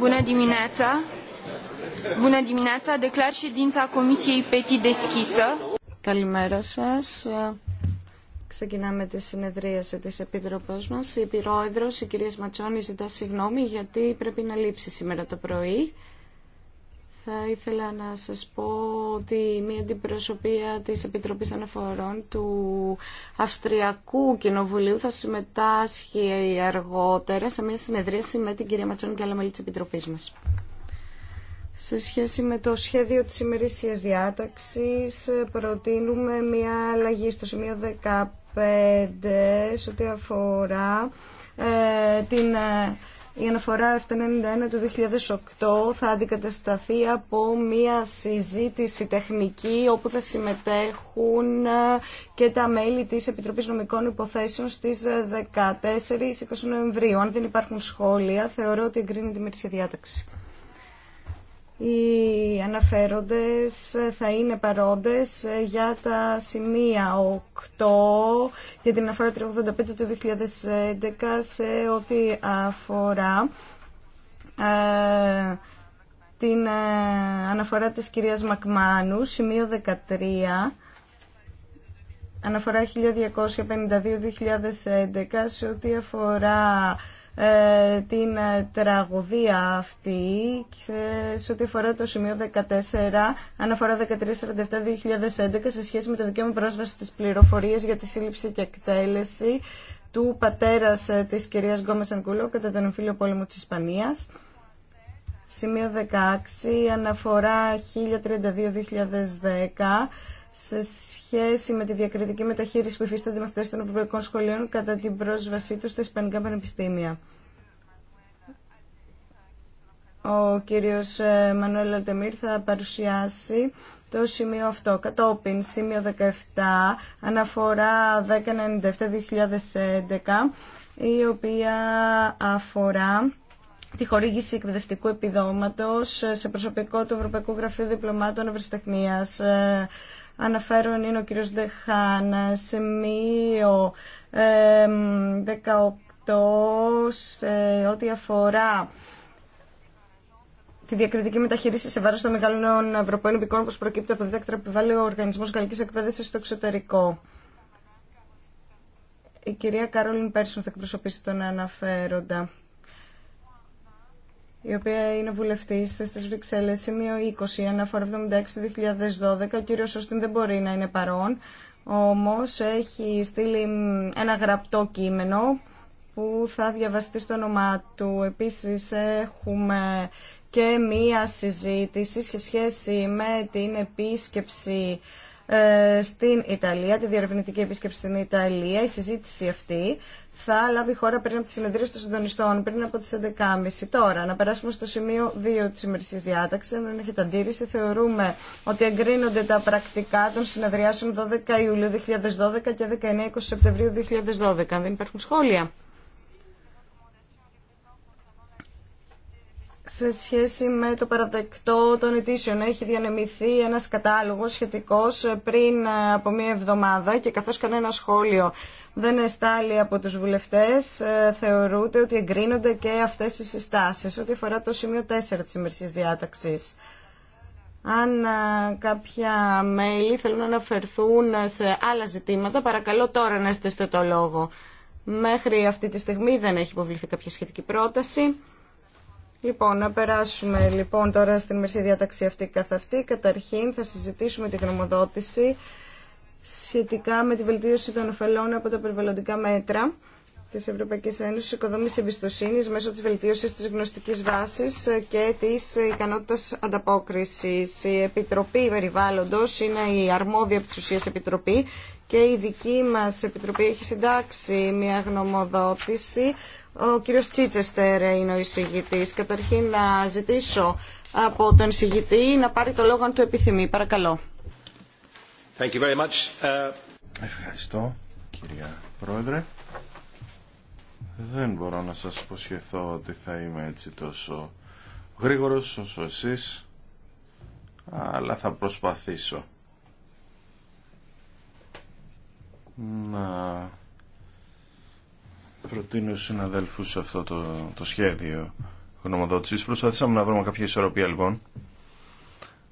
Bună dimineața! Bună dimineața! Declar ședința Comisiei Καλημέρα σας. Ξεκινάμε τη συνεδρίαση της επιτροπής μας. Η Πυρόεδρος, η κυρία Ματσόνη, ζητά συγγνώμη γιατί πρέπει να λείψει σήμερα το πρωί θα ήθελα να σας πω ότι μία αντιπροσωπεία της Επιτροπής Αναφορών του Αυστριακού Κοινοβουλίου θα συμμετάσχει αργότερα σε μία συνεδρίαση με την κυρία Ματσόνη και άλλα μέλη της Επιτροπής μας. Σε σχέση με το σχέδιο της ημερήσιας διάταξης προτείνουμε μία αλλαγή στο σημείο 15 σε ό,τι αφορά ε, την ε, η αναφορά 791 του 2008 θα αντικατασταθεί από μία συζήτηση τεχνική όπου θα συμμετέχουν ε, και τα μέλη της Επιτροπής Νομικών Υποθέσεων στις 14-20 ε, Νοεμβρίου. Αν δεν υπάρχουν σχόλια, θεωρώ ότι εγκρίνεται η τη διάταξη οι αναφέροντες θα είναι παρόντες για τα σημεία 8 για την αναφορά 385 του 2011 σε ό,τι αφορά ε, την ε, αναφορά της κυρίας Μακμάνου, σημείο 13, αναφορά 1252-2011 σε ό,τι αφορά ε, την ε, τραγωδία αυτή σε ό,τι αφορά το σημείο 14 αναφορά 1347-2011 σε σχέση με το δικαίωμα πρόσβαση στις πληροφορίες για τη σύλληψη και εκτέλεση του πατέρα ε, της κυρίας Γκόμε Ανκούλο κατά τον εμφύλιο πόλεμο τη Ισπανίας. Σημείο 16, αναφορά 1032-2010 σε σχέση με τη διακριτική μεταχείριση που υφίστανται οι μαθητές των ευρωπαϊκών σχολείων κατά την πρόσβασή του στα ισπανικά πανεπιστήμια. Ο κύριος ε, Μανουέλ Αλτεμίρ θα παρουσιάσει το σημείο αυτό. Κατόπιν, σημείο 17, αναφορά 1097-2011, η οποία αφορά τη χορήγηση εκπαιδευτικού επιδόματος σε προσωπικό του Ευρωπαϊκού Γραφείου Διπλωμάτων Ευρεσιτεχνίας ε, Αναφέρον είναι ο κύριος Δεχάνα, σημείο 18 ό,τι αφορά τη διακριτική μεταχείριση σε βάρος των μεγάλων ευρωπαίων υπηκών που προκύπτει από δίδακτρα που επιβάλλει ο Οργανισμός Γαλλικής Εκπαίδευσης στο εξωτερικό. Η κυρία Κάρολιν Πέρσον θα εκπροσωπήσει τον αναφέροντα η οποία είναι βουλευτή στι Βρυξέλλε, σημείο 20, αναφορά 76-2012. Ο κύριο Όστιν δεν μπορεί να είναι παρόν, όμω έχει στείλει ένα γραπτό κείμενο που θα διαβαστεί στο όνομά του. Επίσης έχουμε και μία συζήτηση σε σχέση με την επίσκεψη ε, στην Ιταλία, τη διερευνητική επίσκεψη στην Ιταλία. Η συζήτηση αυτή θα λάβει χώρα πριν από τη συνεδρία των συντονιστών, πριν από τις 11.30. Τώρα, να περάσουμε στο σημείο 2 της ημερησής διάταξης. Αν δεν έχετε αντίρρηση, θεωρούμε ότι εγκρίνονται τα πρακτικά των συνεδριάσεων 12 Ιουλίου 2012 και 19-20 Σεπτεμβρίου 2012. Αν δεν υπάρχουν σχόλια. σε σχέση με το παραδεκτό των αιτήσεων. Έχει διανεμηθεί ένας κατάλογος σχετικός ε, πριν ε, από μία εβδομάδα και καθώς κανένα σχόλιο δεν εστάλει από τους βουλευτές, ε, θεωρούνται ότι εγκρίνονται και αυτές οι συστάσεις, ό,τι αφορά το σημείο 4 της ημερικής διάταξης. Αν κάποια μέλη θέλουν να αναφερθούν σε άλλα ζητήματα, παρακαλώ τώρα να είστε το λόγο. Μέχρι αυτή τη στιγμή δεν έχει υποβληθεί κάποια σχετική πρόταση. Λοιπόν, να περάσουμε λοιπόν τώρα στην μερσή διάταξη αυτή καθ' αυτή. Καταρχήν θα συζητήσουμε τη γνωμοδότηση σχετικά με τη βελτίωση των ωφελών από τα περιβαλλοντικά μέτρα τη Ευρωπαϊκή Ένωση, οικοδόμηση εμπιστοσύνη μέσω τη βελτίωση τη γνωστική βάση και τη ικανότητα ανταπόκριση. Η Επιτροπή Περιβάλλοντο είναι η αρμόδια από τη ουσία Επιτροπή και η δική μα Επιτροπή έχει συντάξει μια γνωμοδότηση ο κύριος Τσίτσεστερ είναι ο εισηγητής. Καταρχήν να ζητήσω από τον εισηγητή να πάρει το λόγο αν το επιθυμεί. Παρακαλώ. Thank you ε, Ευχαριστώ κυρία Πρόεδρε. Δεν μπορώ να σας υποσχεθώ ότι θα είμαι έτσι τόσο γρήγορος όσο εσείς, αλλά θα προσπαθήσω να προτείνω στους σε αυτό το, το σχέδιο γνωμοδότησης. Προσπαθήσαμε να βρούμε κάποια ισορροπία λοιπόν.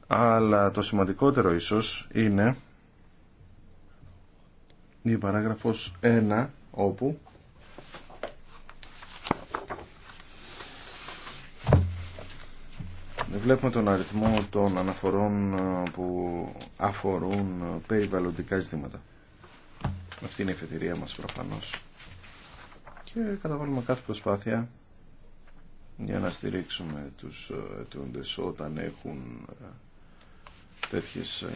Αλλά το σημαντικότερο ίσως είναι η παράγραφος 1 όπου βλέπουμε τον αριθμό των αναφορών ε, που αφορούν ε, περιβαλλοντικά ζητήματα. Αυτή είναι η εφετηρία μας προφανώς και καταβάλουμε κάθε προσπάθεια για να στηρίξουμε τους αιτούντες όταν έχουν ε, τέτοιες ε,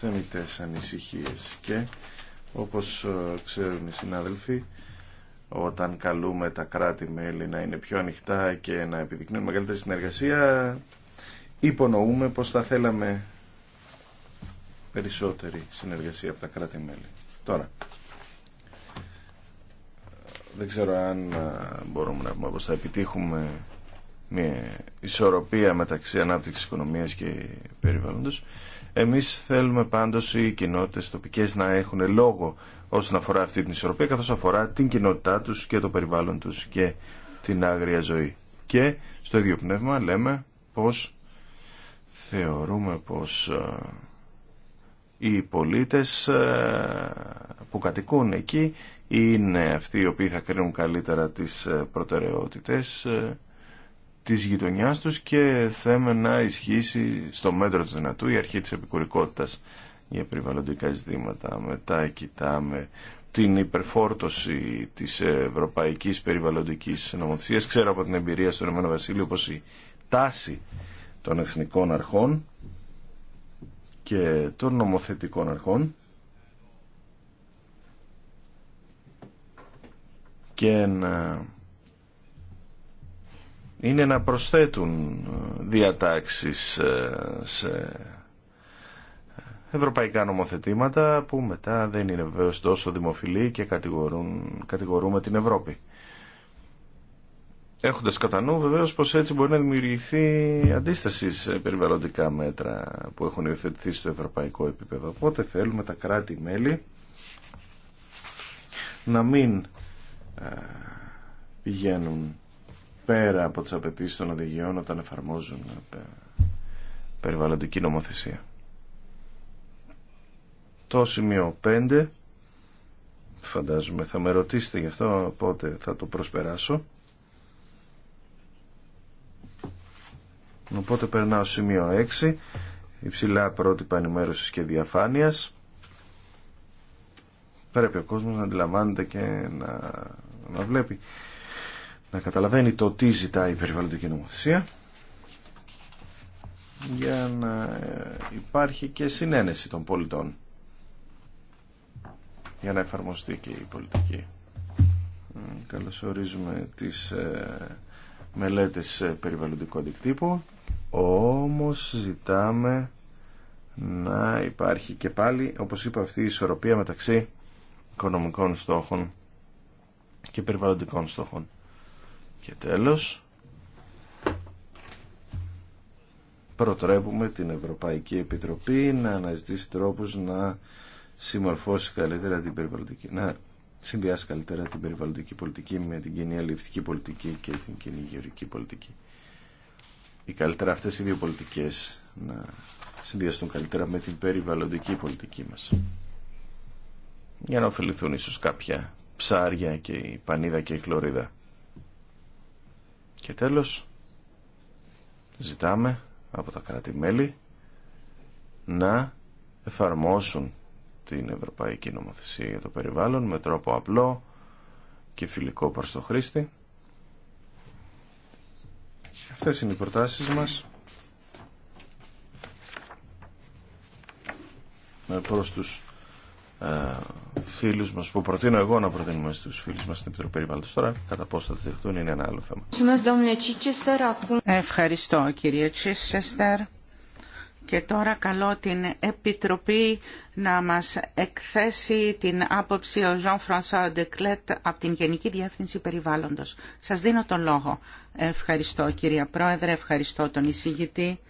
θεμητές ανησυχίες και όπως ε, ξέρουν οι συνάδελφοι όταν καλούμε τα κράτη-μέλη να είναι πιο ανοιχτά και να επιδεικνύουν μεγαλύτερη συνεργασία υπονοούμε πως θα θέλαμε περισσότερη συνεργασία από τα κράτη-μέλη. Τώρα, δεν ξέρω αν ε, μπορούμε να πούμε πως θα επιτύχουμε μια ισορροπία μεταξύ ανάπτυξης οικονομίας και περιβάλλοντος. Εμείς θέλουμε πάντως οι κοινότητες τοπικές να έχουν λόγο όσον αφορά αυτή την ισορροπία καθώς αφορά την κοινότητά τους και το περιβάλλον τους και την άγρια ζωή. Και στο ίδιο πνεύμα λέμε πως θεωρούμε πως ε, οι πολίτες ε, που κατοικούν εκεί είναι αυτοί οι οποίοι θα κρίνουν καλύτερα τις ε, προτεραιότητες ε, της γειτονιάς τους και θέμε να ισχύσει στο μέτρο του δυνατού η αρχή της επικουρικότητας για περιβαλλοντικά ζητήματα. Μετά κοιτάμε την υπερφόρτωση της ευρωπαϊκής περιβαλλοντικής νομοθεσίας. Ξέρω από την εμπειρία στον Ρωμανό Βασίλειο πως η τάση των εθνικών αρχών και των νομοθετικών αρχών και να είναι να προσθέτουν ε, διατάξεις ε, σε ευρωπαϊκά νομοθετήματα που μετά δεν είναι βεβαίως τόσο δημοφιλή και κατηγορούν, κατηγορούμε την Ευρώπη. Έχοντας κατά νου βεβαίως πως έτσι μπορεί να δημιουργηθεί αντίσταση σε περιβαλλοντικά μέτρα που έχουν υιοθετηθεί στο ευρωπαϊκό επίπεδο. Οπότε θέλουμε τα κράτη-μέλη να μην ε, πηγαίνουν πέρα από τις απαιτήσει των οδηγιών όταν εφαρμόζουν ε, περιβαλλοντική νομοθεσία. Το σημείο 5 φαντάζομαι θα με ρωτήσετε γι' αυτό οπότε θα το προσπεράσω οπότε περνάω σημείο 6 υψηλά πρότυπα ενημέρωσης και διαφάνειας πρέπει ο κόσμος να αντιλαμβάνεται και να, να βλέπει, να καταλαβαίνει το τι ζητάει η περιβαλλοντική νομοθεσία για να ε, υπάρχει και συνένεση των πολιτών για να εφαρμοστεί και η πολιτική. Καλωσορίζουμε τις ε, μελέτες ε, περιβαλλοντικού αντικτύπου, όμως ζητάμε να υπάρχει και πάλι, όπως είπα, αυτή η ισορροπία μεταξύ οικονομικών στόχων και περιβαλλοντικών στόχων. Και τέλος, προτρέπουμε την Ευρωπαϊκή Επιτροπή να αναζητήσει τρόπους να συμμορφώσει καλύτερα την περιβαλλοντική, να συνδυάσει καλύτερα την περιβαλλοντική πολιτική με την κοινή αλληλευτική πολιτική και την κοινή γεωρική πολιτική. Οι καλύτερα αυτές οι δύο πολιτικές να συνδυαστούν καλύτερα με την περιβαλλοντική πολιτική μας για να ωφεληθούν ίσως κάποια ψάρια και η πανίδα και η χλωρίδα. Και τέλος, ζητάμε από τα κράτη-μέλη να εφαρμόσουν την Ευρωπαϊκή Νομοθεσία για το περιβάλλον με τρόπο απλό και φιλικό προς το χρήστη. Αυτές είναι οι προτάσεις μας. με προς τους ε, φίλους μας που προτείνω εγώ να προτείνουμε στους φίλους μας στην Επιτροπή Περιβάλλοντος τώρα κατά πώς θα δεχτούν είναι ένα άλλο θέμα. Ευχαριστώ κύριε Τσίσσεστερ και τώρα καλώ την Επιτροπή να μας εκθέσει την άποψη ο Ζων Φρανσουά Ντεκλέτ από την Γενική Διεύθυνση Περιβάλλοντος. Σας δίνω τον λόγο. Ευχαριστώ κύριε Πρόεδρε, ευχαριστώ τον εισηγητή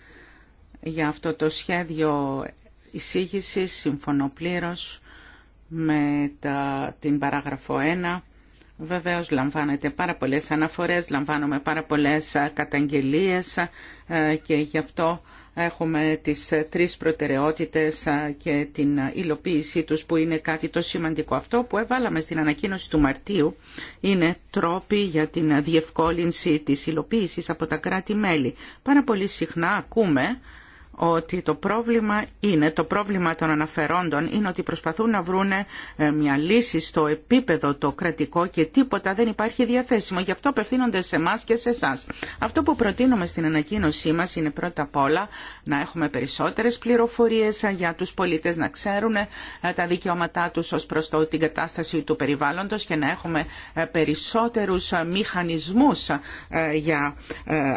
για αυτό το σχέδιο εισήγησης, συμφωνώ πλήρως με τα, την παράγραφο 1. Βεβαίως λαμβάνετε πάρα πολλές αναφορές, λαμβάνουμε πάρα πολλές καταγγελίες και γι' αυτό έχουμε τις ε, τρεις προτεραιότητες και την υλοποίησή τους που είναι κάτι το σημαντικό. Αυτό που έβαλαμε στην ανακοίνωση του Μαρτίου είναι τρόποι για την διευκόλυνση της υλοποίησης από τα κράτη-μέλη. Πάρα πολύ συχνά ακούμε ότι το πρόβλημα είναι, το πρόβλημα των αναφερόντων είναι ότι προσπαθούν να βρουνε ε, μια λύση στο επίπεδο το κρατικό και τίποτα δεν υπάρχει διαθέσιμο. Γι' αυτό απευθύνονται σε εμά και σε εσά. Αυτό που προτείνουμε στην ανακοίνωσή μα είναι πρώτα απ' όλα να έχουμε περισσότερε πληροφορίε ε, για του πολίτε να ξέρουν ε, τα δικαιώματά του ω προ την κατάσταση του περιβάλλοντο και να έχουμε περισσότερου μηχανισμού για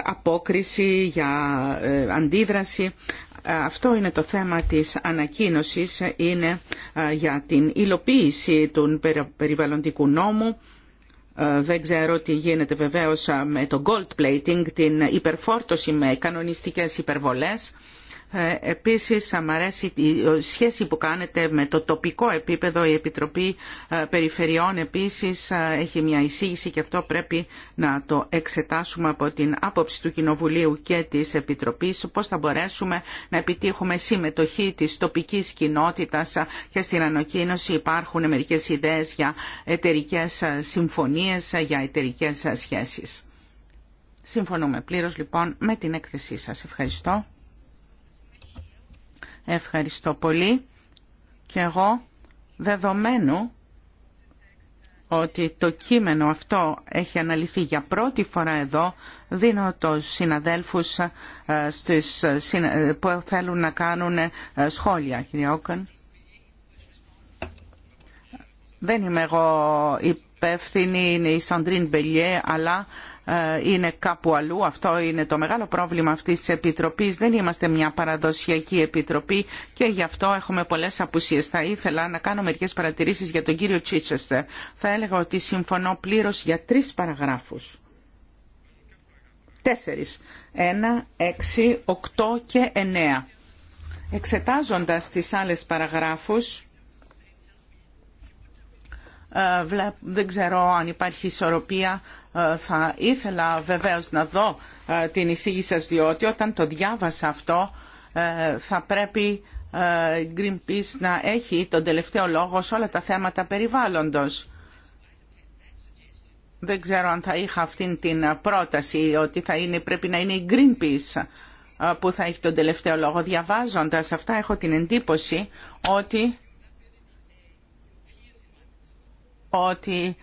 απόκριση, για αντίδραση ε, αυτό είναι το θέμα της ανακοίνωσης, είναι ε, για την υλοποίηση του περιβαλλοντικού νόμου. Ε, δεν ξέρω τι γίνεται βεβαίως με το gold plating, την υπερφόρτωση με κανονιστικές υπερβολές. Ε, επίσης, μου η σχέση που κάνετε με το τοπικό επίπεδο. Η Επιτροπή ε, Περιφερειών επίσης ε, έχει μια εισήγηση και αυτό πρέπει να το εξετάσουμε από την άποψη του Κοινοβουλίου και της Επιτροπής. Πώς θα μπορέσουμε να επιτύχουμε συμμετοχή της τοπικής κοινότητας και στην ανακοίνωση υπάρχουν μερικές ιδέες για εταιρικέ συμφωνίες, για εταιρικέ σχέσεις. Συμφωνούμε πλήρως λοιπόν με την έκθεσή σας. Ευχαριστώ. Ευχαριστώ πολύ και εγώ δεδομένου ότι το κείμενο αυτό έχει αναλυθεί για πρώτη φορά εδώ, δίνω το συναδέλφους ε, ε, ε, που θέλουν να κάνουν σχόλια, κύριε Δεν είμαι εγώ υπεύθυνη, είναι η Σαντρίν Μπελιέ, αλλά ε, είναι κάπου αλλού. Αυτό είναι το μεγάλο πρόβλημα αυτής της Επιτροπής. Δεν είμαστε μια παραδοσιακή Επιτροπή και γι' αυτό έχουμε πολλές απουσίες. Θα ήθελα να κάνω μερικές παρατηρήσεις για τον κύριο Τσίτσεστερ. Θα έλεγα ότι συμφωνώ πλήρως για τρεις παραγράφους. Τέσσερις. Ένα, έξι, οκτώ και εννέα. Εξετάζοντας τις άλλες παραγράφους, ε, δεν ξέρω αν υπάρχει ισορροπία ε, θα ήθελα βεβαίως να δω ε, την εισηγή σας, διότι όταν το διάβασα αυτό ε, θα πρέπει Greenpeace να έχει τον τελευταίο λόγο σε όλα τα θέματα περιβάλλοντος. Δεν ξέρω αν θα είχα αυτήν την πρόταση ότι θα είναι, πρέπει να είναι η Greenpeace που θα έχει τον τελευταίο λόγο. Διαβάζοντας αυτά έχω την εντύπωση ότι, ότι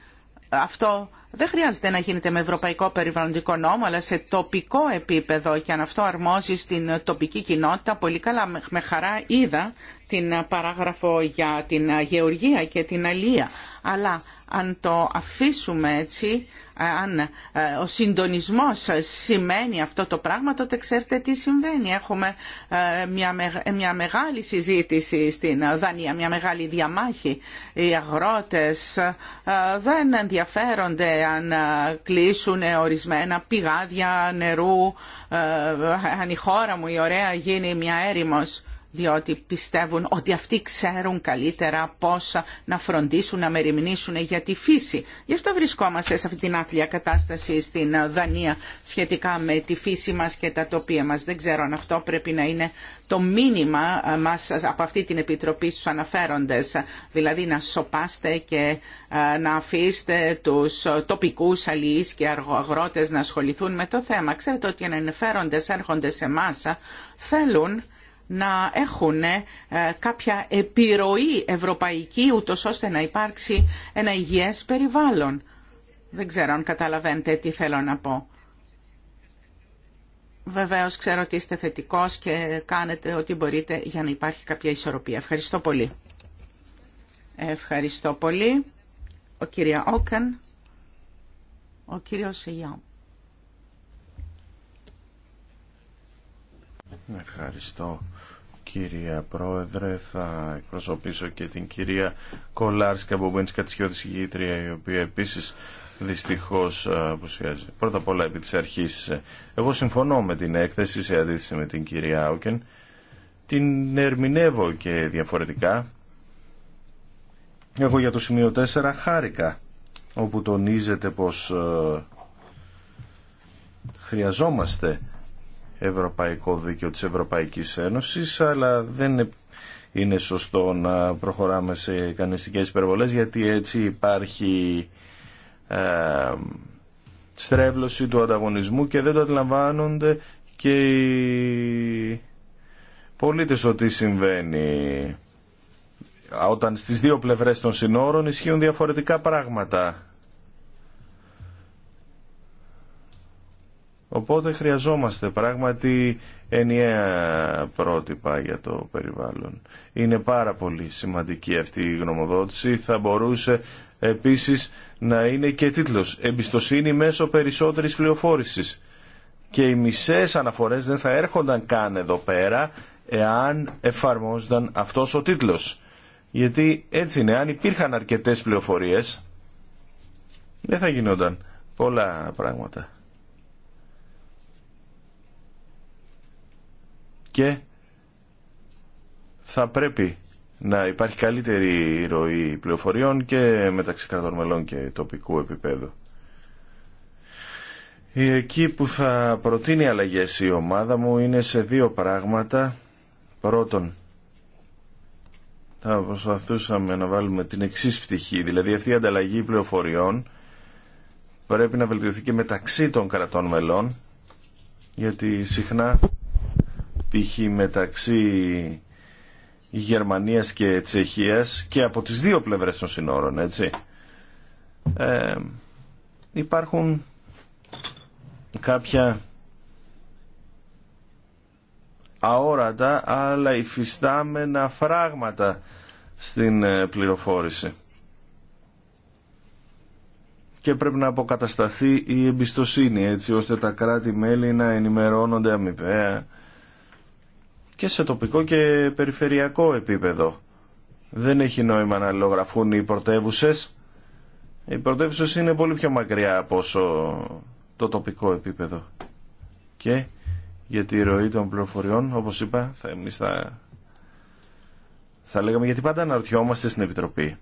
αυτό δεν χρειάζεται να γίνεται με ευρωπαϊκό περιβαλλοντικό νόμο, αλλά σε τοπικό επίπεδο και αν αυτό αρμόζει στην τοπική κοινότητα, πολύ καλά με χαρά είδα την παράγραφο για την γεωργία και την αλία. Αλλά αν το αφήσουμε έτσι, αν ε, ο συντονισμός σημαίνει αυτό το πράγμα, τότε ξέρετε τι συμβαίνει. Έχουμε ε, μια μεγάλη συζήτηση στην Δανία, μια μεγάλη διαμάχη. Οι αγρότες ε, δεν ενδιαφέρονται αν κλείσουν ορισμένα πηγάδια νερού, αν η χώρα μου η ωραία γίνει μια έρημος διότι πιστεύουν ότι αυτοί ξέρουν καλύτερα πώς να φροντίσουν, να μεριμνήσουν για τη φύση. Γι' αυτό βρισκόμαστε σε αυτή την άθλια κατάσταση στην Δανία σχετικά με τη φύση μας και τα τοπία μας. Δεν ξέρω αν αυτό πρέπει να είναι το μήνυμα μας από αυτή την Επιτροπή στους αναφέροντες, δηλαδή να σοπάστε και να αφήσετε τους τοπικούς αλληλείς και αγρότες να ασχοληθούν με το θέμα. Ξέρετε ότι οι αναφέροντες έρχονται σε εμά θέλουν να έχουν ε, κάποια επιρροή ευρωπαϊκή ούτως ώστε να υπάρξει ένα υγιές περιβάλλον. Δεν ξέρω αν καταλαβαίνετε τι θέλω να πω. Βεβαίως ξέρω ότι είστε θετικός και κάνετε ό,τι μπορείτε για να υπάρχει κάποια ισορροπία. Ευχαριστώ πολύ. Ευχαριστώ πολύ. Ο κύριος Όκεν, ο κύριος Ιάμπ. Ευχαριστώ κυρία Πρόεδρε. Θα εκπροσωπήσω και την κυρία Κολάρσκα Μπομπένσκα της Χιώτης Γήτρια, η οποία επίσης δυστυχώς ε, απουσιάζει. Πρώτα απ' όλα επί της αρχής, ε, εγώ συμφωνώ με την έκθεση σε αντίθεση με την κυρία Άουκεν. Την ερμηνεύω και διαφορετικά. Εγώ για το σημείο 4 χάρηκα, όπου τονίζεται πως ε, χρειαζόμαστε ευρωπαϊκό δίκαιο της Ευρωπαϊκής Ένωσης, αλλά δεν είναι σωστό να προχωράμε σε κανιστικές υπερβολές, γιατί έτσι υπάρχει ε, στρέβλωση του ανταγωνισμού και δεν το αντιλαμβάνονται και οι πολίτες ότι συμβαίνει όταν στις δύο πλευρές των συνόρων ισχύουν διαφορετικά πράγματα Οπότε χρειαζόμαστε πράγματι ενιαία πρότυπα για το περιβάλλον. Είναι πάρα πολύ σημαντική αυτή η γνωμοδότηση. Θα μπορούσε επίσης να είναι και τίτλος «Εμπιστοσύνη μέσω περισσότερης πληροφόρησης». Και οι μισές αναφορές δεν θα έρχονταν καν εδώ πέρα εάν εφαρμόζονταν αυτός ο τίτλος. Γιατί έτσι είναι, αν υπήρχαν αρκετές πληροφορίες δεν θα γινόταν πολλά πράγματα. και θα πρέπει να υπάρχει καλύτερη ροή πληροφοριών και μεταξύ κρατών μελών και τοπικού επίπεδου. Εκεί που θα προτείνει αλλαγές η ομάδα μου είναι σε δύο πράγματα. Πρώτον, θα προσπαθούσαμε να βάλουμε την εξή πτυχή, δηλαδή αυτή η ανταλλαγή πληροφοριών πρέπει να βελτιωθεί και μεταξύ των κρατών μελών, γιατί συχνά π.χ. μεταξύ Γερμανίας και Τσεχίας και από τις δύο πλευρές των συνόρων, έτσι. Ε, υπάρχουν κάποια αόρατα αλλά υφιστάμενα φράγματα στην ε, πληροφόρηση και πρέπει να αποκατασταθεί η εμπιστοσύνη έτσι ώστε τα κράτη-μέλη να ενημερώνονται αμοιβαία και σε τοπικό και περιφερειακό επίπεδο. Δεν έχει νόημα να αλληλογραφούν οι πρωτεύουσε. Οι πρωτεύουσε είναι πολύ πιο μακριά από το τοπικό επίπεδο. Και για τη ροή των πληροφοριών, όπως είπα, θα, εμείς θα, θα λέγαμε, γιατί πάντα αναρωτιόμαστε στην Επιτροπή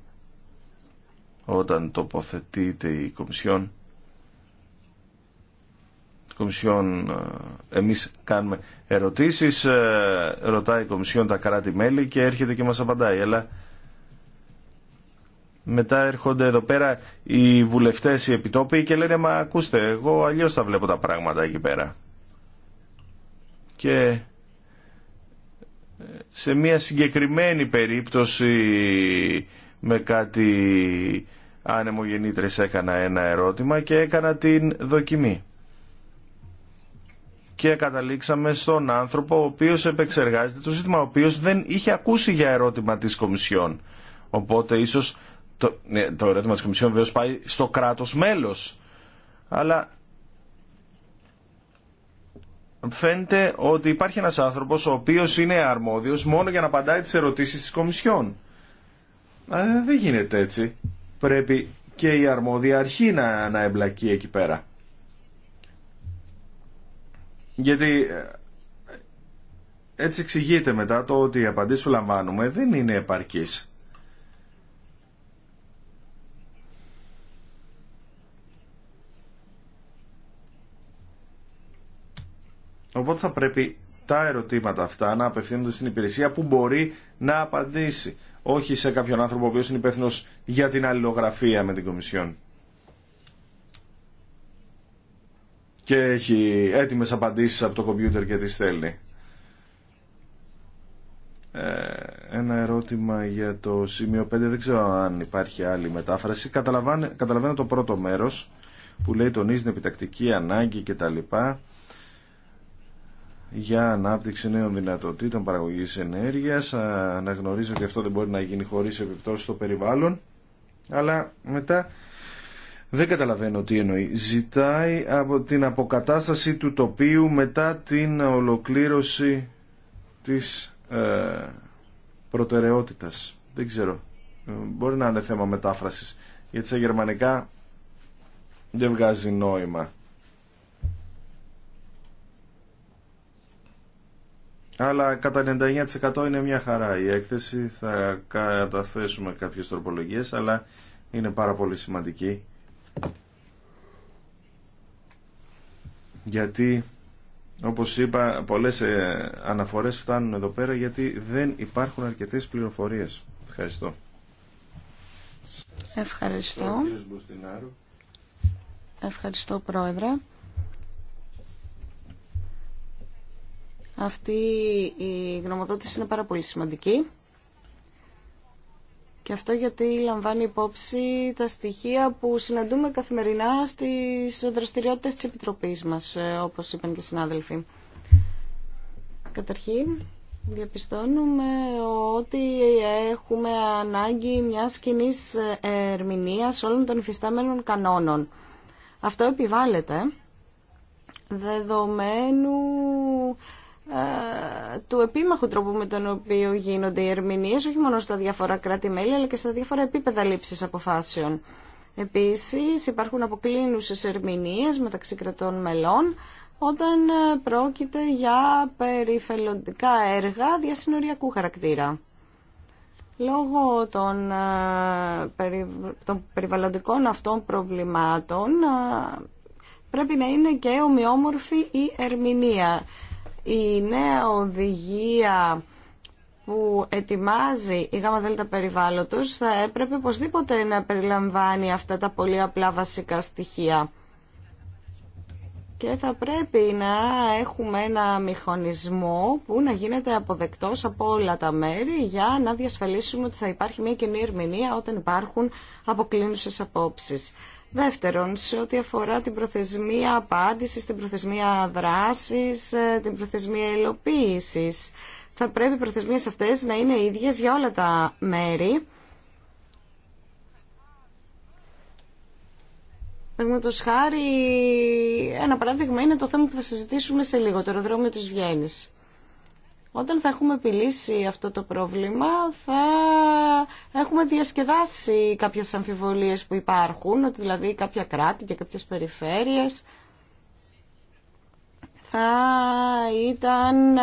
όταν τοποθετείται η Κομισιόν Κομισιόν ε, εμείς κάνουμε ερωτήσεις, ε, ρωτάει η Κομισιόν τα κράτη-μέλη και έρχεται και μας απαντάει. Αλλά μετά έρχονται εδώ πέρα οι βουλευτές, οι επιτόποι και λένε «Μα ακούστε, εγώ αλλιώς τα βλέπω τα πράγματα εκεί πέρα». Και ε, σε μια συγκεκριμένη περίπτωση με κάτι άνεμο γεννήτρες έκανα ένα ερώτημα και έκανα την δοκιμή και καταλήξαμε στον άνθρωπο ο οποίος επεξεργάζεται το ζήτημα, ο οποίος δεν είχε ακούσει για ερώτημα της Κομισιόν. Οπότε ίσως το, ναι, το ερώτημα της Κομισιόν βέβαια πάει στο κράτος μέλος. Αλλά φαίνεται ότι υπάρχει ένας άνθρωπος ο οποίος είναι αρμόδιος μόνο για να απαντάει τις ερωτήσεις της Κομισιόν. δεν γίνεται έτσι. Πρέπει και η αρμόδια αρχή να, να εμπλακεί εκεί πέρα. Γιατί ε, έτσι εξηγείται μετά το ότι οι απαντήσει που λαμβάνουμε δεν είναι επαρκή. Οπότε θα πρέπει τα ερωτήματα αυτά να απευθύνονται στην υπηρεσία που μπορεί να απαντήσει. Όχι σε κάποιον άνθρωπο ο οποίος είναι υπεύθυνο για την αλληλογραφία με την Κομισιόν. και έχει έτοιμες απαντήσεις από το κομπιούτερ και τι στέλνει. Ε, ένα ερώτημα για το σημείο 5. Δεν ξέρω αν υπάρχει άλλη μετάφραση. Καταλαβαίνω το πρώτο μέρος που λέει τονίζει την επιτακτική ανάγκη κτλ. για ανάπτυξη νέων δυνατοτήτων παραγωγή ενέργεια. Αναγνωρίζω ότι αυτό δεν μπορεί να γίνει χωρίς επιπτώσει στο περιβάλλον. Αλλά μετά δεν καταλαβαίνω τι εννοεί. Ζητάει από την αποκατάσταση του τοπίου μετά την ολοκλήρωση της ε, προτεραιότητας. Δεν ξέρω. Ε, μπορεί να είναι θέμα μετάφρασης. Γιατί σε γερμανικά δεν βγάζει νόημα. Αλλά κατά 99% είναι μια χαρά η έκθεση. Θα καταθέσουμε κάποιες τροπολογίες, αλλά είναι πάρα πολύ σημαντική γιατί όπως είπα πολλές ε, αναφορές φτάνουν εδώ πέρα γιατί δεν υπάρχουν αρκετές πληροφορίες. Ευχαριστώ. Ευχαριστώ. Ευχαριστώ Πρόεδρε. Αυτή η γνωμοδότηση είναι πάρα πολύ σημαντική. Και αυτό γιατί λαμβάνει υπόψη τα στοιχεία που συναντούμε καθημερινά στις δραστηριότητες της Επιτροπής μας, ε, όπως είπαν και οι συνάδελφοι. Καταρχήν, διαπιστώνουμε ότι έχουμε ανάγκη μιας κοινή ε, ερμηνείας όλων των υφιστάμενων κανόνων. Αυτό επιβάλλεται δεδομένου ε, του επίμαχου τρόπου με τον οποίο γίνονται οι ερμηνείες, όχι μόνο στα διάφορα κράτη-μέλη, αλλά και στα διάφορα επίπεδα λήψης αποφάσεων. Επίσης, υπάρχουν αποκλίνουσες ερμηνείες μεταξύ κρατών μελών, όταν ε, πρόκειται για περιφελοντικά έργα διασυνοριακού χαρακτήρα. Λόγω των, ε, των περιβαλλοντικών αυτών προβλημάτων πρέπει να είναι και ομοιόμορφη η ερμηνεία. Η νέα οδηγία που ετοιμάζει η ΓΔ περιβάλλοντος θα έπρεπε οπωσδήποτε να περιλαμβάνει αυτά τα πολύ απλά βασικά στοιχεία. Και θα πρέπει να έχουμε ένα μηχανισμό που να γίνεται αποδεκτός από όλα τα μέρη για να διασφαλίσουμε ότι θα υπάρχει μια κοινή ερμηνεία όταν υπάρχουν αποκλίνουσες απόψεις. Δεύτερον, σε ό,τι αφορά την προθεσμία απάντηση, την προθεσμία δράσης, ε, την προθεσμία υλοποίησης, θα πρέπει οι προθεσμίες αυτές να είναι ίδιες για όλα τα μέρη. Παραδείγματο χάρη, ένα παράδειγμα είναι το θέμα που θα συζητήσουμε σε λίγο, το αεροδρόμιο τη Βιέννη. Όταν θα έχουμε επιλύσει αυτό το πρόβλημα θα έχουμε διασκεδάσει κάποιες αμφιβολίες που υπάρχουν, ότι δηλαδή κάποια κράτη και κάποιες περιφέρειες θα ήταν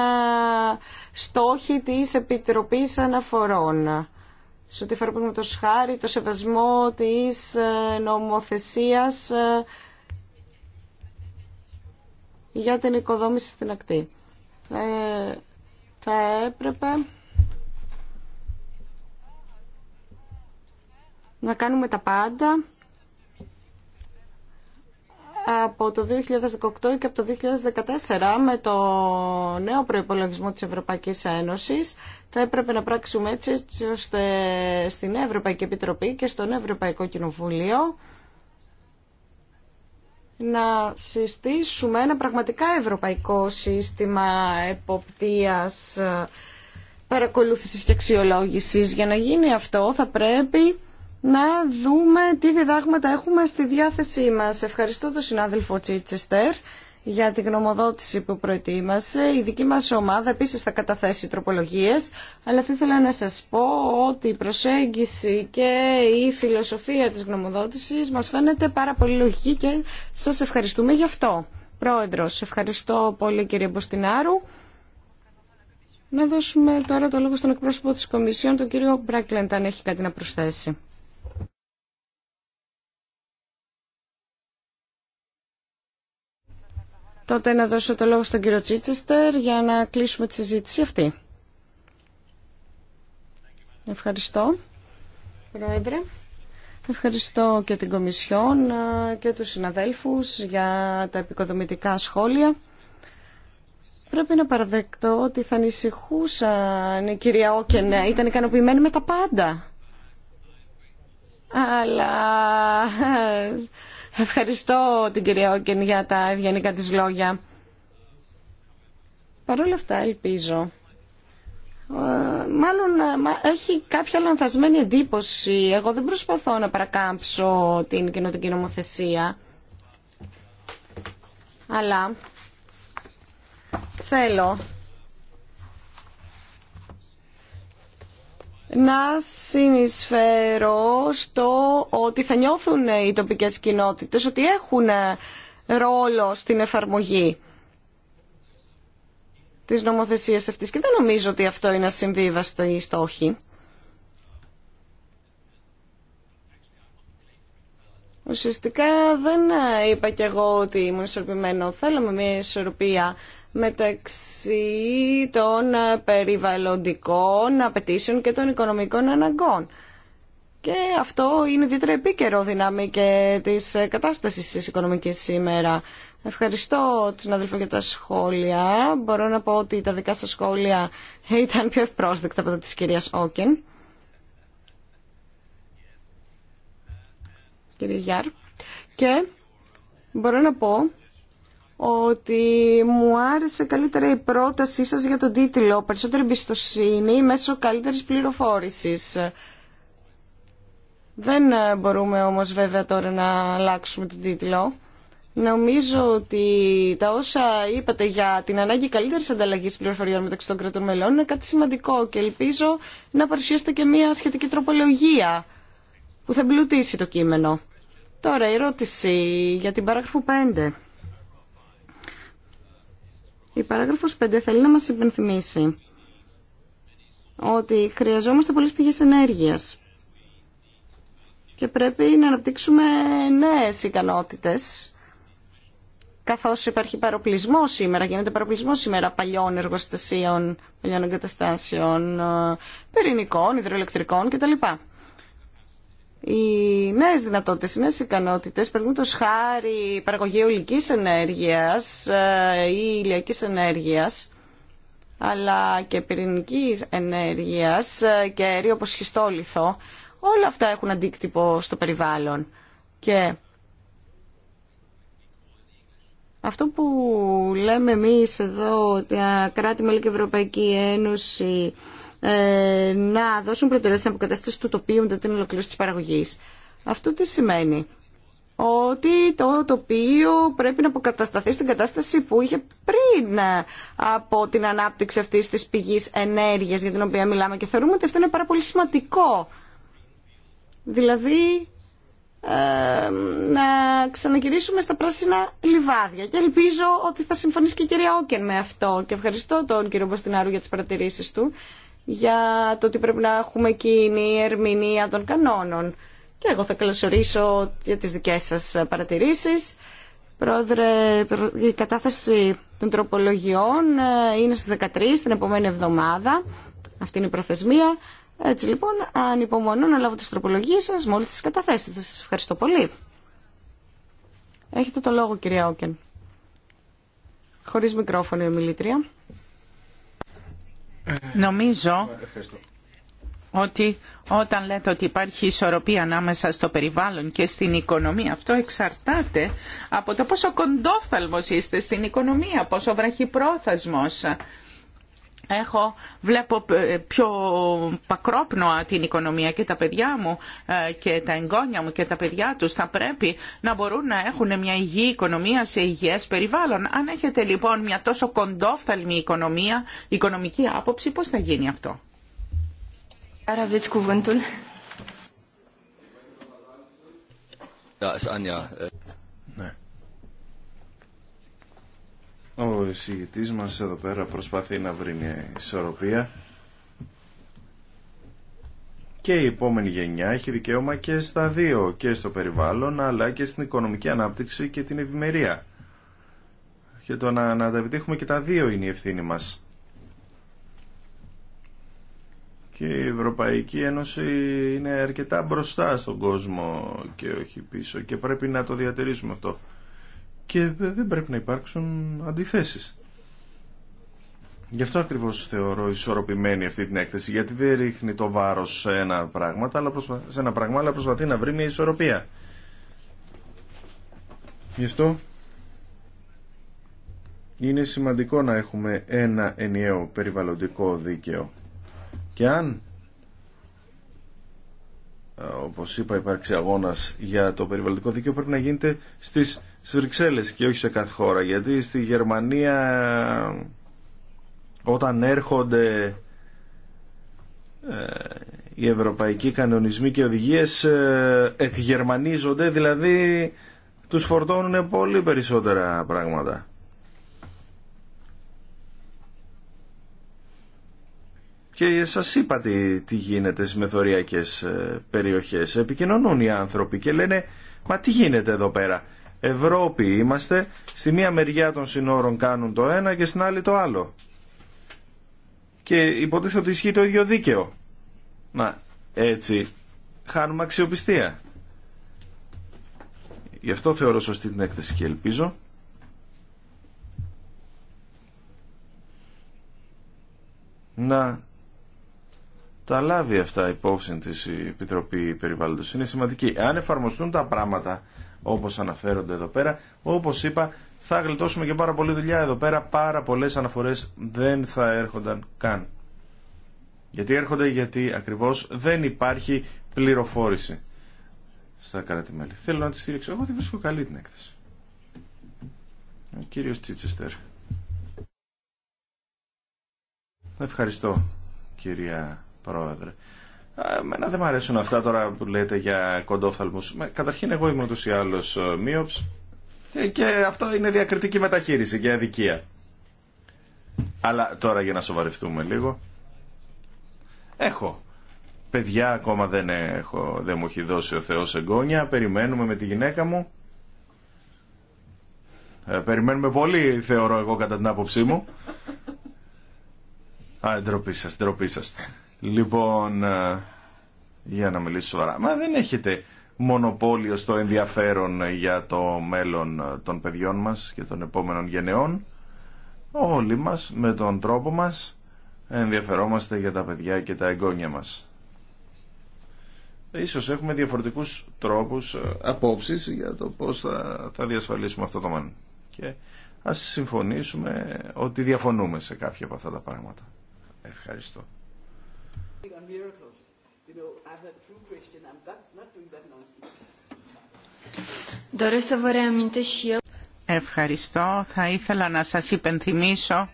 στόχοι της Επιτροπής Αναφορών. Σε ό,τι φέρουμε με το σχάρι, το σεβασμό της νομοθεσίας για την οικοδόμηση στην ακτή. Ε, θα έπρεπε να κάνουμε τα πάντα από το 2018 και από το 2014 με το νέο προϋπολογισμό της Ευρωπαϊκής Ένωσης θα έπρεπε να πράξουμε έτσι ώστε στην Ευρωπαϊκή Επιτροπή και στον Ευρωπαϊκό Κοινοβούλιο να συστήσουμε ένα πραγματικά ευρωπαϊκό σύστημα εποπτείας, ε, παρακολούθησης και αξιολόγησης. Για να γίνει αυτό θα πρέπει να δούμε τι διδάγματα έχουμε στη διάθεσή μας. Ευχαριστώ τον συνάδελφο Τσίτσεστερ για τη γνωμοδότηση που προετοίμασε. Η δική μας ομάδα επίσης θα καταθέσει τροπολογίες, αλλά θα ήθελα να σας πω ότι η προσέγγιση και η φιλοσοφία της γνωμοδότησης μας φαίνεται πάρα πολύ λογική και σας ευχαριστούμε γι' αυτό. Πρόεδρος, ευχαριστώ πολύ κύριε Μποστινάρου. Να δώσουμε τώρα το λόγο στον εκπρόσωπο της Κομισιόν, τον κύριο Μπράκλεντ, αν έχει κάτι να προσθέσει. τότε να δώσω το λόγο στον κύριο Τσίτσεστερ για να κλείσουμε τη συζήτηση αυτή. Ευχαριστώ, Πρόεδρε. Ευχαριστώ και την Κομισιόν ε, και τους συναδέλφους για τα επικοδομητικά σχόλια. Πρέπει να παραδεκτώ ότι θα ανησυχούσαν η ε, κυρία Όκεν, ε, ήταν ικανοποιημένη με τα πάντα. Αλλά Ευχαριστώ την κυρία Όκεν για τα ευγενικά της λόγια. Παρ' όλα αυτά ελπίζω. Ε, μάλλον ε, έχει κάποια λανθασμένη εντύπωση. Εγώ δεν προσπαθώ να παρακάμψω την κοινωτική νομοθεσία. Αλλά θέλω να συνεισφέρω στο ότι θα νιώθουν οι τοπικές κοινότητες ότι έχουν ρόλο στην εφαρμογή της νομοθεσίας αυτής και δεν νομίζω ότι αυτό είναι ασυμβίβαστο ή στόχη. Ουσιαστικά δεν είπα κι εγώ ότι ήμουν ισορροπημένο. Θέλαμε μια ισορροπία μεταξύ των περιβαλλοντικών απαιτήσεων και των οικονομικών αναγκών. Και αυτό είναι ιδιαίτερα επίκαιρο δυνάμει και της κατάσταση της οικονομική σήμερα. Ευχαριστώ τους αδελφούς για τα σχόλια. Μπορώ να πω ότι τα δικά σα σχόλια ήταν πιο ευπρόσδεκτα από τα της κυρίας Όκεν. κύριε Γιάρ. Και μπορώ να πω ότι μου άρεσε καλύτερα η πρότασή σας για τον τίτλο «Περισσότερη εμπιστοσύνη μέσω καλύτερης πληροφόρησης». Δεν μπορούμε όμως βέβαια τώρα να αλλάξουμε τον τίτλο. Νομίζω ότι τα όσα είπατε για την ανάγκη καλύτερη ανταλλαγή πληροφοριών μεταξύ των κρατών μελών είναι κάτι σημαντικό και ελπίζω να παρουσιάσετε και μια σχετική τροπολογία που θα εμπλουτίσει το κείμενο. Τώρα η ερώτηση για την παράγραφο 5. Η παράγραφος 5 θέλει να μας υπενθυμίσει ότι χρειαζόμαστε πολλές πηγές ενέργειας και πρέπει να αναπτύξουμε νέες ικανότητες καθώς υπάρχει παροπλισμό σήμερα, γίνεται παροπλισμό σήμερα παλιών εργοστασίων, παλιών εγκαταστάσεων, ε, πυρηνικών, υδροελεκτρικών κτλ οι νέες δυνατότητες, οι νέες ικανότητες, το χάρη παραγωγή ολικής ενέργειας ή ε, ηλιακής ενέργειας, αλλά και πυρηνικής ενέργειας ε, και αερίου όπως χιστόλιθο, όλα αυτά έχουν αντίκτυπο στο περιβάλλον. Και αυτό που λέμε εμείς εδώ, τα κράτη-μέλη και Ευρωπαϊκή Ένωση, ε, να δώσουν προτεραιότητα στην αποκατάσταση του τοπίου μετά την ολοκλήρωση τη παραγωγής. Αυτό τι σημαίνει. Ότι το τοπίο πρέπει να αποκατασταθεί στην κατάσταση που είχε πριν από την ανάπτυξη αυτή τη πηγή ενέργεια για την οποία μιλάμε και θεωρούμε ότι αυτό είναι πάρα πολύ σημαντικό. Δηλαδή ε, να ξαναγυρίσουμε στα πράσινα λιβάδια. Και ελπίζω ότι θα συμφωνήσει και η κυρία Όκεν με αυτό. Και ευχαριστώ τον κύριο Μποστινάρου για τι παρατηρήσει του για το ότι πρέπει να έχουμε κοινή ερμηνεία των κανόνων. Και εγώ θα καλωσορίσω για τις δικές σας παρατηρήσεις. Πρόεδρε, η κατάθεση των τροπολογιών ε, είναι στις 13 την επόμενη εβδομάδα. Αυτή είναι η προθεσμία. Έτσι λοιπόν, ανυπομονώ να λάβω τις τροπολογίες σας μόλις τις καταθέσετε. Σας ευχαριστώ πολύ. Έχετε το λόγο κυρία Όκεν. Χωρίς μικρόφωνο η ομιλήτρια. Νομίζω ότι όταν λέτε ότι υπάρχει ισορροπία ανάμεσα στο περιβάλλον και στην οικονομία, αυτό εξαρτάται από το πόσο κοντόφθαλμος είστε στην οικονομία, πόσο βραχυπρόθεσμος. Έχω, βλέπω ε, πιο πακρόπνοα την οικονομία και τα παιδιά μου ε, και τα εγγόνια μου και τα παιδιά τους θα πρέπει να μπορούν να έχουν μια υγιή οικονομία σε υγιές περιβάλλον. Αν έχετε λοιπόν μια τόσο κοντόφθαλμη οικονομία, οικονομική άποψη, πώς θα γίνει αυτό. Ο εισηγητής μας εδώ πέρα προσπαθεί να βρει μια ισορροπία και η επόμενη γενιά έχει δικαίωμα και στα δύο, και στο περιβάλλον, αλλά και στην οικονομική ανάπτυξη και την ευημερία. Και το να, να τα επιτύχουμε και τα δύο είναι η ευθύνη μας. Και η Ευρωπαϊκή Ένωση είναι αρκετά μπροστά στον κόσμο και όχι πίσω και πρέπει να το διατηρήσουμε αυτό και δεν πρέπει να υπάρξουν αντιθέσεις. Γι' αυτό ακριβώ θεωρώ ισορροπημένη αυτή την έκθεση, γιατί δεν ρίχνει το βάρος σε ένα πράγμα, αλλά σε ένα πράγμα, αλλά προσπαθεί να βρει μια ισορροπία. Γι' αυτό είναι σημαντικό να έχουμε ένα ενιαίο περιβαλλοντικό δίκαιο. Και αν, ε, όπως είπα, υπάρξει αγώνα για το περιβαλλοντικό δίκαιο, πρέπει να γίνεται στις στις Βρυξέλλες και όχι σε κάθε χώρα γιατί στη Γερμανία όταν έρχονται ε, οι ευρωπαϊκοί κανονισμοί και οδηγίες εκγερμανίζονται δηλαδή τους φορτώνουν πολύ περισσότερα πράγματα. Και σας είπα τι, τι γίνεται στις μεθοριακές ε, περιοχές. Επικοινωνούν οι άνθρωποι και λένε «Μα τι γίνεται εδώ πέρα» Ευρώπη είμαστε, στη μία μεριά των συνόρων κάνουν το ένα και στην άλλη το άλλο. Και υποτίθεται ότι ισχύει το ίδιο δίκαιο. Να, έτσι χάνουμε αξιοπιστία. Γι' αυτό θεωρώ σωστή την έκθεση και ελπίζω. Να τα λάβει αυτά υπόψη της Επιτροπή Περιβάλλοντος. Είναι σημαντική. Αν εφαρμοστούν τα πράγματα όπως αναφέρονται εδώ πέρα. Όπως είπα, θα γλιτώσουμε και πάρα πολλή δουλειά εδώ πέρα. Πάρα πολλές αναφορές δεν θα έρχονταν καν. Γιατί έρχονται γιατί ακριβώς δεν υπάρχει πληροφόρηση στα κράτη-μέλη. Θέλω να τη στηρίξω. Εγώ τη βρίσκω καλή την έκθεση. Ο κύριος Τσίτσεστερ. Ευχαριστώ κυρία Πρόεδρε. Εμένα δεν μου αρέσουν αυτά τώρα που λέτε για κοντόφθαλμους. Καταρχήν εγώ είμαι ούτως ή ε, και αυτό είναι διακριτική μεταχείριση και αδικία. Αλλά τώρα για να σοβαρευτούμε λίγο. Έχω. Παιδιά ακόμα δεν, έχω, δεν μου έχει δώσει ο Θεός εγγόνια. Περιμένουμε με τη γυναίκα μου. Ε, περιμένουμε πολύ θεωρώ εγώ κατά την άποψή μου. Α, ντροπή σας, ντροπή σας. Λοιπόν, ε, για να μιλήσω σοβαρά, μα δεν έχετε μονοπόλιο στο ενδιαφέρον για το μέλλον ε, των παιδιών μας και των επόμενων γενεών. Όλοι μας, με τον τρόπο μας, ενδιαφερόμαστε για τα παιδιά και τα εγγόνια μας. Ίσως έχουμε διαφορετικούς τρόπους, ε, απόψεις για το πώς θα, διασφαλίσουμε αυτό το μέλλον. Και ας συμφωνήσουμε ότι διαφωνούμε σε κάποια από αυτά τα πράγματα. Ευχαριστώ. You know, not să Ευχαριστώ. Θα ήθελα να σας υπενθυμίσω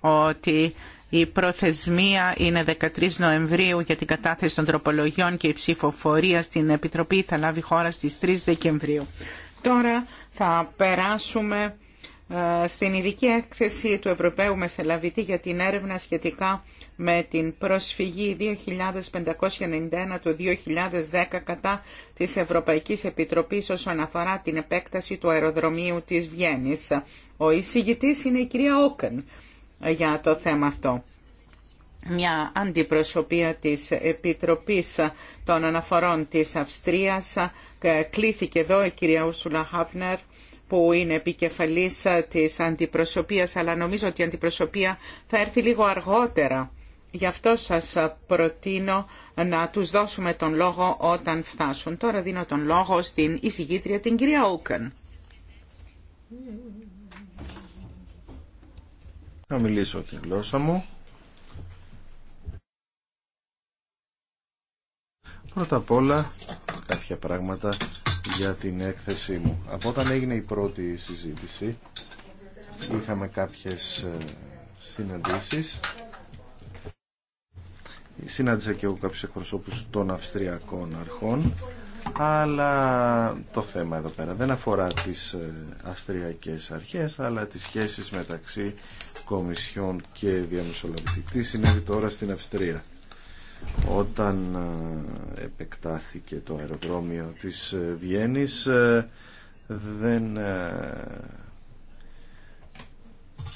ότι η προθεσμία είναι 13 Νοεμβρίου για την κατάθεση των τροπολογιών και η ψηφοφορία στην Επιτροπή θα λάβει χώρα στις 3 Δεκεμβρίου. Τώρα θα περάσουμε ε, στην ειδική έκθεση του Ευρωπαίου Μεσελαβητή για την έρευνα σχετικά με την προσφυγή 2591 του 2010 κατά της Ευρωπαϊκής Επιτροπής όσον αφορά την επέκταση του αεροδρομίου της Βιέννης. Ο εισηγητής είναι η κυρία Όκεν για το θέμα αυτό μια αντιπροσωπεία της Επιτροπής των Αναφορών της Αυστρίας. Ε, κλήθηκε εδώ η κυρία Ούρσουλα Χάπνερ που είναι επικεφαλής της αντιπροσωπείας, αλλά νομίζω ότι η αντιπροσωπεία θα έρθει λίγο αργότερα Γι' αυτό σας προτείνω να τους δώσουμε τον λόγο όταν φτάσουν. Τώρα δίνω τον λόγο στην εισηγήτρια την κυρία Ούκεν. Θα μιλήσω τη γλώσσα μου. Πρώτα απ' όλα κάποια πράγματα για την έκθεσή μου. Από όταν έγινε η πρώτη συζήτηση είχαμε κάποιες ε, συναντήσεις συνάντησα και εγώ κάποιους εκπροσώπους των Αυστριακών αρχών αλλά το θέμα εδώ πέρα δεν αφορά τις ε, αυστριακές αρχές αλλά τις σχέσεις μεταξύ Κομισιών και Διαμεσολαβητή. Τι συνέβη τώρα στην Αυστρία όταν ε, επεκτάθηκε το αεροδρόμιο της ε, Βιέννης δεν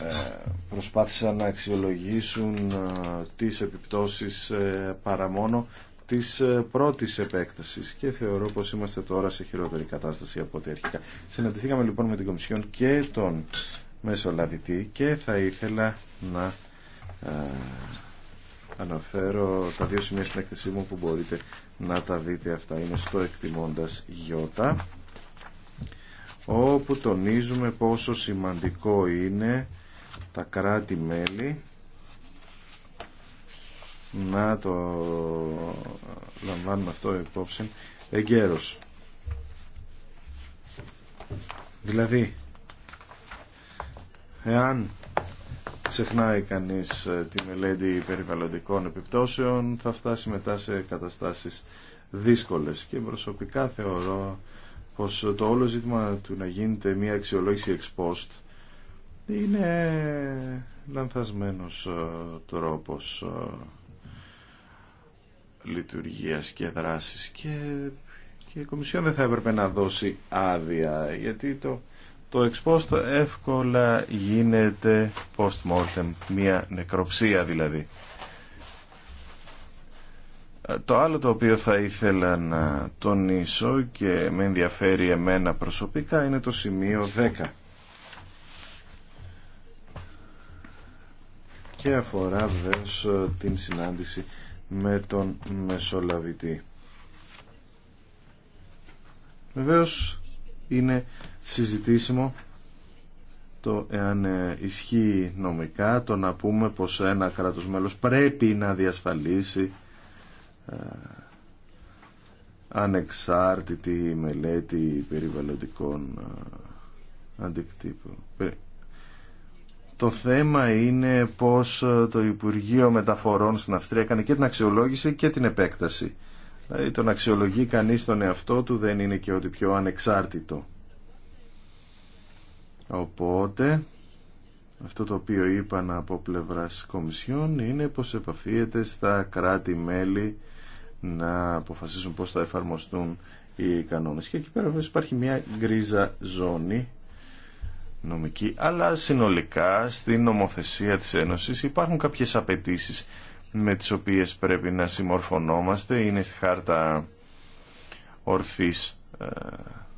ε, προσπάθησαν να αξιολογήσουν ε, τις επιπτώσεις ε, παρά μόνο της πρώτης επέκτασης και θεωρώ πως είμαστε τώρα σε χειρότερη κατάσταση από ό,τι αρχικά. Συναντηθήκαμε λοιπόν με την Κομισιόν και τον Μεσολαβητή και θα ήθελα να αναφέρω τα δύο σημεία στην έκθεσή μου που μπορείτε να τα δείτε αυτά. Είναι στο εκτιμώντας γιώτα όπου τονίζουμε πόσο σημαντικό είναι τα κράτη-μέλη να το λαμβάνουμε αυτό υπόψη εγκαίρως. Δηλαδή, εάν ξεχνάει κανείς ε, τη μελέτη περιβαλλοντικών επιπτώσεων θα φτάσει μετά σε καταστάσεις δύσκολες και προσωπικά θεωρώ πως το όλο ζήτημα του να γίνεται μια αξιολόγηση ex είναι λανθασμένος ε, τρόπος ε, λειτουργίας και δράσης και, και η Κομισιόν δεν θα έπρεπε να δώσει άδεια γιατί το, το εξπόστο εύκολα γίνεται post-mortem, μια νεκροψία δηλαδή. Ε, το άλλο το οποίο θα ήθελα να τονίσω και με ενδιαφέρει εμένα προσωπικά είναι το σημείο 10 και αφορά βεβαίως ε, την συνάντηση με τον Μεσολαβητή. Βεβαίως είναι συζητήσιμο το εάν ε, ισχύει νομικά το να πούμε πως ένα κράτος μέλος πρέπει να διασφαλίσει ε, ανεξάρτητη μελέτη περιβαλλοντικών αντικτύπων το θέμα είναι πως ε, το Υπουργείο Μεταφορών στην Αυστρία έκανε και την αξιολόγηση και την επέκταση. Δηλαδή τον αξιολογεί κανείς τον εαυτό του δεν είναι και ότι πιο ανεξάρτητο. Οπότε αυτό το οποίο είπαν από πλευράς Κομισιόν είναι πως επαφίεται στα κράτη-μέλη να αποφασίσουν πώς θα εφαρμοστούν οι κανόνες. Και εκεί πέρα υπάρχει μια γκρίζα ζώνη νομική, αλλά συνολικά στην νομοθεσία της Ένωσης υπάρχουν κάποιες απαιτήσεις με τις οποίες πρέπει να συμμορφωνόμαστε. Είναι στη χάρτα ορθής ε,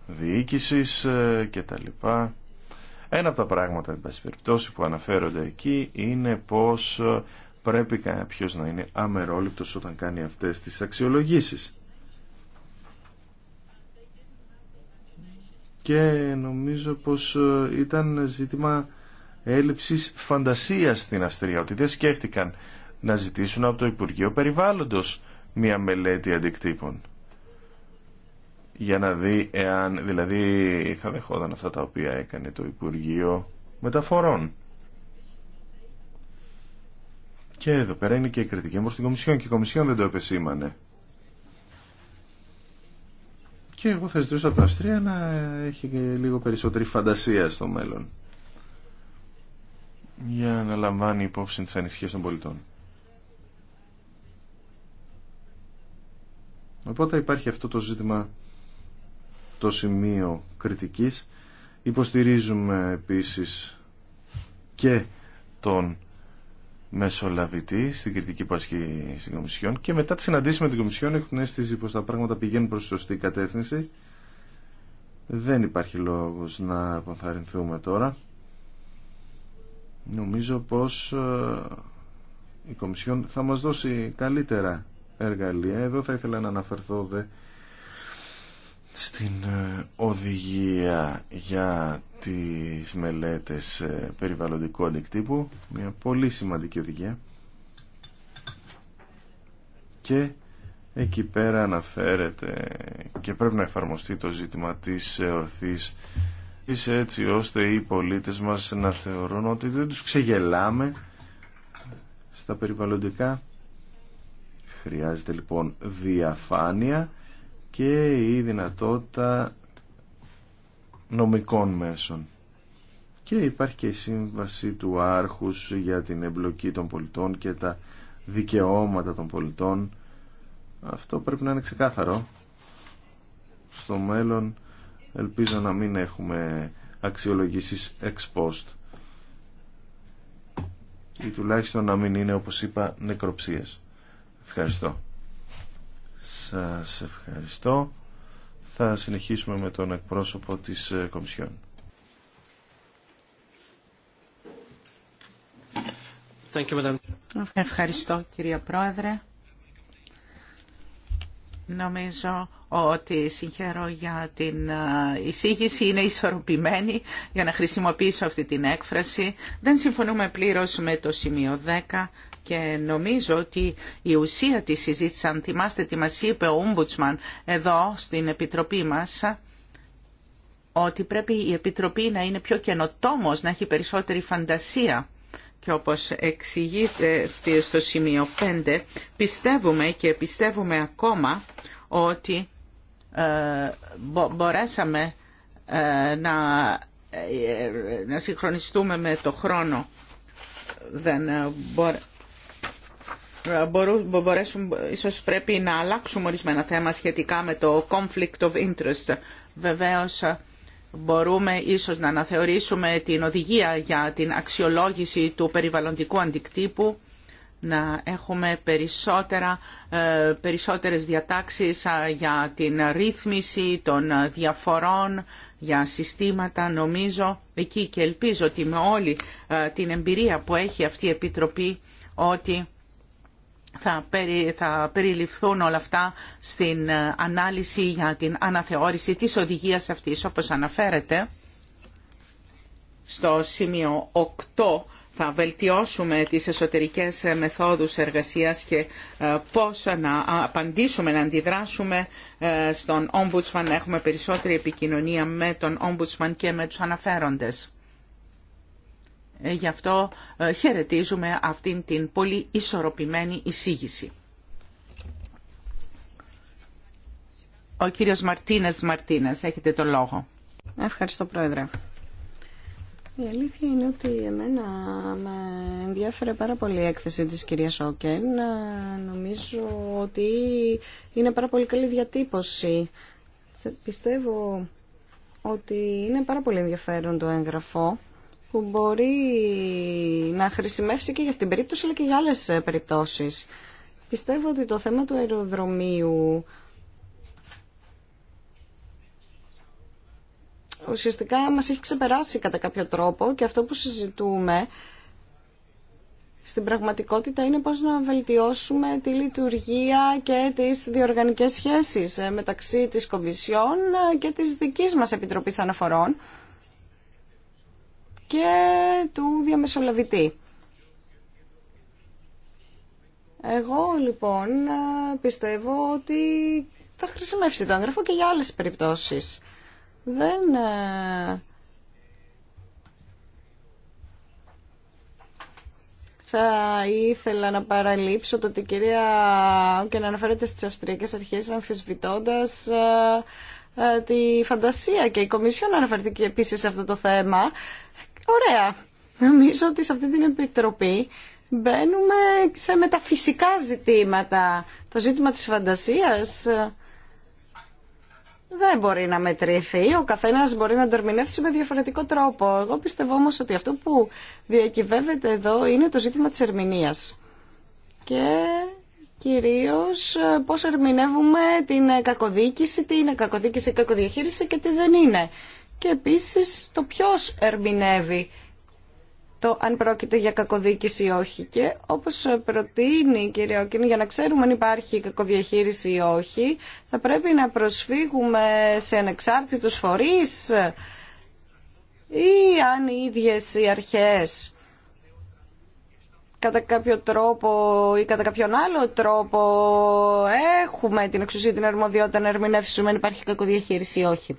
διοίκησης ε, και τα λοιπά. Ένα από τα πράγματα, που αναφέρονται εκεί είναι πως ε, πρέπει κάποιος να είναι αμερόληπτος όταν κάνει αυτές τις αξιολογήσεις. και νομίζω πως ε, ήταν ζήτημα έλλειψης φαντασίας στην Αυστρία, ότι δεν σκέφτηκαν να ζητήσουν από το Υπουργείο Περιβάλλοντος μια μελέτη αντικτύπων για να δει εάν δηλαδή θα δεχόταν αυτά τα οποία έκανε το Υπουργείο Μεταφορών. Και εδώ πέρα είναι και η κριτική μου στην Κομισιόν και η Κομισιόν δεν το επεσήμανε. Και εγώ θα ζητήσω από την Αυστρία να έχει και λίγο περισσότερη φαντασία στο μέλλον. Για να λαμβάνει υπόψη τις ανησυχίες των πολιτών. Οπότε υπάρχει αυτό το ζήτημα, το σημείο κριτικής. Υποστηρίζουμε επίσης και τον μεσολαβητή στην κριτική που ασκεί στην Κομισιόν και μετά τη συναντήση με την Κομισιόν έχουν αίσθηση πως τα πράγματα πηγαίνουν προς σωστή κατεύθυνση. Δεν υπάρχει λόγος να αποθαρρυνθούμε τώρα. Νομίζω πως ε, η Κομισιόν θα μας δώσει καλύτερα εργαλεία. Εδώ θα ήθελα να αναφερθώ δε στην ε, οδηγία για τις μελέτες ε, περιβαλλοντικού αντικτύπου μια πολύ σημαντική οδηγία και εκεί πέρα αναφέρεται και πρέπει να εφαρμοστεί το ζήτημα της ορθής είσαι έτσι ώστε οι πολίτες μας να θεωρούν ότι δεν τους ξεγελάμε στα περιβαλλοντικά χρειάζεται λοιπόν διαφάνεια και η δυνατότητα νομικών μέσων. Και υπάρχει και η σύμβαση του άρχους για την εμπλοκή των πολιτών και τα δικαιώματα των πολιτών. Αυτό πρέπει να είναι ξεκάθαρο. Στο μέλλον ελπίζω να μην έχουμε αξιολογήσεις ex post ή τουλάχιστον να μην είναι όπως είπα νεκροψίες. Ευχαριστώ. Σας ευχαριστώ. Θα συνεχίσουμε με τον εκπρόσωπο της ε, Κομισιόν. Ευχαριστώ κυρία Πρόεδρε. Νομίζω ότι συγχαίρω για την ε, εισήγηση, είναι ισορροπημένη για να χρησιμοποιήσω αυτή την έκφραση. Δεν συμφωνούμε πλήρως με το σημείο 10 και νομίζω ότι η ουσία της συζήτησης, αν θυμάστε τι μας είπε ο Ομπουτσμαν εδώ στην Επιτροπή μας, ότι πρέπει η Επιτροπή να είναι πιο καινοτόμος, να έχει περισσότερη φαντασία. Και όπως εξηγείται στο σημείο 5, πιστεύουμε και πιστεύουμε ακόμα ότι ε, μπορέσαμε ε, να, ε, να συγχρονιστούμε με το χρόνο. Δεν, μπορέ μπορέσουν, ίσως πρέπει να αλλάξουμε ορισμένα θέματα σχετικά με το conflict of interest. Βεβαίως μπορούμε ίσως να αναθεωρήσουμε την οδηγία για την αξιολόγηση του περιβαλλοντικού αντικτύπου, να έχουμε περισσότερα, ε, περισσότερες διατάξεις για την ρύθμιση των διαφορών, για συστήματα. Νομίζω εκεί και ελπίζω ότι με όλη ε, την εμπειρία που έχει αυτή η Επιτροπή ότι θα, περι, θα περιληφθούν όλα αυτά στην ε, ανάλυση για την αναθεώρηση της οδηγίας αυτής. Όπως αναφέρεται στο σημείο 8 θα βελτιώσουμε τις εσωτερικές ε, μεθόδους εργασίας και ε, πώς να απαντήσουμε, να αντιδράσουμε στον Ombudsman. Έχουμε περισσότερη επικοινωνία με τον Ombudsman και με τους αναφέροντες. Ε, γι' αυτό ε, χαιρετίζουμε αυτήν την πολύ ισορροπημένη εισήγηση. Ο κύριος Μαρτίνες Μαρτίνες, έχετε το λόγο. Ευχαριστώ Πρόεδρε. Η αλήθεια είναι ότι εμένα με ενδιαφέρε πάρα πολύ η έκθεση της κυρίας Όκεν. Ε, νομίζω ότι είναι πάρα πολύ καλή διατύπωση. Πιστεύω ότι είναι πάρα πολύ ενδιαφέρον το έγγραφο που μπορεί να χρησιμεύσει και για την περίπτωση αλλά και για άλλες ε, περιπτώσεις. Πιστεύω ότι το θέμα του αεροδρομίου ουσιαστικά μας έχει ξεπεράσει κατά κάποιο τρόπο και αυτό που συζητούμε στην πραγματικότητα είναι πώς να βελτιώσουμε τη λειτουργία και τις διοργανικές σχέσεις ε, μεταξύ της Κομισιόν και της δικής μας Επιτροπής Αναφορών και του διαμεσολαβητή. Εγώ λοιπόν πιστεύω ότι θα χρησιμεύσει το έγγραφο και για άλλες περιπτώσεις. Δεν... Ε, θα ήθελα να παραλείψω το ότι η κυρία και να αναφέρεται στις αυστριακές αρχές αμφισβητώντας ε, ε, τη φαντασία και η Κομισιόν αναφερθήκε επίσης σε αυτό το θέμα Ωραία. Νομίζω ότι σε αυτή την επιτροπή μπαίνουμε σε μεταφυσικά ζητήματα. Το ζήτημα της φαντασίας ε, δεν μπορεί να μετρηθεί. Ο καθένας μπορεί να το με διαφορετικό τρόπο. Εγώ πιστεύω όμως ότι αυτό που διακυβεύεται εδώ είναι το ζήτημα της ερμηνείας. Και κυρίως ε, πώς ερμηνεύουμε την κακοδίκηση, τι είναι κακοδίκηση, κακοδιαχείριση και τι δεν είναι και επίσης το ποιος ερμηνεύει το αν πρόκειται για κακοδίκηση ή όχι. Και όπως προτείνει η κυρία Οκίνη, για να ξέρουμε αν υπάρχει κακοδιαχείριση ή όχι, θα πρέπει να προσφύγουμε σε ανεξάρτητους φορείς ή αν οι ίδιες οι αρχές κατά κάποιο τρόπο ή κατά κάποιον άλλο τρόπο έχουμε την εξουσία την αρμοδιότητα να ερμηνεύσουμε αν υπάρχει κακοδιαχείριση ή όχι.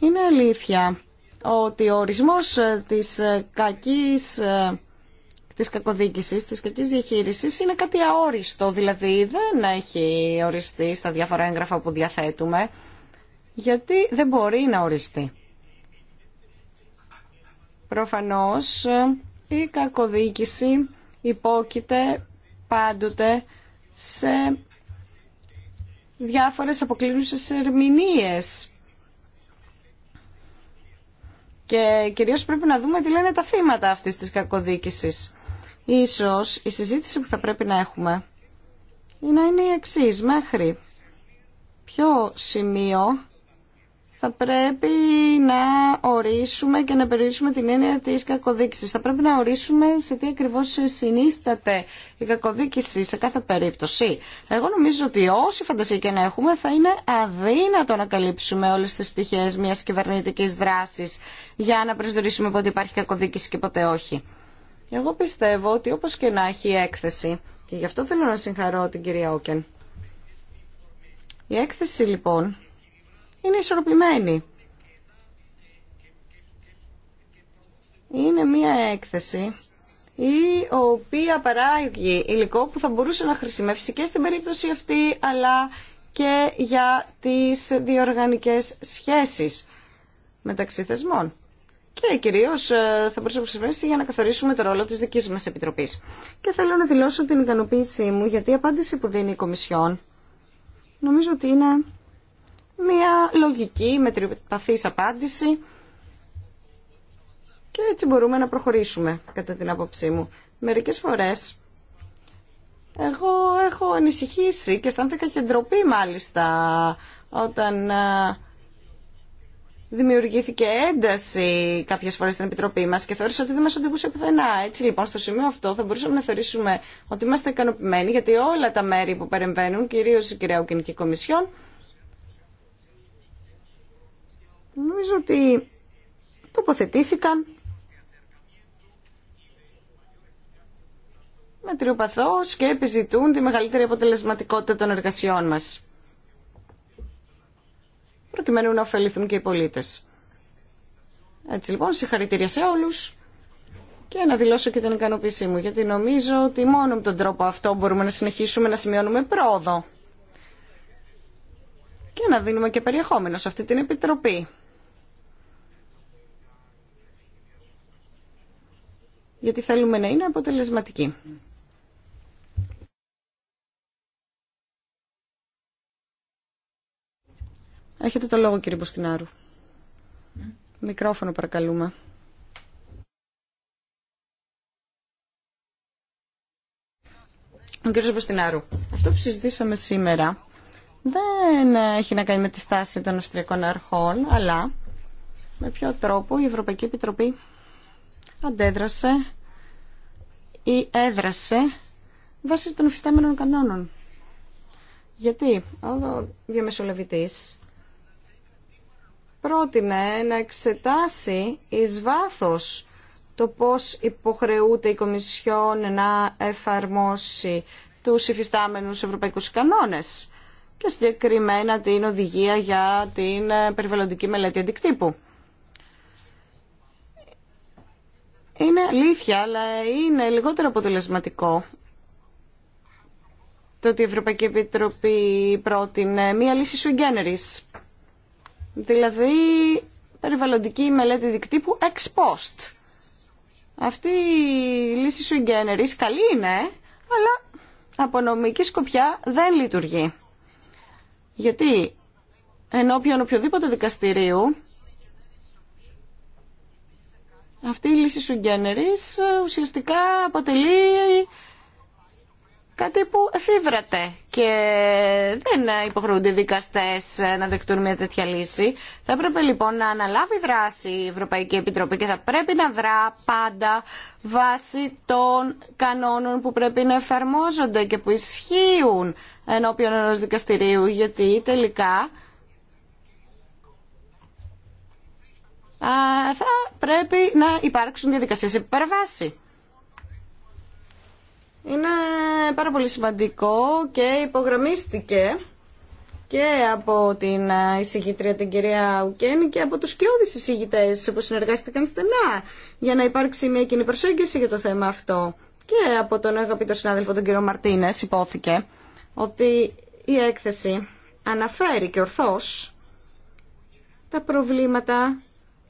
Είναι αλήθεια ότι ο ορισμός ε, της ε, κακής ε, της κακοδίκησης, της κακής διαχείρισης είναι κάτι αόριστο, δηλαδή δεν έχει οριστεί στα διάφορα έγγραφα που διαθέτουμε, γιατί δεν μπορεί να οριστεί. Προφανώς η κακοδίκηση υπόκειται πάντοτε σε διάφορες αποκλίνουσες ερμηνείες και κυρίως πρέπει να δούμε τι λένε τα θύματα αυτής της κακοδίκησης. Ίσως η συζήτηση που θα πρέπει να έχουμε είναι, είναι η εξή μέχρι ποιο σημείο θα πρέπει να ορίσουμε και να περιορίσουμε την έννοια της κακοδίκησης. Θα πρέπει να ορίσουμε σε τι ακριβώς συνίσταται η κακοδίκηση σε κάθε περίπτωση. Εγώ νομίζω ότι όση φαντασία και να έχουμε θα είναι αδύνατο να καλύψουμε όλες τις πτυχές μιας κυβερνητικής δράσης για να προσδιορίσουμε πότε υπάρχει κακοδίκηση και πότε όχι. Εγώ πιστεύω ότι όπως και να έχει η έκθεση, και γι' αυτό θέλω να συγχαρώ την κυρία Όκεν. Η έκθεση λοιπόν είναι ισορροπημένη. Είναι μία έκθεση η οποία παράγει υλικό που θα μπορούσε να χρησιμεύσει και στην περίπτωση αυτή αλλά και για τις διοργανικές σχέσεις μεταξύ θεσμών. Και κυρίω ε, θα μπορούσε να χρησιμεύσει για να καθορίσουμε το ρόλο τη δική μα Επιτροπή. Και θέλω να δηλώσω την ικανοποίησή μου γιατί η απάντηση που δίνει η Κομισιόν νομίζω ότι είναι μια λογική, μετρηπαθής απάντηση και έτσι μπορούμε να προχωρήσουμε κατά την άποψή μου. Μερικές φορές εγώ έχω ανησυχήσει και αισθάνθηκα και ντροπή μάλιστα όταν δημιουργήθηκε ένταση κάποιες φορές στην Επιτροπή μας και θεώρησα ότι δεν μας οδηγούσε πουθενά. Έτσι λοιπόν στο σημείο αυτό θα μπορούσαμε να θεωρήσουμε ότι είμαστε ικανοποιημένοι γιατί όλα τα μέρη που παρεμβαίνουν, κυρίως η κυρία Ουκενική Κομισιόν, Νομίζω ότι τοποθετήθηκαν με τριοπαθώς και επιζητούν τη μεγαλύτερη αποτελεσματικότητα των εργασιών μας προκειμένου να ωφεληθούν και οι πολίτες. Έτσι λοιπόν, συγχαρητήρια σε όλους και να δηλώσω και την ικανοποίησή μου, γιατί νομίζω ότι μόνο με τον τρόπο αυτό μπορούμε να συνεχίσουμε να σημειώνουμε πρόοδο και να δίνουμε και περιεχόμενο σε αυτή την Επιτροπή. γιατί θέλουμε να είναι αποτελεσματική. Έχετε το λόγο κύριε Μποστινάρου. Μικρόφωνο παρακαλούμε. Ο κύριος Μποστινάρου, αυτό που συζητήσαμε σήμερα δεν έχει να κάνει με τη στάση των Αυστριακών Αρχών, αλλά με ποιο τρόπο η Ευρωπαϊκή Επιτροπή αντέδρασε ή έδρασε βάσει των υφιστάμενων κανόνων. Γιατί ο διαμεσολαβητής πρότεινε να εξετάσει εις βάθος το πώς υποχρεούται η Κομισιόν να εφαρμόσει τους υφιστάμενους ευρωπαϊκούς κανόνες και συγκεκριμένα την οδηγία για την περιβαλλοντική μελέτη αντικτύπου. είναι αλήθεια, αλλά είναι λιγότερο αποτελεσματικό το ότι η Ευρωπαϊκή Επιτροπή πρότεινε μία λύση σου generis. Δηλαδή, περιβαλλοντική μελέτη δικτύπου ex post. Αυτή η λύση σου generis καλή είναι, αλλά από νομική σκοπιά δεν λειτουργεί. Γιατί ενώπιον οποιοδήποτε δικαστηρίου αυτή η λύση σου γκένερης ουσιαστικά αποτελεί κάτι που εφύβρατε και δεν υποχρεούνται οι δικαστές να δεχτούν μια τέτοια λύση. Θα έπρεπε λοιπόν να αναλάβει δράση η Ευρωπαϊκή Επιτροπή και θα πρέπει να δρά πάντα βάσει των κανόνων που πρέπει να εφαρμόζονται και που ισχύουν ενώπιον ενός δικαστηρίου γιατί τελικά θα πρέπει να υπάρξουν διαδικασίες υπερβάση. Είναι πάρα πολύ σημαντικό και υπογραμμίστηκε και από την εισηγήτρια την κυρία Ουκένη και από τους κοιόδης εισηγητές που συνεργάστηκαν στενά για να υπάρξει μια κοινή προσέγγιση για το θέμα αυτό. Και από τον αγαπητό συνάδελφο τον κύριο Μαρτίνες υπόθηκε ότι η έκθεση αναφέρει και ορθώς τα προβλήματα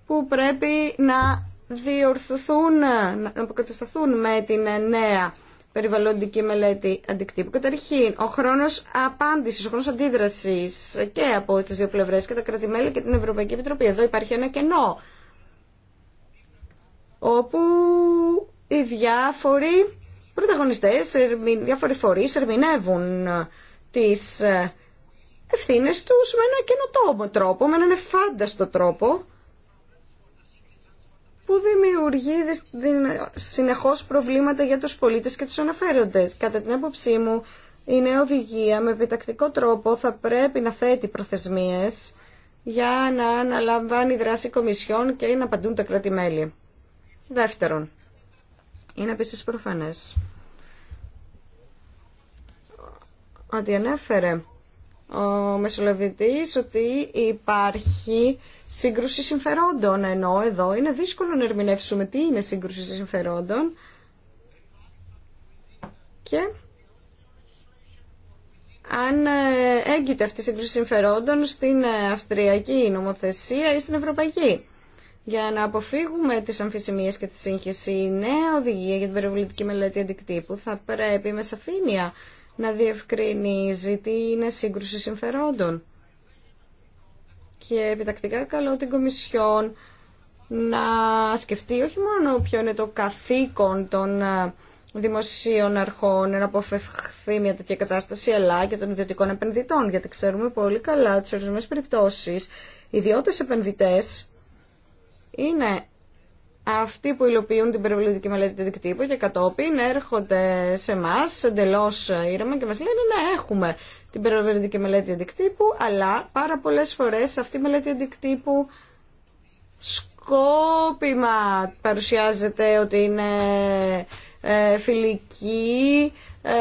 που πρέπει να διορθωθούν, να αποκατασταθούν με την νέα περιβαλλοντική μελέτη αντικτύπου. Καταρχήν, ο χρόνο απάντηση, ο χρόνο αντίδραση και από τι δύο πλευρέ, και τα κρατημέλη και την Ευρωπαϊκή Επιτροπή. Εδώ υπάρχει ένα κενό. Όπου οι διάφοροι πρωταγωνιστέ, διάφοροι φορεί ερμηνεύουν τι ε, ευθύνε του με ένα καινοτόμο τρόπο, με έναν εφάνταστο τρόπο που δημιουργεί συνεχώς προβλήματα για τους πολίτες και τους αναφέροντες. Κατά την άποψή μου, η νέα οδηγία με επιτακτικό τρόπο θα πρέπει να θέτει προθεσμίες για να αναλαμβάνει δράση κομισιών και να απαντούν τα κράτη-μέλη. Δεύτερον, είναι επίση προφανές ότι ανέφερε ο μεσολαβητής ότι υπάρχει σύγκρουση συμφερόντων, ενώ εδώ είναι δύσκολο να ερμηνεύσουμε τι είναι σύγκρουση συμφερόντων και αν ε, έγκυται αυτή η σύγκρουση συμφερόντων στην ε, αυστριακή νομοθεσία ή στην ευρωπαϊκή. Για να αποφύγουμε τις αμφισημίες και τη σύγχυση, η νέα οδηγία για την περιβολητική μελέτη αντικτύπου θα πρέπει με σαφήνεια να διευκρινίζει τι είναι σύγκρουση συμφερόντων. Και επιτακτικά καλώ την Κομισιόν να σκεφτεί όχι μόνο ποιο είναι το καθήκον των ε, δημοσίων αρχών να αποφευχθεί μια τέτοια κατάσταση, αλλά και των ιδιωτικών επενδυτών, γιατί ξέρουμε πολύ καλά ότι σε ορισμένες περιπτώσεις οι ιδιώτες επενδυτές είναι αυτοί που υλοποιούν την περιβαλλοντική μελέτη δικτύπου και κατόπιν έρχονται σε εμά εντελώ ήρεμα και μα λένε ναι, έχουμε την περιβαλλοντική μελέτη αντικτύπου, αλλά πάρα πολλέ φορέ αυτή η μελέτη αντικτύπου σκόπιμα παρουσιάζεται ότι είναι ε, φιλική ε,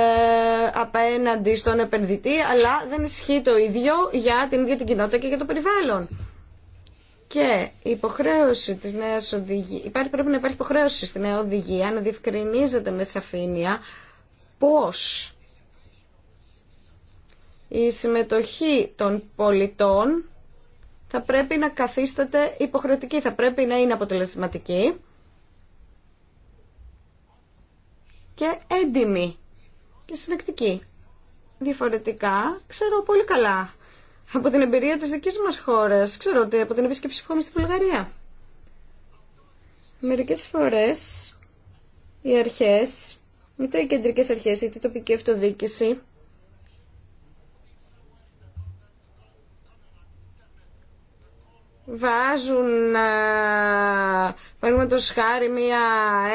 απέναντι στον επενδυτή, αλλά δεν ισχύει το ίδιο για την ίδια την κοινότητα και για το περιβάλλον και υποχρέωση της νέας οδηγίας, υπάρχει, πρέπει να υπάρχει υποχρέωση στη νέα οδηγία να διευκρινίζεται με σαφήνεια πώς η συμμετοχή των πολιτών θα πρέπει να καθίσταται υποχρεωτική, θα πρέπει να είναι αποτελεσματική και έντιμη και συνεκτική. Διαφορετικά, ξέρω πολύ καλά από την εμπειρία της δικής μας χώρας. Ξέρω ότι από την επίσκεψη που είχαμε στη Βουλγαρία. Μερικές φορές οι αρχές, είτε οι κεντρικές αρχές είτε η τοπική αυτοδίκηση, βάζουν παραδείγματος χάρη μία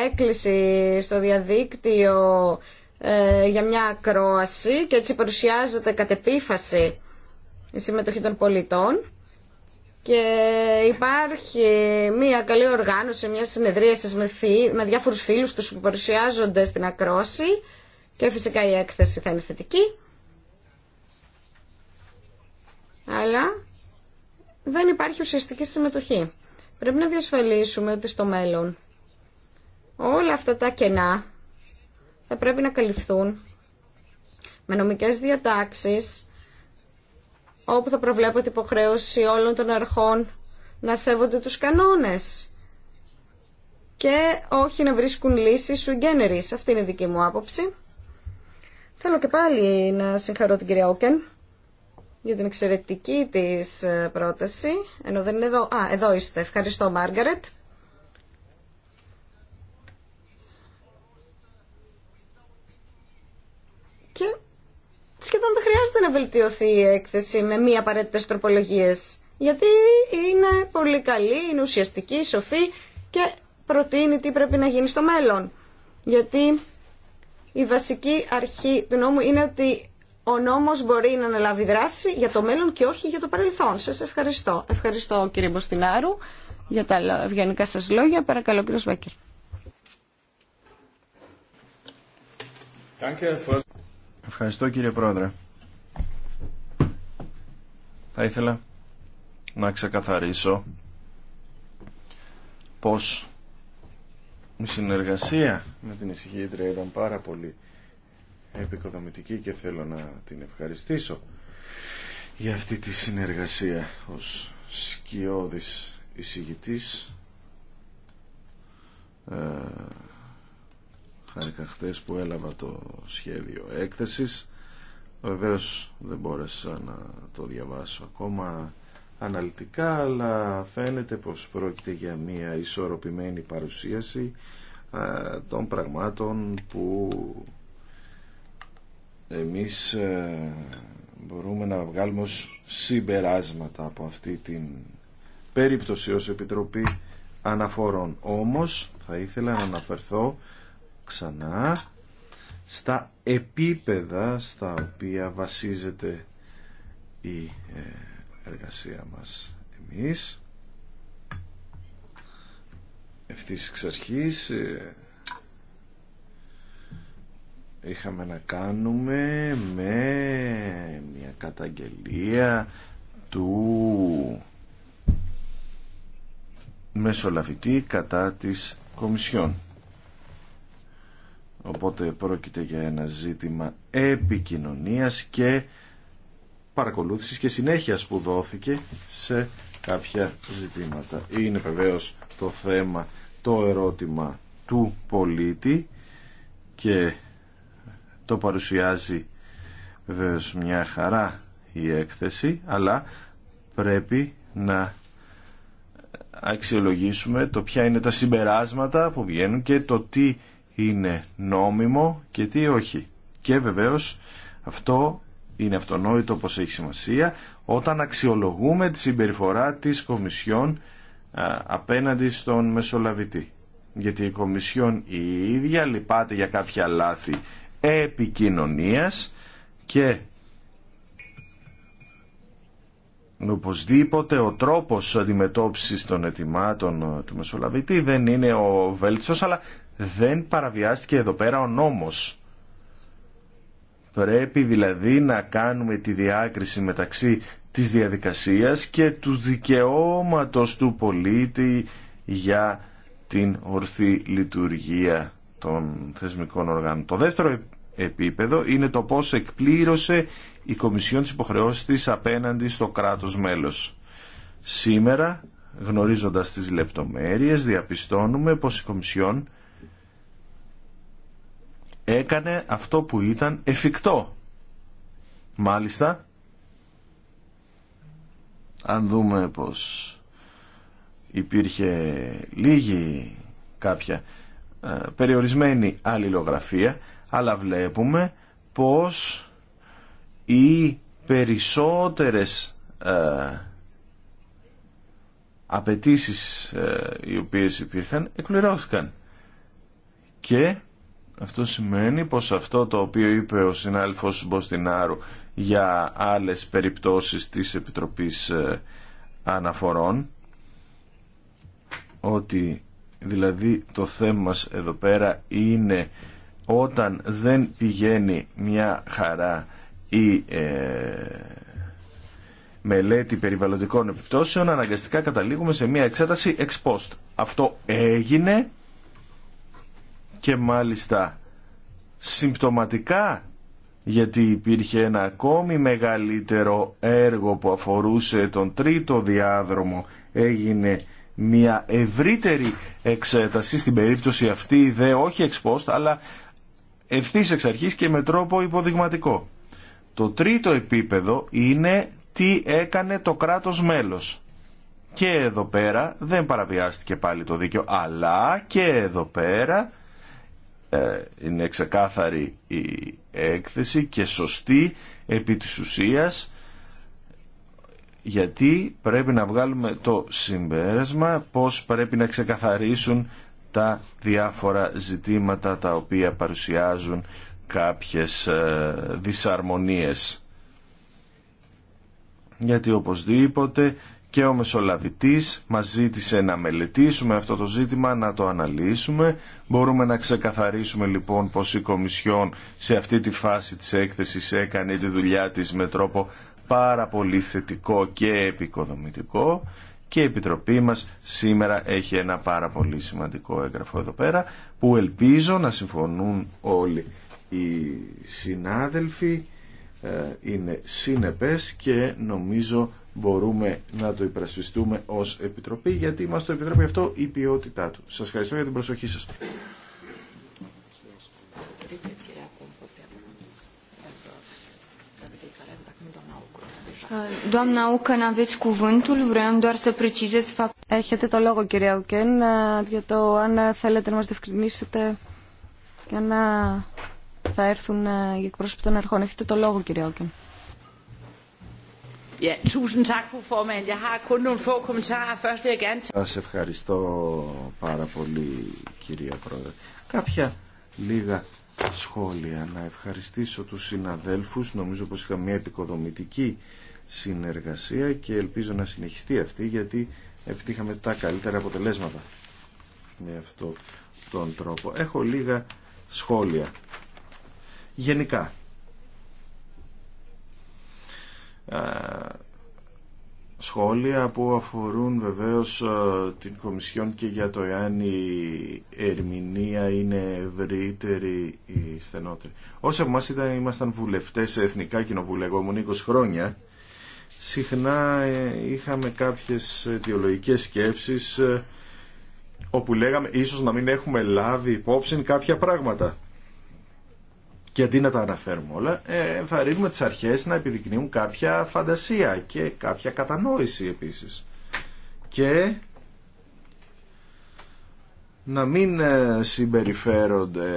έκκληση στο διαδίκτυο ε, για μια ακρόαση και έτσι παρουσιάζεται κατ' επίφαση η συμμετοχή των πολιτών και υπάρχει μια καλή οργάνωση, μια συνεδρίαση με, με διάφορους φίλους τους που παρουσιάζονται στην ακρόση και φυσικά η έκθεση θα είναι θετική. Αλλά δεν υπάρχει ουσιαστική συμμετοχή. Πρέπει να διασφαλίσουμε ότι στο μέλλον όλα αυτά τα κενά θα πρέπει να καλυφθούν με νομικές διατάξεις όπου θα προβλέπω την υποχρέωση όλων των αρχών να σέβονται τους κανόνες και όχι να βρίσκουν λύσεις σου generis. Αυτή είναι η δική μου άποψη. Θέλω και πάλι να συγχαρώ την κυρία Όκεν για την εξαιρετική της ε, πρόταση. Ενώ δεν είναι εδώ. Α, εδώ είστε. Ευχαριστώ, Μάργαρετ. Και σχεδόν δεν χρειάζεται να βελτιωθεί η έκθεση με μη απαραίτητε τροπολογίε. Γιατί είναι πολύ καλή, είναι ουσιαστική, σοφή και προτείνει τι πρέπει να γίνει στο μέλλον. Γιατί η βασική αρχή του νόμου είναι ότι ο νόμος μπορεί να αναλάβει δράση για το μέλλον και όχι για το παρελθόν. Σας ευχαριστώ. Ευχαριστώ κύριε Μποστινάρου για τα ευγενικά σας λόγια. Παρακαλώ κύριο Σβέκερ. Ευχαριστώ κύριε Πρόεδρε. Θα ήθελα να ξεκαθαρίσω πως η συνεργασία με την εισηγήτρια ήταν πάρα πολύ επικοδομητική και θέλω να την ευχαριστήσω για αυτή τη συνεργασία ως σκιώδης εισηγητής ε, Χάρηκα χθε που έλαβα το σχέδιο έκθεσης. Βεβαίω δεν μπόρεσα να το διαβάσω ακόμα αναλυτικά, αλλά φαίνεται πως πρόκειται για μια ισορροπημένη παρουσίαση ε, των πραγμάτων που εμείς ε, μπορούμε να βγάλουμε ως συμπεράσματα από αυτή την περίπτωση ως Επιτροπή Αναφορών. Όμως θα ήθελα να αναφερθώ στα επίπεδα στα οποία βασίζεται η ε, εργασία μας εμείς ευθύς εξ αρχής ε, είχαμε να κάνουμε με μια καταγγελία του μεσολαβητή κατά της Κομισιόν Οπότε πρόκειται για ένα ζήτημα επικοινωνίας και παρακολούθησης και συνέχειας που δόθηκε σε κάποια ζητήματα. Είναι βεβαίως το θέμα, το ερώτημα του πολίτη και το παρουσιάζει βεβαίως μια χαρά η έκθεση, αλλά πρέπει να αξιολογήσουμε το ποια είναι τα συμπεράσματα που βγαίνουν και το τι είναι νόμιμο και τι όχι. Και βεβαίως αυτό είναι αυτονόητο πως έχει σημασία όταν αξιολογούμε τη συμπεριφορά της Κομισιόν απέναντι στον Μεσολαβητή. Γιατί η Κομισιόν η ίδια λυπάται για κάποια λάθη επικοινωνίας και οπωσδήποτε ο τρόπος αντιμετώπισης των ετοιμάτων του Μεσολαβητή δεν είναι ο βέλτιστος αλλά δεν παραβιάστηκε εδώ πέρα ο νόμος. Πρέπει δηλαδή να κάνουμε τη διάκριση μεταξύ της διαδικασίας και του δικαιώματος του πολίτη για την ορθή λειτουργία των θεσμικών οργάνων. Το δεύτερο επίπεδο είναι το πώς εκπλήρωσε η Κομισιόν της υποχρεώσεις της απέναντι στο κράτος μέλος. Σήμερα, γνωρίζοντας τις λεπτομέρειες, διαπιστώνουμε πως η Κομισιόν έκανε αυτό που ήταν εφικτό. Μάλιστα, αν δούμε πως υπήρχε λίγη κάποια ε, περιορισμένη αλληλογραφία, αλλά βλέπουμε πως οι περισσότερες ε, απαιτήσει ε, οι οποίες υπήρχαν εκπληρώθηκαν και αυτό σημαίνει πως αυτό το οποίο είπε ο συνάδελφος Μποστινάρου για άλλες περιπτώσεις της Επιτροπής ε, Αναφορών ότι δηλαδή το θέμα μας εδώ πέρα είναι όταν δεν πηγαίνει μια χαρά η ε, μελέτη περιβαλλοντικών επιπτώσεων αναγκαστικά καταλήγουμε σε μια εξέταση ex post. Αυτό έγινε και μάλιστα συμπτωματικά γιατί υπήρχε ένα ακόμη μεγαλύτερο έργο που αφορούσε τον τρίτο διάδρομο έγινε μια ευρύτερη εξέταση στην περίπτωση αυτή δε όχι εξ αλλά ευθύς εξ αρχής και με τρόπο υποδειγματικό. Το τρίτο επίπεδο είναι τι έκανε το κράτος μέλος. Και εδώ πέρα δεν παραβιάστηκε πάλι το δίκαιο αλλά και εδώ πέρα ε, είναι ξεκάθαρη η έκθεση και σωστή επί της ουσίας γιατί πρέπει να βγάλουμε το συμπέρασμα πως πρέπει να ξεκαθαρίσουν τα διάφορα ζητήματα τα οποία παρουσιάζουν κάποιες ε, δυσαρμονίες γιατί οπωσδήποτε και ο Μεσολαβητής μας ζήτησε να μελετήσουμε αυτό το ζήτημα, να το αναλύσουμε. Μπορούμε να ξεκαθαρίσουμε λοιπόν πως η Κομισιόν σε αυτή τη φάση της έκθεσης έκανε τη δουλειά της με τρόπο πάρα πολύ θετικό και επικοδομητικό και η Επιτροπή μας σήμερα έχει ένα πάρα πολύ σημαντικό έγγραφο εδώ πέρα που ελπίζω να συμφωνούν όλοι οι συνάδελφοι ε, είναι σύνεπες και νομίζω μπορούμε να το υπερασπιστούμε ως Επιτροπή γιατί μας το επιτρέπει αυτό η ποιότητά του. Σας ευχαριστώ για την προσοχή σας. Έχετε το λόγο κυρία Ουκέν για το αν θέλετε να μας διευκρινίσετε για να θα έρθουν οι εκπρόσωποι των αρχών. Έχετε το λόγο κυρία Ουκέν. Ja, Σας ευχαριστώ πάρα πολύ, κυρία Πρόεδρε. Κάποια λίγα σχόλια. Να ευχαριστήσω τους συναδέλφους. Νομίζω πως είχα μια επικοδομητική συνεργασία και ελπίζω να συνεχιστεί αυτή γιατί επιτύχαμε τα καλύτερα αποτελέσματα με αυτό τον τρόπο. Έχω λίγα σχόλια. Γενικά, ε, σχόλια που αφορούν βεβαίως ε, την Κομισιόν και για το εάν η ερμηνεία είναι ευρύτερη ή στενότερη. Όσοι από ήμασταν βουλευτές σε εθνικά κοινοβούλια, εγώ ήμουν 20 χρόνια, συχνά ε, είχαμε κάποιες αιτιολογικές σκέψεις όπου λέγαμε ίσως να μην έχουμε λάβει υπόψη κάποια πράγματα και αντί να τα αναφέρουμε όλα, ε, θα ρίχνουμε τις αρχές να επιδεικνύουν κάποια φαντασία και κάποια κατανόηση επίσης. Και να μην ε, συμπεριφέρονται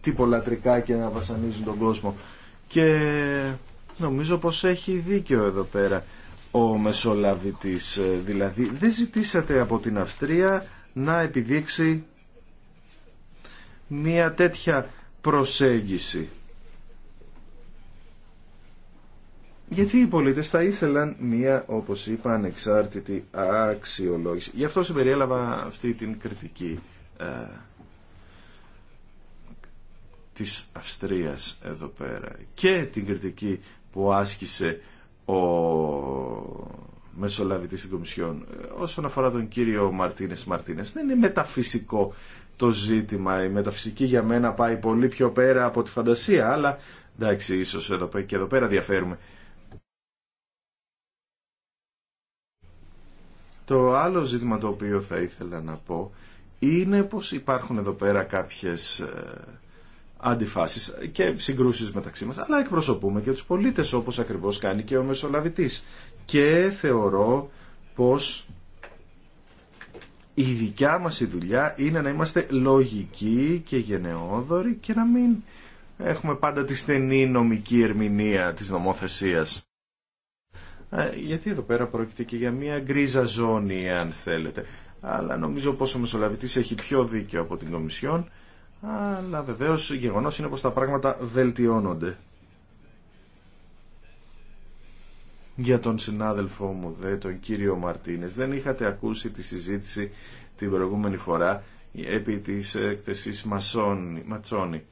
τυπολατρικά και να βασανίζουν τον κόσμο. Και νομίζω πως έχει δίκιο εδώ πέρα ο Μεσολαβητής. Ε, δηλαδή δεν ζητήσατε από την Αυστρία να επιδείξει μια τέτοια προσέγγιση. Γιατί οι πολίτες θα ήθελαν μία, όπως είπα, ανεξάρτητη αξιολόγηση. Γι' αυτό συμπεριέλαβα αυτή την κριτική ε, της Αυστρίας εδώ πέρα και την κριτική που άσκησε ο μεσολαβητής της Κομισιόν ε, όσον αφορά τον κύριο Μαρτίνες Μαρτίνες. Δεν είναι μεταφυσικό το ζήτημα. Η μεταφυσική για μένα πάει πολύ πιο πέρα από τη φαντασία, αλλά εντάξει, ίσως εδώ, και εδώ πέρα διαφέρουμε. Το άλλο ζήτημα το οποίο θα ήθελα να πω είναι πως υπάρχουν εδώ πέρα κάποιες ε, αντιφάσεις και συγκρούσεις μεταξύ μας, αλλά εκπροσωπούμε και τους πολίτες όπως ακριβώς κάνει και ο Μεσολαβητής. Και θεωρώ πως η δικιά μας η δουλειά είναι να είμαστε λογικοί και γενναιόδοροι και να μην έχουμε πάντα τη στενή νομική ερμηνεία της νομοθεσίας. Ε, γιατί εδώ πέρα πρόκειται και για μια γκρίζα ζώνη, αν θέλετε. Αλλά νομίζω πως ο Μεσολαβητής έχει πιο δίκιο από την Κομισιόν. Αλλά βεβαίως γεγονός είναι πως τα πράγματα βελτιώνονται. για τον συνάδελφό μου, δε, τον κύριο Μαρτίνες. Δεν είχατε ακούσει τη συζήτηση την προηγούμενη φορά επί της εκθεσής Ματσόνη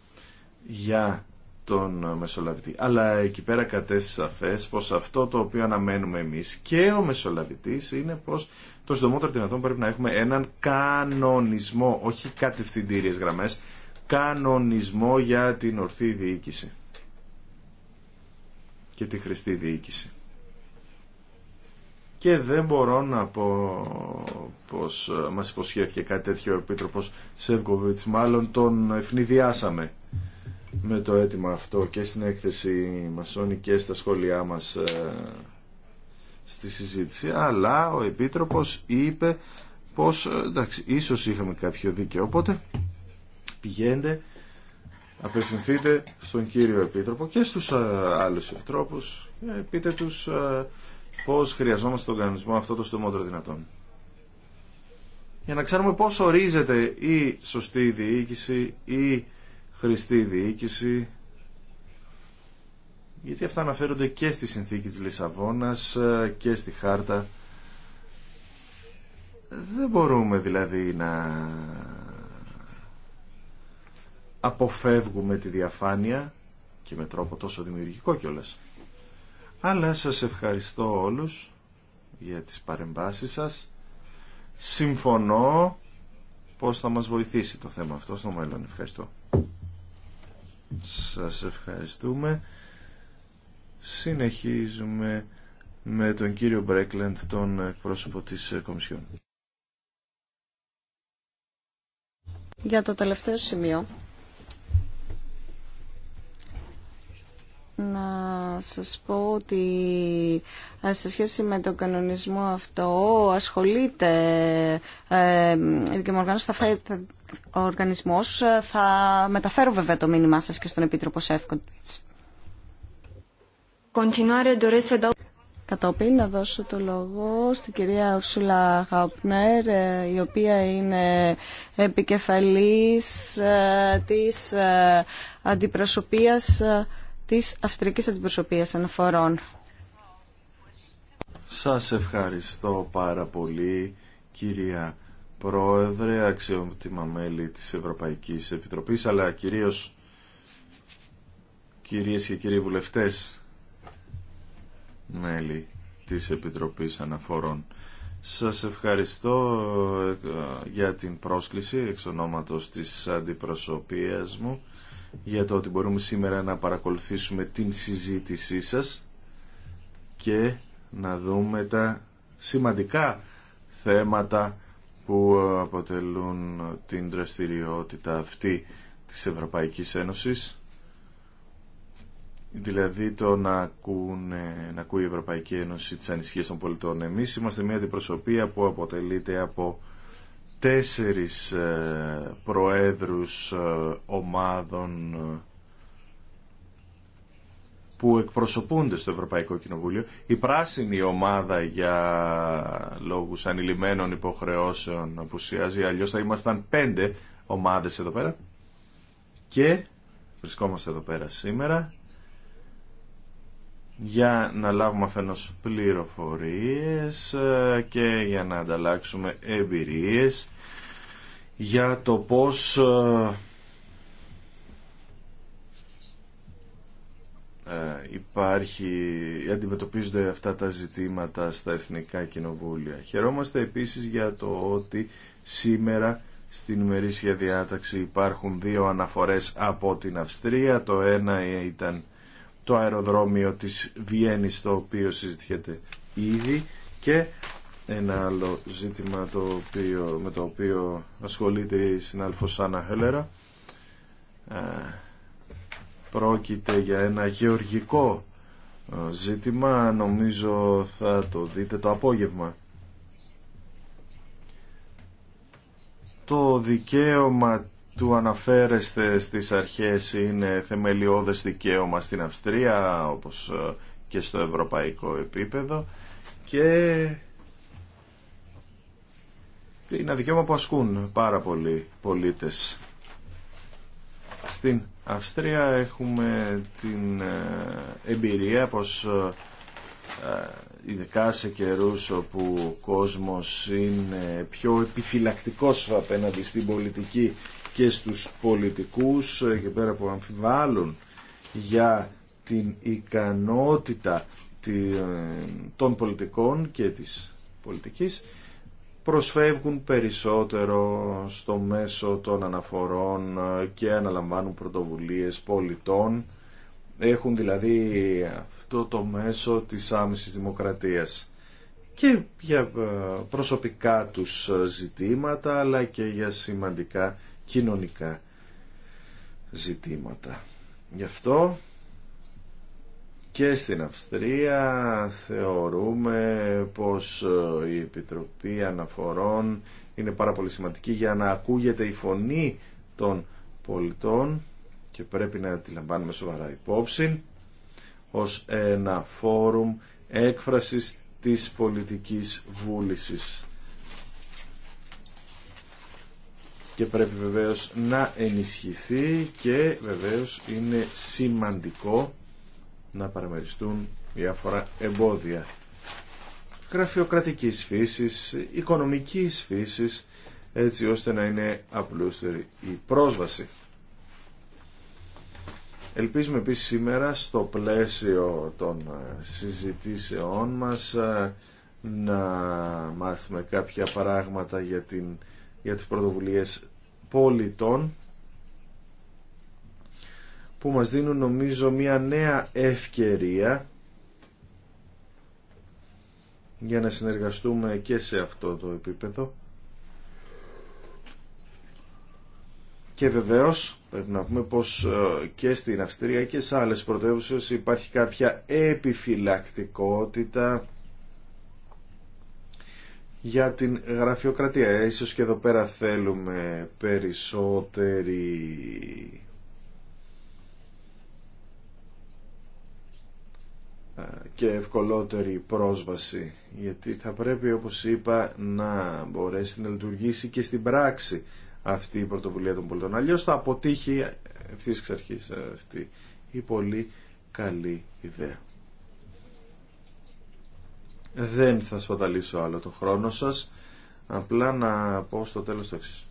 για τον Μεσολαβητή. Αλλά εκεί πέρα κατέστησε σαφές πως αυτό το οποίο αναμένουμε εμείς και ο Μεσολαβητής είναι πως το συντομότερο δυνατόν πρέπει να έχουμε έναν κανονισμό, όχι κατευθυντήριες γραμμές, κανονισμό για την ορθή διοίκηση και τη χρηστή διοίκηση και δεν μπορώ να πω πως ε, μας υποσχέθηκε κάτι τέτοιο ο Επίτροπος Σεύκοβιτς. Μάλλον τον ευνηδιάσαμε με το αίτημα αυτό και στην έκθεση Μασόνη και στα σχόλιά μας ε, στη συζήτηση. Αλλά ο Επίτροπος είπε πως ε, εντάξει, ίσως είχαμε κάποιο δίκαιο. Οπότε πηγαίνετε, απευθυνθείτε στον κύριο Επίτροπο και στους άλλους επιτρόπους, πείτε τους πώς χρειαζόμαστε τον κανονισμό αυτό το στομότερο δυνατόν. Για να ξέρουμε πώς ορίζεται η σωστή διοίκηση, η χρηστή διοίκηση, γιατί αυτά αναφέρονται και στη συνθήκη της Λισαβόνας και στη χάρτα. Δεν μπορούμε δηλαδή να αποφεύγουμε τη διαφάνεια και με τρόπο τόσο δημιουργικό κιόλας. Αλλά σας ευχαριστώ όλους για τις παρεμβάσεις σας. Συμφωνώ πώς θα μας βοηθήσει το θέμα αυτό στο μέλλον. Ευχαριστώ. Σας ευχαριστούμε. Συνεχίζουμε με τον κύριο Μπρέκλεντ, τον εκπρόσωπο της Κομισιόν. Για το τελευταίο σημείο να σας πω ότι ε, σε σχέση με τον κανονισμό αυτό ασχολείται ε, και θα ο οργανισμός. Ε, θα μεταφέρω βέβαια το μήνυμά σας και στον Επίτροπο Σεύκοντιτς. Κατόπιν να δώσω το λόγο στην κυρία Ουσούλα Χαουπνέρ, ε, η οποία είναι επικεφαλής της αντιπροσωπείας της Αυστρικής Αντιπροσωπείας Αναφορών. Σας ευχαριστώ πάρα πολύ κυρία Πρόεδρε, αξιότιμα μέλη της Ευρωπαϊκής Επιτροπής, αλλά κυρίως κυρίες και κύριοι βουλευτές μέλη της Επιτροπής Αναφορών. Σας ευχαριστώ ε, για την πρόσκληση εξ ονόματος της αντιπροσωπείας μου για το ότι μπορούμε σήμερα να παρακολουθήσουμε την συζήτησή σας και να δούμε τα σημαντικά θέματα που αποτελούν την δραστηριότητα αυτή της Ευρωπαϊκής Ένωσης δηλαδή το να, ακούνε, να ακούει η Ευρωπαϊκή Ένωση τις ανησυχίες των πολιτών. Εμείς είμαστε μια αντιπροσωπεία που αποτελείται από τέσσερις ε, προέδρους ε, ομάδων ε, που εκπροσωπούνται στο Ευρωπαϊκό Κοινοβούλιο, η πράσινη ομάδα για λόγους ανηλυμένων υποχρεώσεων απουσιάζει, αλλιώς θα ήμασταν πέντε ομάδες εδώ πέρα και βρισκόμαστε εδώ πέρα σήμερα για να λάβουμε αφενός πληροφορίες ε, και για να ανταλλάξουμε εμπειρίες για το πώς ε, ε, υπάρχει, αντιμετωπίζονται αυτά τα ζητήματα στα Εθνικά Κοινοβούλια. Χαιρόμαστε επίσης για το ότι σήμερα στην ημερήσια διάταξη υπάρχουν δύο αναφορές από την Αυστρία. Το ένα ήταν το αεροδρόμιο της Βιέννης το οποίο συζητιέται ήδη και ένα άλλο ζήτημα το οποίο, με το οποίο ασχολείται η συνάλφος Άννα Χέλερα ε, πρόκειται για ένα γεωργικό ε, ζήτημα νομίζω θα το δείτε το απόγευμα το δικαίωμα του αναφέρεστε στις αρχές είναι θεμελιώδες δικαίωμα στην Αυστρία όπως ε, και στο ευρωπαϊκό επίπεδο και είναι δικαίωμα που ασκούν πάρα πολλοί πολίτες. Στην Αυστρία έχουμε την ε, εμπειρία πως ε, ειδικά σε καιρούς όπου ο κόσμος είναι πιο επιφυλακτικός απέναντι στην πολιτική και στους πολιτικούς ε, και πέρα που αμφιβάλλουν για την ικανότητα ε, των πολιτικών και της πολιτικής προσφεύγουν περισσότερο στο μέσο των αναφορών ε, και αναλαμβάνουν πρωτοβουλίες πολιτών έχουν δηλαδή αυτό το μέσο της άμεσης δημοκρατίας και για προσωπικά τους ζητήματα αλλά και για σημαντικά κοινωνικά ζητήματα. Γι' αυτό και στην Αυστρία θεωρούμε πως ε, η Επιτροπή Αναφορών είναι πάρα πολύ σημαντική για να ακούγεται η φωνή των πολιτών και πρέπει να τη λαμβάνουμε σοβαρά υπόψη ως ένα φόρουμ έκφρασης της πολιτικής βούλησης και πρέπει βεβαίως να ενισχυθεί και βεβαίως είναι σημαντικό να παραμεριστούν διάφορα εμπόδια γραφειοκρατικής φύσης, οικονομικής φύσης, έτσι ώστε να είναι απλούστερη η πρόσβαση. Ελπίζουμε επίσης σήμερα στο πλαίσιο των συζητήσεών μας ε, να μάθουμε κάποια πράγματα για, την, για τις πρωτοβουλίες πολιτών που μας δίνουν νομίζω μια νέα ευκαιρία για να συνεργαστούμε και σε αυτό το επίπεδο και βεβαίως πρέπει να πούμε πως ε, και στην Αυστρία και σε άλλες πρωτεύουσες υπάρχει κάποια επιφυλακτικότητα για την γραφειοκρατία. Ε, ίσως και εδώ πέρα θέλουμε περισσότερη και ευκολότερη πρόσβαση γιατί θα πρέπει όπως είπα να μπορέσει να λειτουργήσει και στην πράξη αυτή η πρωτοβουλία των πολιτών αλλιώς θα αποτύχει ευθύς εξ αρχής αυτή η πολύ καλή ιδέα δεν θα σπαταλήσω άλλο το χρόνο σας. Απλά να πω στο τέλος το εξής.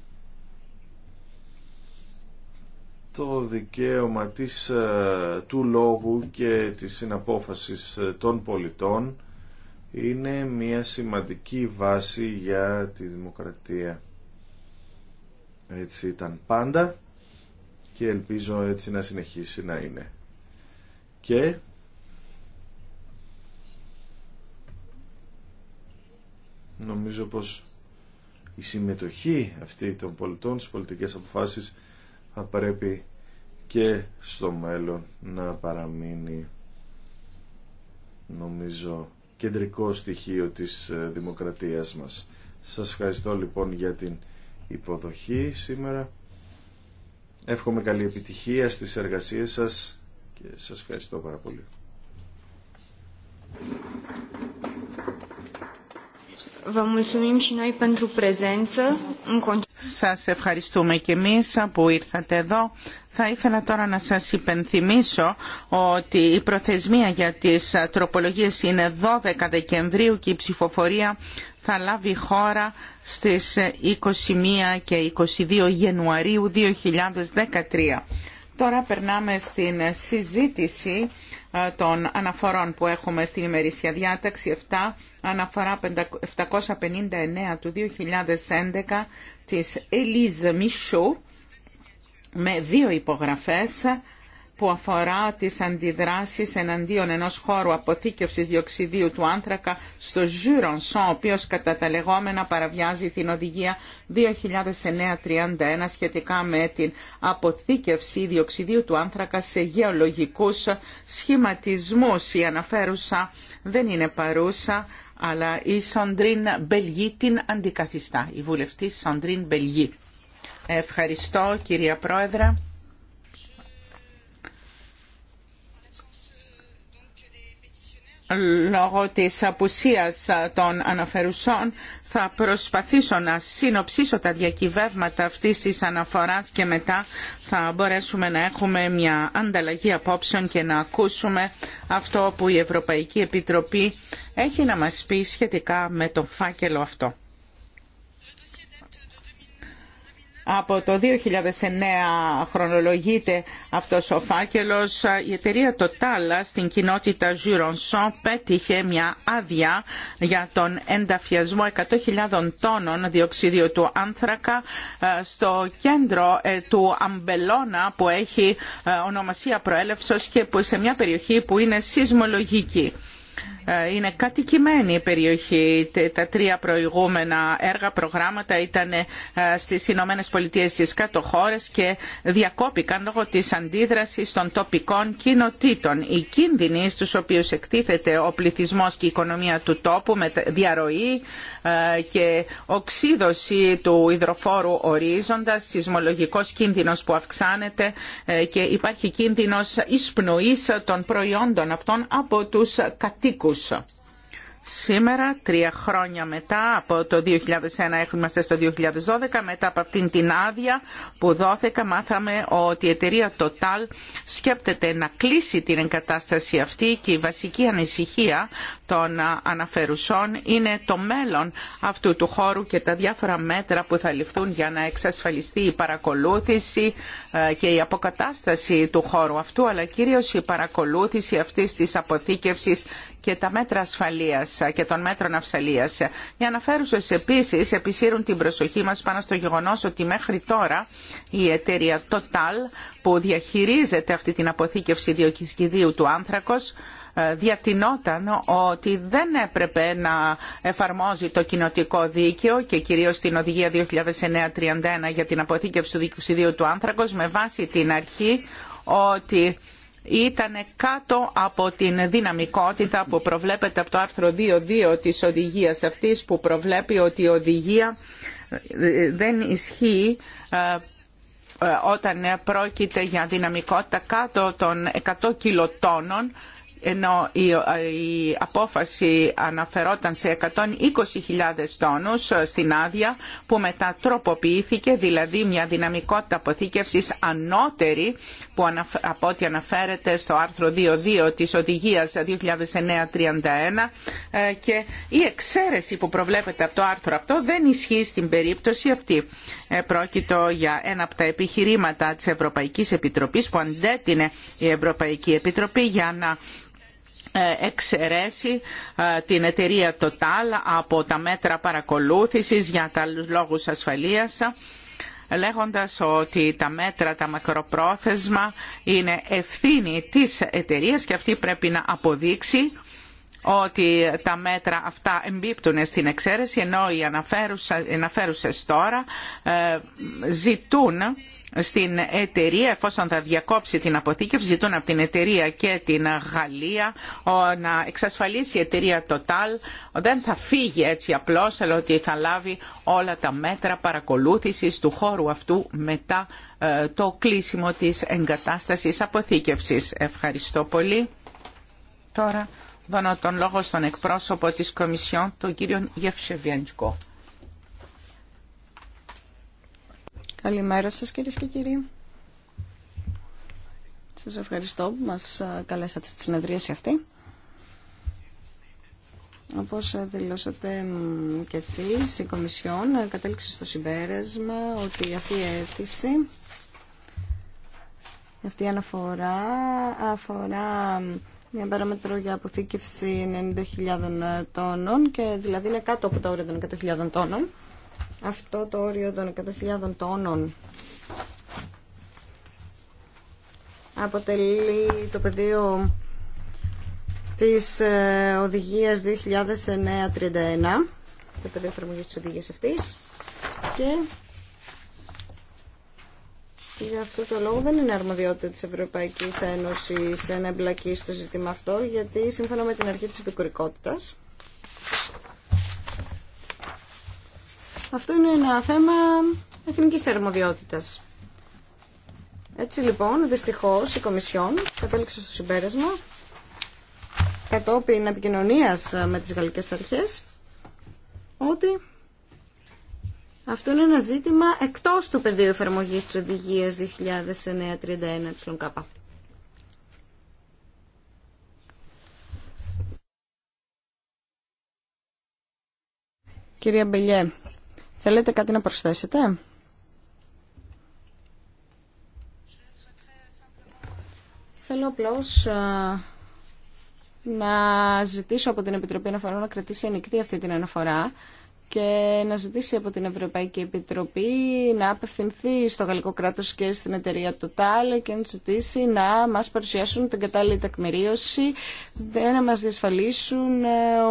Το δικαίωμα της, ε, του λόγου και της συναπόφασης ε, των πολιτών είναι μια σημαντική βάση για τη δημοκρατία. Έτσι ήταν πάντα και ελπίζω έτσι να συνεχίσει να είναι. Και Νομίζω πως η συμμετοχή αυτή των πολιτών στις πολιτικές αποφάσεις θα πρέπει και στο μέλλον να παραμείνει νομίζω κεντρικό στοιχείο της ε, δημοκρατίας μας. Σας ευχαριστώ λοιπόν για την υποδοχή σήμερα. Εύχομαι καλή επιτυχία στις εργασίες σας και σας ευχαριστώ πάρα πολύ. Σας ευχαριστούμε και εμείς που ήρθατε εδώ. Θα ήθελα τώρα να σας υπενθυμίσω ότι η προθεσμία για τις τροπολογίες είναι 12 Δεκεμβρίου και η ψηφοφορία θα λάβει χώρα στις 21 και 22 Ιανουαρίου 2013. Τώρα περνάμε στην συζήτηση ε, των αναφορών που έχουμε στην ημερήσια διάταξη 7 αναφορά 759 του 2011 της Ελίζ Μισού με δύο υπογραφές που αφορά τις αντιδράσεις εναντίον ενός χώρου αποθήκευσης διοξιδίου του άνθρακα στο Ζουρονσό, ο οποίο κατά τα λεγόμενα παραβιάζει την οδηγία σχετικά με την αποθήκευση διοξιδίου του άνθρακα σε γεωλογικούς σχηματισμούς. Η αναφέρουσα δεν είναι παρούσα, αλλά η Σαντρίν Μπελγή την αντικαθιστά, η βουλευτή Σαντρίν Μπελγή. Ευχαριστώ κυρία Πρόεδρε. λόγω της απουσίας των αναφερουσών θα προσπαθήσω να συνοψίσω τα διακυβεύματα αυτής της αναφοράς και μετά θα μπορέσουμε να έχουμε μια ανταλλαγή απόψεων και να ακούσουμε αυτό που η Ευρωπαϊκή Επιτροπή έχει να μας πει σχετικά με το φάκελο αυτό. από το 2009 χρονολογείται αυτός ο φάκελος, η εταιρεία Total στην κοινότητα Juronson πέτυχε μια άδεια για τον ενταφιασμό 100.000 τόνων διοξίδιο του άνθρακα ε, στο κέντρο ε, του Αμπελώνα που έχει ε, ονομασία προέλευσος και που σε μια περιοχή που είναι σεισμολογική είναι κατοικημένη η περιοχή. Τα τρία προηγούμενα έργα προγράμματα ήταν ε, στις Ηνωμένε Πολιτείε στις κάτω χώρες και διακόπηκαν λόγω της αντίδρασης των τοπικών κοινοτήτων. Οι κίνδυνοι στους οποίου εκτίθεται ο πληθυσμός και η οικονομία του τόπου με διαρροή ε, και οξύδωση του υδροφόρου ορίζοντας, σεισμολογικός κίνδυνος που αυξάνεται ε, και υπάρχει κίνδυνος εισπνοής των προϊόντων αυτών από τους κατοίκους σα Σήμερα, τρία χρόνια μετά από το 2001, είμαστε στο 2012, μετά από αυτήν την άδεια που δόθηκα, μάθαμε ότι η εταιρεία Total σκέπτεται να κλείσει την εγκατάσταση αυτή και η βασική ανησυχία των αναφερουσών είναι το μέλλον αυτού του χώρου και τα διάφορα μέτρα που θα ληφθούν για να εξασφαλιστεί η παρακολούθηση ε, και η αποκατάσταση του χώρου αυτού, αλλά κυρίως η παρακολούθηση αυτής της αποθήκευσης και τα μέτρα ασφαλείας και των μέτρων Για Οι αναφέρουσε επίσης επισύρουν την προσοχή μας πάνω στο γεγονός ότι μέχρι τώρα η εταιρεία Total που διαχειρίζεται αυτή την αποθήκευση διοκισκηδίου του άνθρακο, ε, διατηνόταν ότι δεν έπρεπε να εφαρμόζει το κοινοτικό δίκαιο και κυρίως την οδηγία 2009-31 για την αποθήκευση του του άνθρακος με βάση την αρχή ότι ήταν κάτω από την δυναμικότητα που προβλέπεται από το άρθρο 2.2 της οδηγίας αυτής που προβλέπει ότι η οδηγία ε, δεν ισχύει ε, ε, όταν πρόκειται για δυναμικότητα κάτω των 100 κιλοτόνων ενώ η απόφαση αναφερόταν σε 120.000 τόνους στην άδεια που μετά τροποποιήθηκε, δηλαδή μια δυναμικότητα αποθήκευσης ανώτερη που από ό,τι αναφέρεται στο άρθρο 2.2 της Οδηγίας 2009-31 ε, και η εξαίρεση που προβλέπεται από το άρθρο αυτό δεν ισχύει στην περίπτωση αυτή. Ε, πρόκειτο για ένα από τα επιχειρήματα της Ευρωπαϊκής Επιτροπής που αντέτεινε η Ευρωπαϊκή Επιτροπή για να ε, εξαιρέσει ε, την εταιρεία Total από τα μέτρα παρακολούθησης για τα λόγους ασφαλείας λέγοντας ότι τα μέτρα, τα μακροπρόθεσμα είναι ευθύνη της εταιρείας και αυτή πρέπει να αποδείξει ότι τα μέτρα αυτά εμπίπτουν στην εξαίρεση ενώ οι αναφέρουσες τώρα ε, ζητούν στην εταιρεία, εφόσον θα διακόψει την αποθήκευση, ζητούν από την εταιρεία και την Γαλλία να εξασφαλίσει η εταιρεία Total. Δεν θα φύγει έτσι απλώς, αλλά ότι θα λάβει όλα τα μέτρα παρακολούθησης του χώρου αυτού μετά ε, το κλείσιμο της εγκατάστασης αποθήκευσης. Ευχαριστώ πολύ. Τώρα δώνω τον λόγο στον εκπρόσωπο της Κομισιόν, τον κύριο Γεφσεβιαντικό. Καλημέρα σας κυρίες και κύριοι. Σας ευχαριστώ που μας ε, καλέσατε στη συνεδρίαση αυτή. Όπως ε, δηλώσατε και εσείς, η Κομισιόν ε, κατέληξε στο συμπέρασμα ότι αυτή η αίτηση, αυτή η αναφορά αφορά μια παράμετρο για αποθήκευση 90.000 τόνων και δηλαδή είναι κάτω από τα όρια των 100.000 τόνων αυτό το όριο των 100.000 τόνων αποτελεί το πεδίο της ε, οδηγίας 2009-31 το πεδίο εφαρμογής της οδηγίας αυτής και για αυτό το λόγο δεν είναι αρμοδιότητα της Ευρωπαϊκής Ένωσης να εμπλακεί στο ζήτημα αυτό γιατί σύμφωνα με την αρχή της επικουρικότητας αυτό είναι ένα θέμα εθνικής αρμοδιότητας. Έτσι λοιπόν, δυστυχώς, η Κομισιόν κατέληξε στο συμπέρασμα κατόπιν επικοινωνίας με τις γαλλικές αρχές ότι αυτό είναι ένα ζήτημα εκτός του πεδίου εφαρμογής της οδηγίας 2009-31 της Κυρία Μπελιέ, Θέλετε κάτι να προσθέσετε? Θέλω απλώς να ζητήσω από την Επιτροπή Αναφορών να κρατήσει ανοιχτή αυτή την αναφορά και να ζητήσει από την Ευρωπαϊκή Επιτροπή να απευθυνθεί στο γαλλικό κράτος και στην εταιρεία Total και να ζητήσει να μας παρουσιάσουν την κατάλληλη τεκμηρίωση, να μας διασφαλίσουν ε,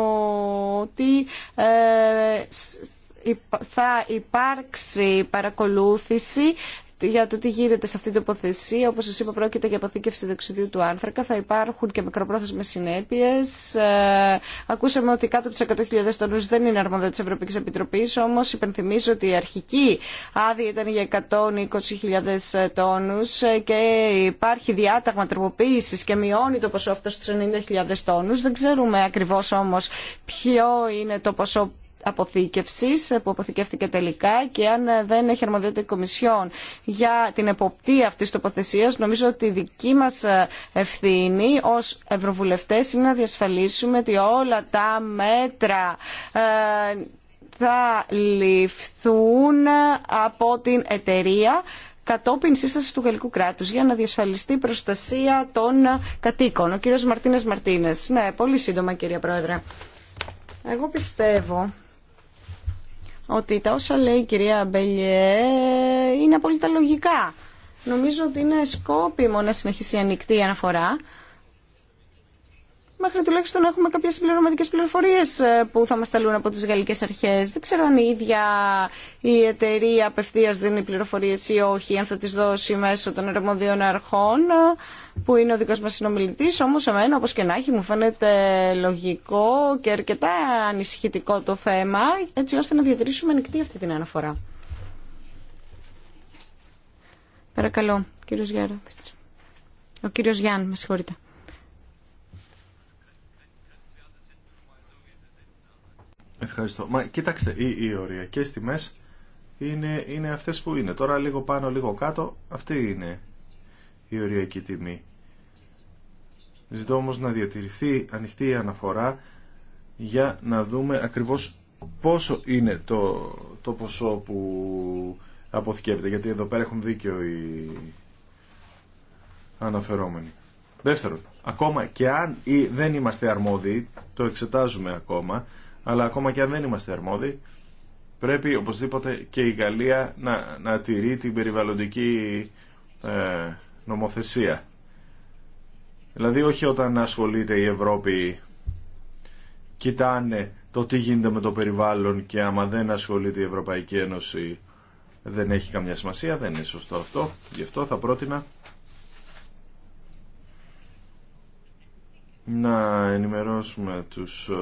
ότι ε, θα υπάρξει παρακολούθηση για το τι γίνεται σε αυτή την τοποθεσία. Όπως σας είπα, πρόκειται για αποθήκευση δεξιδίου του άνθρακα. Θα υπάρχουν και μικροπρόθεσμες συνέπειες. Ε, ακούσαμε ότι κάτω από τις 100.000 τόνους δεν είναι αρμόδια της Ευρωπαϊκής Επιτροπής, όμως υπενθυμίζω ότι η αρχική άδεια ήταν για 120.000 τόνους και υπάρχει διάταγμα τροποποίησης και μειώνει το ποσό αυτό στους 90.000 τόνους. Δεν ξέρουμε ακριβώς όμως ποιο είναι το ποσό αποθήκευσης ε, που αποθηκεύτηκε τελικά και αν ε, δεν έχει αρμοδιότητα η Κομισιόν για την εποπτεία αυτής της τοποθεσία, νομίζω ότι η δική μας ε, ευθύνη ως Ευρωβουλευτές είναι να διασφαλίσουμε ότι όλα τα μέτρα θα ληφθούν από την εταιρεία κατόπιν σύσταση του γαλλικού κράτου για να διασφαλιστεί η προστασία των κατοίκων. Ο κύριο Μαρτίνε Μαρτίνε. Ναι, πολύ σύντομα, κύριε Πρόεδρε. Εγώ πιστεύω ότι τα όσα λέει η κυρία Μπελιέ είναι απόλυτα λογικά. Νομίζω ότι είναι σκόπιμο να συνεχίσει η ανοιχτή αναφορά, μέχρι τουλάχιστον να έχουμε κάποιες συμπληρωματικές πληροφορίες ε, που θα μας ταλούν από τις γαλλικές αρχές. Δεν ξέρω αν η ίδια η εταιρεία απευθεία δίνει πληροφορίες ή όχι, αν θα τις δώσει μέσω των αρμοδίων αρχών, ε, που είναι ο δικός μας συνομιλητής. Όμως εμένα, όπως και να έχει, μου φαίνεται λογικό και αρκετά ανησυχητικό το θέμα, έτσι ώστε να διατηρήσουμε ανοιχτή αυτή την αναφορά. Παρακαλώ, κύριος Γιάννη. Ο κύριος Γιάννη, με συγχωρείτε. Ευχαριστώ. Μα κοιτάξτε, οι, οι τιμέ τιμές είναι, είναι αυτές που είναι. Τώρα λίγο πάνω, λίγο κάτω, αυτή είναι η οριακή τιμή. Ζητώ όμω να διατηρηθεί ανοιχτή η αναφορά για να δούμε ακριβώς πόσο είναι το, το ποσό που αποθηκεύεται. Γιατί εδώ πέρα έχουν δίκιο οι αναφερόμενοι. Δεύτερον, ακόμα και αν δεν είμαστε αρμόδιοι, το εξετάζουμε ακόμα, αλλά ακόμα και αν δεν είμαστε αρμόδιοι, πρέπει οπωσδήποτε και η Γαλλία να, να τηρεί την περιβαλλοντική ε, νομοθεσία. Δηλαδή όχι όταν ασχολείται η Ευρώπη κοιτάνε το τι γίνεται με το περιβάλλον και άμα δεν ασχολείται η Ευρωπαϊκή Ένωση δεν έχει καμιά σημασία, δεν είναι σωστό αυτό. Γι' αυτό θα πρότεινα να ενημερώσουμε τους ε,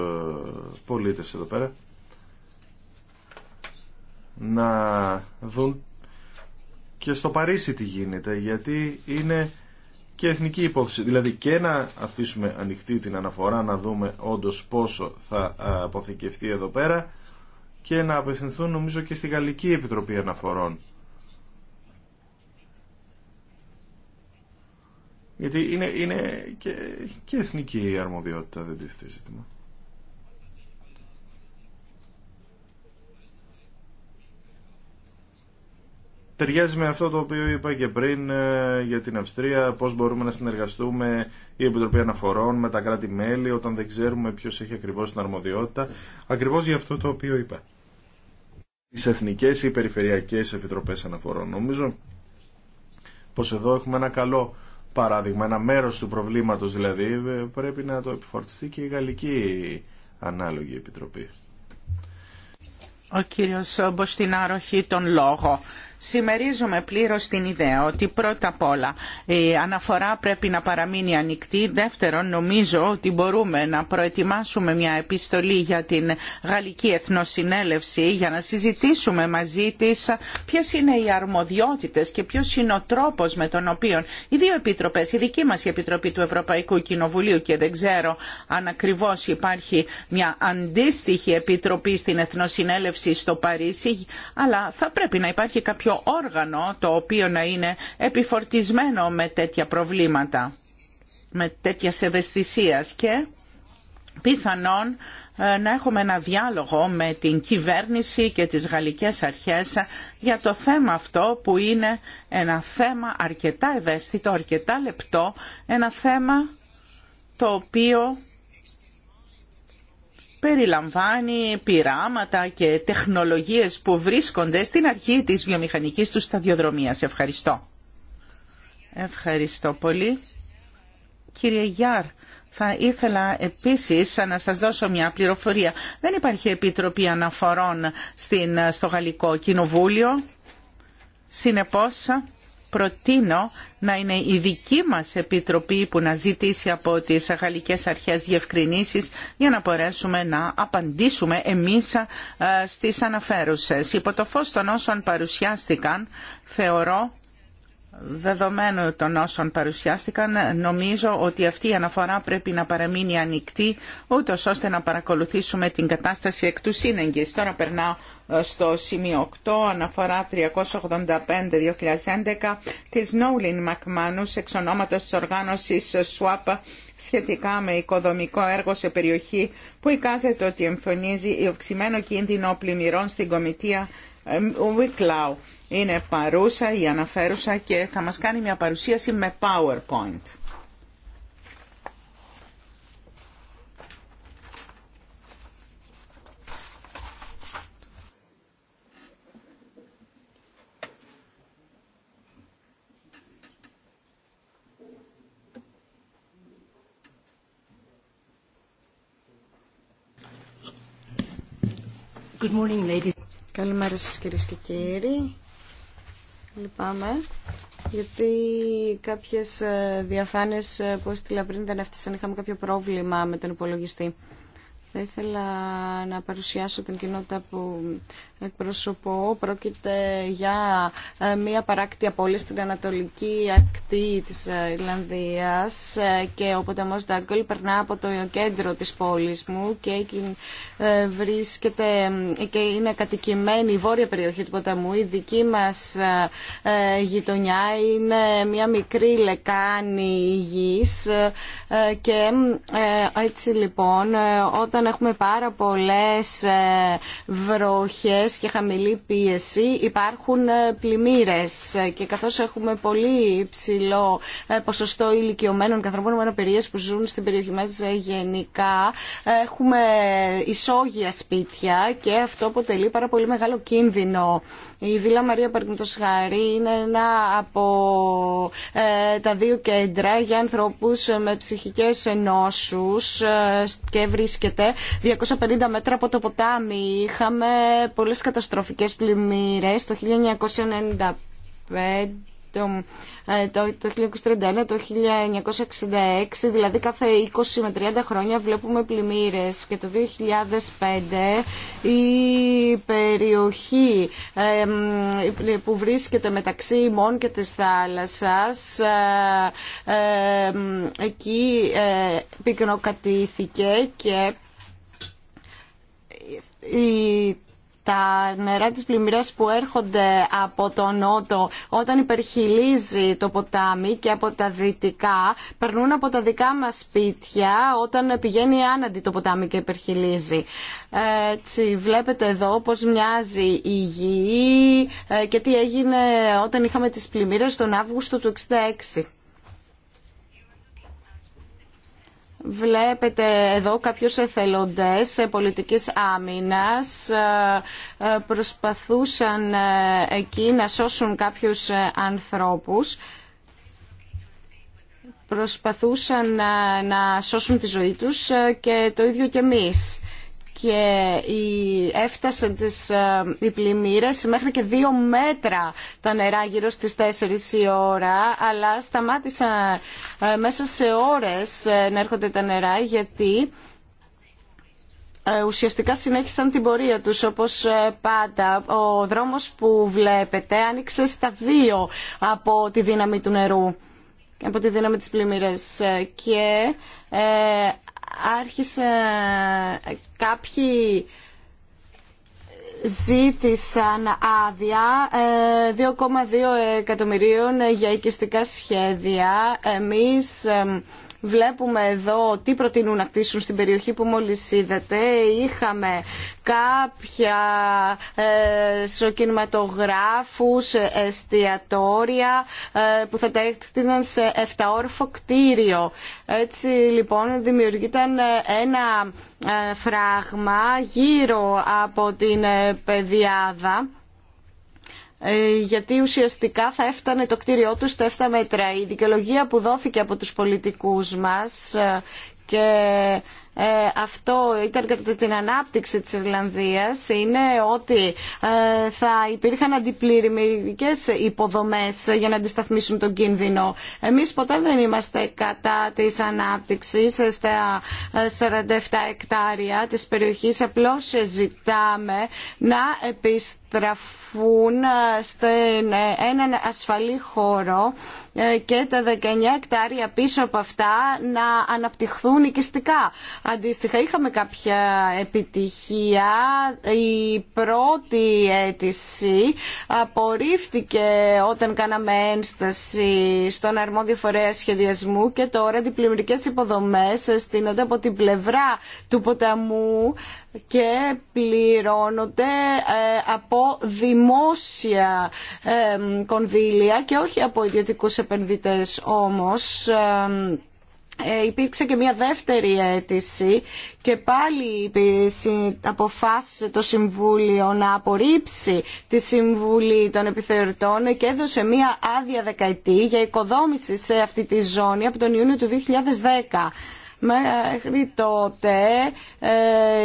πολίτες εδώ πέρα να δουν και στο Παρίσι τι γίνεται γιατί είναι και εθνική υπόθεση δηλαδή και να αφήσουμε ανοιχτή την αναφορά να δούμε όντως πόσο θα ε, αποθηκευτεί εδώ πέρα και να απευθυνθούν νομίζω και στη Γαλλική Επιτροπή Αναφορών Γιατί είναι, είναι και, και εθνική η αρμοδιότητα, δεν τίθεται ζήτημα. Ταιριάζει με αυτό το οποίο είπα και πριν ε, για την Αυστρία, πώς μπορούμε να συνεργαστούμε η Επιτροπή Αναφορών με τα κράτη-μέλη όταν δεν ξέρουμε ποιος έχει ακριβώς την αρμοδιότητα, ακριβώς για αυτό το οποίο είπα. Τις εθνικές ή περιφερειακές επιτροπές αναφορών. Νομίζω πως εδώ έχουμε ένα καλό παράδειγμα, ένα μέρο του προβλήματο, δηλαδή, ε, πρέπει να το επιφορτιστεί και η Γαλλική Ανάλογη Επιτροπή. Ο κύριος Μποστινάρο έχει τον λόγο. Συμμερίζομαι πλήρως την ιδέα ότι πρώτα απ' όλα η αναφορά πρέπει να παραμείνει ανοιχτή. Δεύτερον, νομίζω ότι μπορούμε να προετοιμάσουμε μια επιστολή για την Γαλλική Εθνοσυνέλευση για να συζητήσουμε μαζί της ποιες είναι οι αρμοδιότητες και ποιος είναι ο τρόπος με τον οποίο οι δύο επιτροπές, η δική μας η Επιτροπή του Ευρωπαϊκού Κοινοβουλίου και δεν ξέρω αν ακριβώς υπάρχει μια αντίστοιχη επιτροπή στην Εθνοσυνέλευση στο Παρίσι, αλλά θα πρέπει να υπάρχει κάποιο κάποιο όργανο το οποίο να είναι επιφορτισμένο με τέτοια προβλήματα, με τέτοια ευαισθησίας και πιθανόν ε, να έχουμε ένα διάλογο με την κυβέρνηση και τις γαλλικές αρχές για το θέμα αυτό που είναι ένα θέμα αρκετά ευαίσθητο, αρκετά λεπτό, ένα θέμα το οποίο περιλαμβάνει πειράματα και τεχνολογίες που βρίσκονται στην αρχή της βιομηχανικής του σταδιοδρομίας. Ευχαριστώ. Ευχαριστώ πολύ. Κύριε Γιάρ, θα ήθελα επίσης να σας δώσω μια πληροφορία. Δεν υπάρχει Επιτροπή Αναφορών στην, στο Γαλλικό Κοινοβούλιο. Συνεπώς, προτείνω να είναι η δική μας Επιτροπή που να ζητήσει από τις γαλλικές αρχές διευκρινήσεις για να μπορέσουμε να απαντήσουμε εμείς στις αναφέρουσες. Υπό το φως των όσων παρουσιάστηκαν θεωρώ Δεδομένου των όσων παρουσιάστηκαν, νομίζω ότι αυτή η αναφορά πρέπει να παραμείνει ανοιχτή, ούτω ώστε να παρακολουθήσουμε την κατάσταση εκ του σύνεγγυ. Τώρα περνάω ε, στο σημείο 8, αναφορά 385-2011 της Νόουλιν Μακμάνου, εξ ονόματο της οργάνωσης SWAP, σχετικά με οικοδομικό έργο σε περιοχή που εικάζεται ότι εμφανίζει αυξημένο κίνδυνο πλημμυρών στην Κομιτεία ε, Wicklow είναι παρούσα η αναφέρουσα και θα μας κάνει μια παρουσίαση με PowerPoint. Good morning, ladies. Καλημέρα σας κυρίες και κύριοι. Λυπάμαι, γιατί κάποιες ε, διαφάνειε ε, που έστειλα πριν δεν έφτασαν, είχαμε κάποιο πρόβλημα με τον υπολογιστή. Θα ήθελα να παρουσιάσω την κοινότητα που εκπροσωπώ πρόκειται για ε, μια παράκτη πόλη στην ανατολική ακτή της ε, Ιρλανδίας ε, και ο ποταμός Ντάγκολ περνά από το κέντρο της πόλης μου και βρίσκεται και είναι κατοικημένη η βόρεια περιοχή του ποταμού. Η δική μας γειτονιά είναι μια μικρή λεκάνη γης και έτσι λοιπόν όταν έχουμε πάρα πολλές βροχές και χαμηλή πίεση υπάρχουν ε, πλημμύρες ε, και καθώς έχουμε πολύ υψηλό ε, ποσοστό ηλικιωμένων και ανθρώπων με που ζουν στην περιοχή μας γενικά έχουμε ισόγεια σπίτια και αυτό αποτελεί πάρα πολύ μεγάλο κίνδυνο. Η Βίλα Μαρία Παρκμητός είναι ένα από τα δύο κέντρα για ανθρώπους με ψυχικές νόσους και βρίσκεται 250 μέτρα από το ποτάμι. Είχαμε πολλέ καταστροφικές πλημμύρες το 1995 ε, το, το 1931, το 1966, δηλαδή κάθε 20 με 30 χρόνια βλέπουμε πλημμύρες και το 2005 η περιοχή που βρίσκεται μεταξύ ημών και της θάλασσας ε, εκεί ε, πυκνοκατήθηκε και η τα νερά της πλημμυράς που έρχονται από το νότο όταν υπερχειλίζει το ποτάμι και από τα δυτικά περνούν από τα δικά μας σπίτια όταν πηγαίνει άναντι το ποτάμι και υπερχειλίζει. Έτσι βλέπετε εδώ πως μοιάζει η γη ε, και τι έγινε όταν είχαμε τις πλημμύρες τον Αύγουστο του 1966. Βλέπετε εδώ κάποιους εθελοντές πολιτικής άμυνας ε, ε, προσπαθούσαν ε, εκεί να σώσουν κάποιους ανθρώπους προσπαθούσαν να σώσουν τη ζωή τους και το ίδιο και εμείς και έφτασαν τις, ε, οι πλημμύρες μέχρι και δύο μέτρα τα νερά γύρω στις 4 η ώρα αλλά σταμάτησαν ε, μέσα σε ώρες ε, να έρχονται τα νερά γιατί ουσιαστικά συνέχισαν την πορεία τους όπως πάντα. Ο δρόμος που βλέπετε άνοιξε στα δύο από τη δύναμη του νερού από τη δύναμη της πλημμύρες και άρχισε κάποιοι ζήτησαν άδεια 2,2 ε, εκατομμυρίων για οικιστικά σχέδια. Εμείς ε, Βλέπουμε εδώ τι προτείνουν να κτίσουν στην περιοχή που μόλις είδατε. Είχαμε κάποια ε, σοκινηματογράφους, ε, εστιατόρια ε, που θα τα έκτιναν σε εφταόρφο κτίριο. Έτσι λοιπόν δημιουργήταν ε, ένα φράγμα γύρω από την πεδιάδα ε, γιατί ουσιαστικά θα έφτανε το κτίριό του στα 7 μέτρα. Η δικαιολογία που δόθηκε από τους πολιτικούς μας ε, και ε, αυτό ήταν κατά την ανάπτυξη της Ιρλανδίας είναι ότι ε, θα υπήρχαν αντιπλημμυρικές υποδομές για να αντισταθμίσουν τον κίνδυνο. Εμείς ποτέ δεν είμαστε κατά της ανάπτυξης στα 47 ε, εκτάρια της περιοχής. Απλώς ζητάμε να επιστραφούν σε έναν ασφαλή χώρο ε, και τα 19 εκτάρια πίσω από αυτά να αναπτυχθούν οικιστικά. Αντίστοιχα είχαμε κάποια επιτυχία. Η πρώτη αίτηση απορρίφθηκε όταν κάναμε ένσταση στον αρμόδιο φορέα σχεδιασμού και τώρα διπλημμυρικές υποδομές ε, στείνονται από την πλευρά του ποταμού και πληρώνονται ε, από δημόσια ε, κονδύλια και όχι από ιδιωτικούς επενδυτές όμως. Ε, υπήρξε και μια δεύτερη αίτηση και πάλι αποφάσισε το Συμβούλιο να απορρίψει τη Συμβουλή των Επιθεωρητών και έδωσε μια άδεια δεκαετή για οικοδόμηση σε αυτή τη ζώνη από τον Ιούνιο του 2010. Μέχρι τότε ε,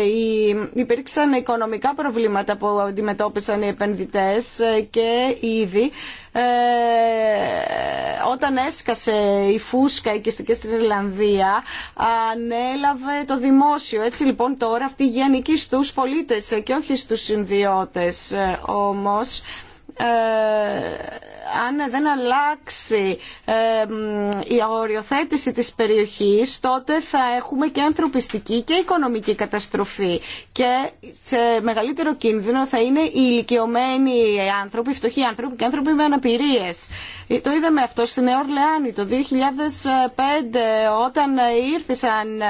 υπήρξαν οικονομικά προβλήματα που αντιμετώπισαν οι επενδυτές ε, και ήδη ε, όταν έσκασε η φούσκα οικιστική στην Ιρλανδία ανέλαβε το δημόσιο. Έτσι λοιπόν τώρα αυτή η γενική στους πολίτες και όχι στους συνδιώτες όμως αν δεν αλλάξει η οριοθέτηση της περιοχής, τότε θα έχουμε και ανθρωπιστική και οικονομική καταστροφή. Και σε μεγαλύτερο κίνδυνο θα είναι οι ηλικιωμένοι άνθρωποι, φτωχοί άνθρωποι και άνθρωποι με αναπηρίες. Το είδαμε αυτό στην Εορλεάνη το 2005, όταν ήρθαν ε,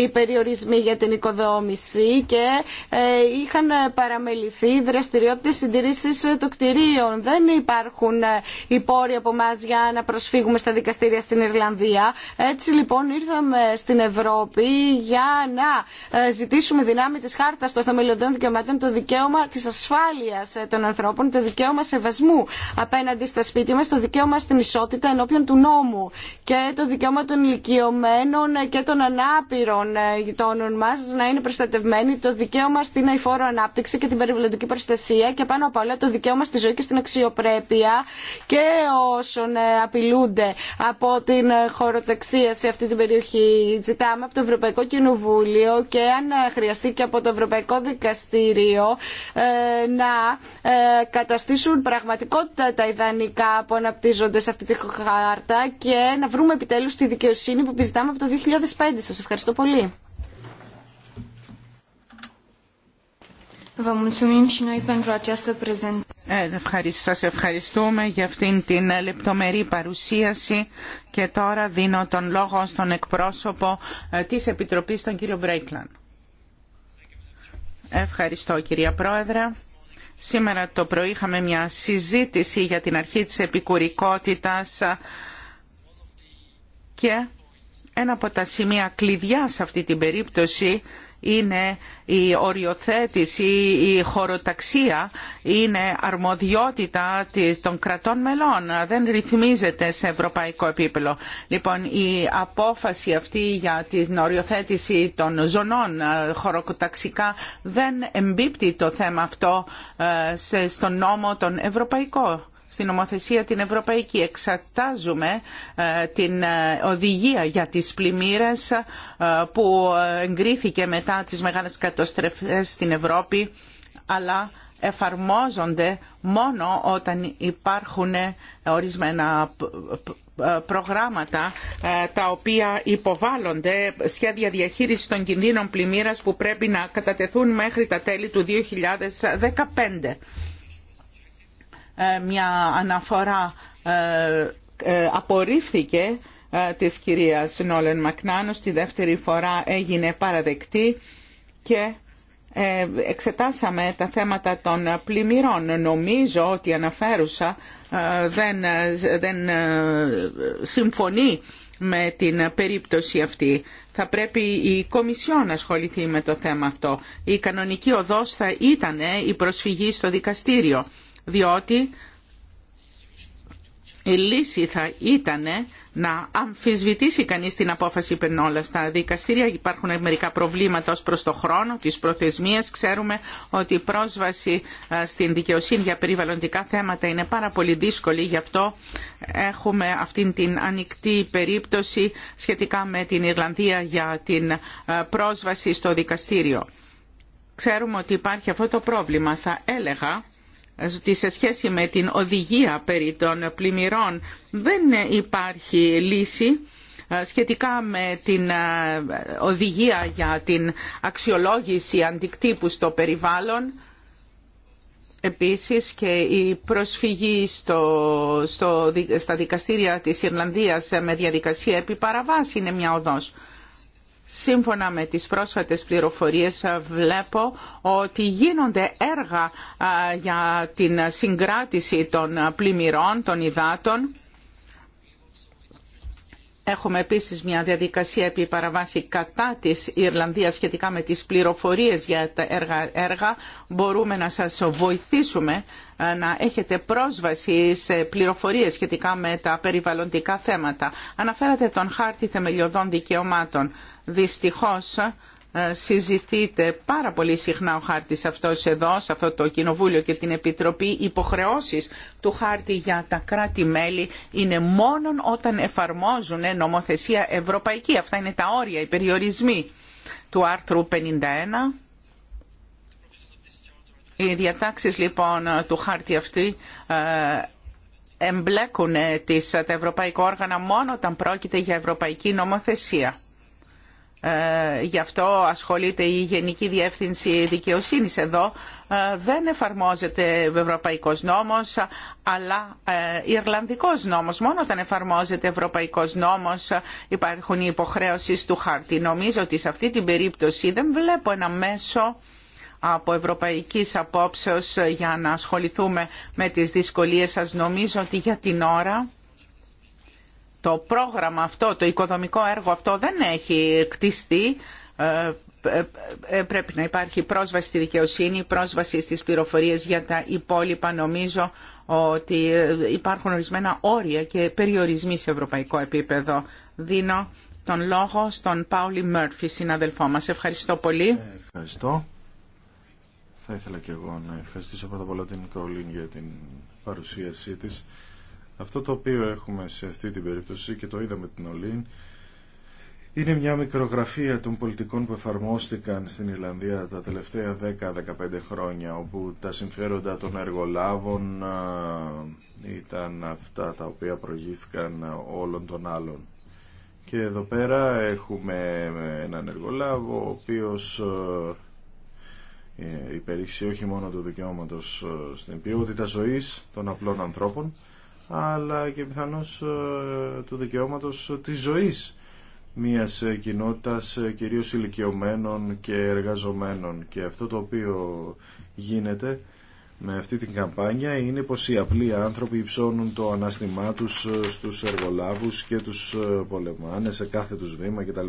οι περιορισμοί για την οικοδόμηση και ε, είχαν παραμεληθεί δραστηριότητες συντηρήσεις ε, των κτηρίων. Δεν υπάρχουν ε, οι πόροι από εμά για να προσφύγουμε στα δικαστήρια στην Ιρλανδία. Έτσι λοιπόν ήρθαμε στην Ευρώπη για να ε, ζητήσουμε δυνάμει τη χάρτα των θεμελιωδών δικαιωμάτων, το δικαίωμα τη ασφάλεια ε, των ανθρώπων, το δικαίωμα σεβασμού απέναντι στα σπίτια μα, το δικαίωμα στην ισότητα ενώπιον του νόμου και το δικαίωμα των ηλικιωμένων και των ανάπηρων γειτόνων μα να είναι προστατευμένοι, το δικαίωμα στην αηφόρο ανάπτυξη και την περιβαλλοντική προστασία και πάνω απ' όλα το δικαίωμα στη ζωή και στην αξιοπρέπεια και όσων ε, απειλούνται από την ε, χωροταξία σε αυτή την περιοχή. Ζητάμε από το Ευρωπαϊκό Κοινοβούλιο και αν ε, χρειαστεί και από το Ευρωπαϊκό Δικαστήριο να καταστήσουν πραγματικότητα τα ιδανικά που αναπτύσσονται σε αυτή τη χάρτα και να βρούμε επιτέλους τη δικαιοσύνη που επιζητάμε από το 2005. Σας ευχαριστώ πολύ. Ε, σας ευχαριστούμε για αυτήν την ε, λεπτομερή παρουσίαση και τώρα δίνω τον λόγο στον εκπρόσωπο ε, της Επιτροπής, τον κύριο Μπρέικλαν. Ευχαριστώ κυρία Πρόεδρε. Σήμερα το πρωί είχαμε μια συζήτηση για την αρχή της επικουρικότητας και ένα από τα σημεία κλειδιά σε αυτή την περίπτωση είναι η οριοθέτηση, η χωροταξία είναι αρμοδιότητα των κρατών μελών, δεν ρυθμίζεται σε ευρωπαϊκό επίπεδο. Λοιπόν, η απόφαση αυτή για την οριοθέτηση των ζωνών ε, χωροταξικά δεν εμπίπτει το θέμα αυτό ε, στον νόμο των ευρωπαϊκό στην νομοθεσία την ευρωπαϊκή. εξατάζουμε ε, την ε, οδηγία για τις πλημμύρες ε, που εγκρίθηκε μετά τις μεγάλες καταστροφές στην Ευρώπη, αλλά εφαρμόζονται μόνο όταν υπάρχουν ορισμένα προγράμματα τα οποία υποβάλλονται σχέδια διαχείρισης των κινδύνων πλημμύρας που πρέπει να κατατεθούν μέχρι τα τέλη του 2015. Ε, μια αναφορά ε, ε, απορρίφθηκε της κυρίας Νόλεν Μακνάνο, στη δεύτερη φορά έγινε παραδεκτή και εξετάσαμε τα θέματα των πλημμυρών. Νομίζω ότι αναφέρουσα δεν, δεν συμφωνεί με την περίπτωση αυτή. Θα πρέπει η Κομισιόν να ασχοληθεί με το θέμα αυτό. Η κανονική οδός θα ήταν η προσφυγή στο δικαστήριο διότι η λύση θα ήταν να αμφισβητήσει κανείς την απόφαση πενόλα στα δικαστήρια. Υπάρχουν μερικά προβλήματα ως προς το χρόνο, τις προθεσμίες. Ξέρουμε ότι η πρόσβαση στην δικαιοσύνη για περιβαλλοντικά θέματα είναι πάρα πολύ δύσκολη. Γι' αυτό έχουμε αυτή την ανοιχτή περίπτωση σχετικά με την Ιρλανδία για την πρόσβαση στο δικαστήριο. Ξέρουμε ότι υπάρχει αυτό το πρόβλημα. Θα έλεγα ότι σε σχέση με την οδηγία περί των πλημμυρών δεν υπάρχει λύση ε, σχετικά με την ε, οδηγία για την αξιολόγηση αντικτύπου στο περιβάλλον επίσης και η προσφυγή στο, στο, στα δικαστήρια της Ιρλανδίας με διαδικασία επί είναι μια οδός. Σύμφωνα με τις πρόσφατες πληροφορίες ε, βλέπω ότι γίνονται έργα ε, για την συγκράτηση των ε, πλημμυρών, των υδάτων. Έχουμε επίσης μια διαδικασία επί παραβάση κατά της Ιρλανδίας σχετικά με τις πληροφορίες για τα έργα. Μπορούμε να σας βοηθήσουμε να έχετε πρόσβαση σε πληροφορίες σχετικά με τα περιβαλλοντικά θέματα. Αναφέρατε τον χάρτη θεμελιωδών δικαιωμάτων. Δυστυχώς ε, συζητείται πάρα πολύ συχνά ο χάρτης αυτός εδώ, σε αυτό το Κοινοβούλιο και την Επιτροπή. Οι υποχρεώσεις του χάρτη για τα κράτη-μέλη είναι μόνον όταν εφαρμόζουν ε, νομοθεσία ευρωπαϊκή. Αυτά είναι τα όρια, οι περιορισμοί του άρθρου 51. Οι διατάξεις λοιπόν του χάρτη αυτή ε, εμπλέκουν τις, τα ευρωπαϊκά όργανα μόνο όταν πρόκειται για ευρωπαϊκή νομοθεσία ε, γι' αυτό ασχολείται η Γενική Διεύθυνση Δικαιοσύνης εδώ. Ε, δεν εφαρμόζεται ευρωπαϊκός νόμος, αλλά ε, Ιρλανδικός νόμος. Μόνο όταν εφαρμόζεται ευρωπαϊκός νόμος υπάρχουν οι υποχρέωσεις του χάρτη. Νομίζω ότι σε αυτή την περίπτωση δεν βλέπω ένα μέσο από ευρωπαϊκής απόψεως για να ασχοληθούμε με τις δυσκολίες σας. Νομίζω ότι για την ώρα το πρόγραμμα αυτό, το οικοδομικό έργο αυτό δεν έχει κτιστεί. Ε, ε, ε, πρέπει να υπάρχει πρόσβαση στη δικαιοσύνη, πρόσβαση στις πληροφορίες για τα υπόλοιπα. Νομίζω ότι υπάρχουν ορισμένα όρια και περιορισμοί σε ευρωπαϊκό επίπεδο. Δίνω τον λόγο στον Πάουλι Μέρφυ, συναδελφό μας. Ευχαριστώ πολύ. Ευχαριστώ. Θα ήθελα και εγώ να ευχαριστήσω πρώτα απ' όλα την Καολίν για την παρουσίασή της. Αυτό το οποίο έχουμε σε αυτή την περίπτωση και το είδαμε την Ολύν είναι μια μικρογραφία των πολιτικών που εφαρμόστηκαν στην Ιρλανδία τα τελευταία 10-15 χρόνια όπου τα συμφέροντα των εργολάβων ήταν αυτά τα οποία προηγήθηκαν όλων των άλλων. Και εδώ πέρα έχουμε έναν εργολάβο ο οποίος ε, υπερήξει όχι μόνο του δικαιώματος στην ποιότητα ζωής των απλών ανθρώπων αλλά και πιθανώς ε, του δικαιώματος της ζωής μιας ε, κοινότητας ε, κυρίως ηλικιωμένων και εργαζομένων. Και αυτό το οποίο γίνεται με αυτή την καμπάνια είναι πως οι απλοί άνθρωποι υψώνουν το ανάστημά τους στους εργολάβους και τους πολεμάνε σε κάθε τους βήμα κτλ.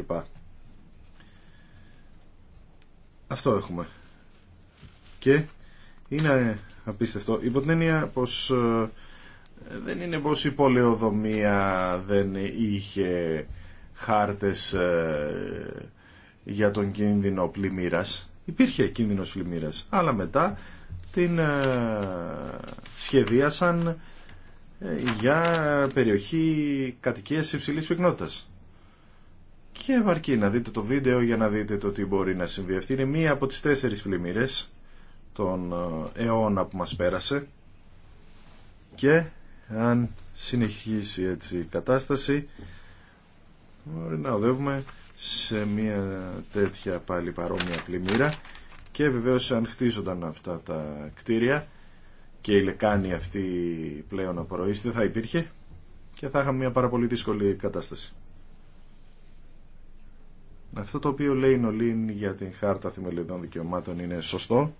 Αυτό έχουμε. Και είναι απίστευτο. Υπό την έννοια πως δεν είναι πως η πολεοδομία δεν είχε χάρτες ε, για τον κίνδυνο πλημμύρας. Υπήρχε κίνδυνος πλημμύρας, αλλά μετά την ε, σχεδίασαν ε, για περιοχή κατοικίας υψηλής πυκνότητας. Και βαρκεί να δείτε το βίντεο για να δείτε το τι μπορεί να συμβεί. Αυτή είναι μία από τις τέσσερις πλημμύρες τον αιώνα που μας πέρασε και αν συνεχίσει έτσι η κατάσταση μπορεί να οδεύουμε σε μια τέτοια πάλι παρόμοια πλημμύρα και βεβαίως αν χτίζονταν αυτά τα κτίρια και η λεκάνη αυτή πλέον απορροήσει, θα υπήρχε και θα είχαμε μια πάρα πολύ δύσκολη κατάσταση. Αυτό το οποίο λέει η Νολίν για την Χάρτα Θεμελιωδών Δικαιωμάτων είναι σωστό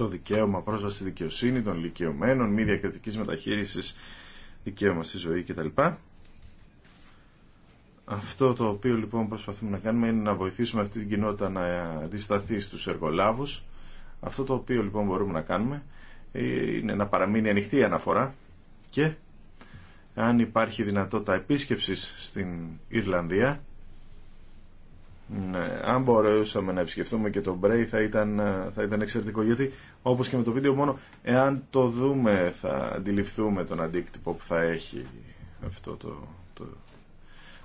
το δικαίωμα πρόσβαση στη δικαιοσύνη των ηλικιωμένων, μη διακριτική μεταχείρισης, δικαίωμα στη ζωή κτλ. Αυτό το οποίο λοιπόν προσπαθούμε να κάνουμε είναι να βοηθήσουμε αυτή την κοινότητα να αντισταθεί στους εργολάβους. Αυτό το οποίο λοιπόν μπορούμε να κάνουμε είναι να παραμείνει ανοιχτή η αναφορά και αν υπάρχει δυνατότητα επίσκεψη στην Ιρλανδία ναι, αν μπορούσαμε να επισκεφτούμε και τον Μπρέι θα ήταν, ε, θα ήταν εξαιρετικό γιατί όπως και με το βίντεο μόνο εάν το δούμε θα αντιληφθούμε τον αντίκτυπο που θα έχει αυτό το, το,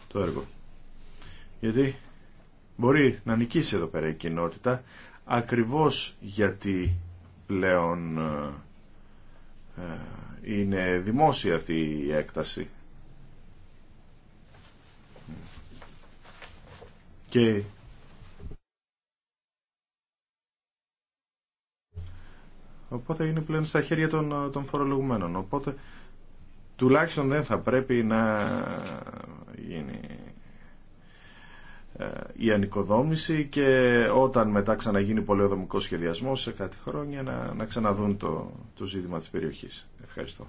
το έργο. Γιατί μπορεί να νικήσει εδώ πέρα η κοινότητα ακριβώς γιατί πλέον ε, ε, είναι δημόσια αυτή η έκταση Οπότε είναι πλέον στα χέρια των, των φορολογουμένων. Οπότε τουλάχιστον δεν θα πρέπει να γίνει ε, η ανοικοδόμηση και όταν μετά ξαναγίνει πολεοδομικός σχεδιασμός σε κάτι χρόνια να, να ξαναδούν το, το ζήτημα της περιοχής. Ευχαριστώ.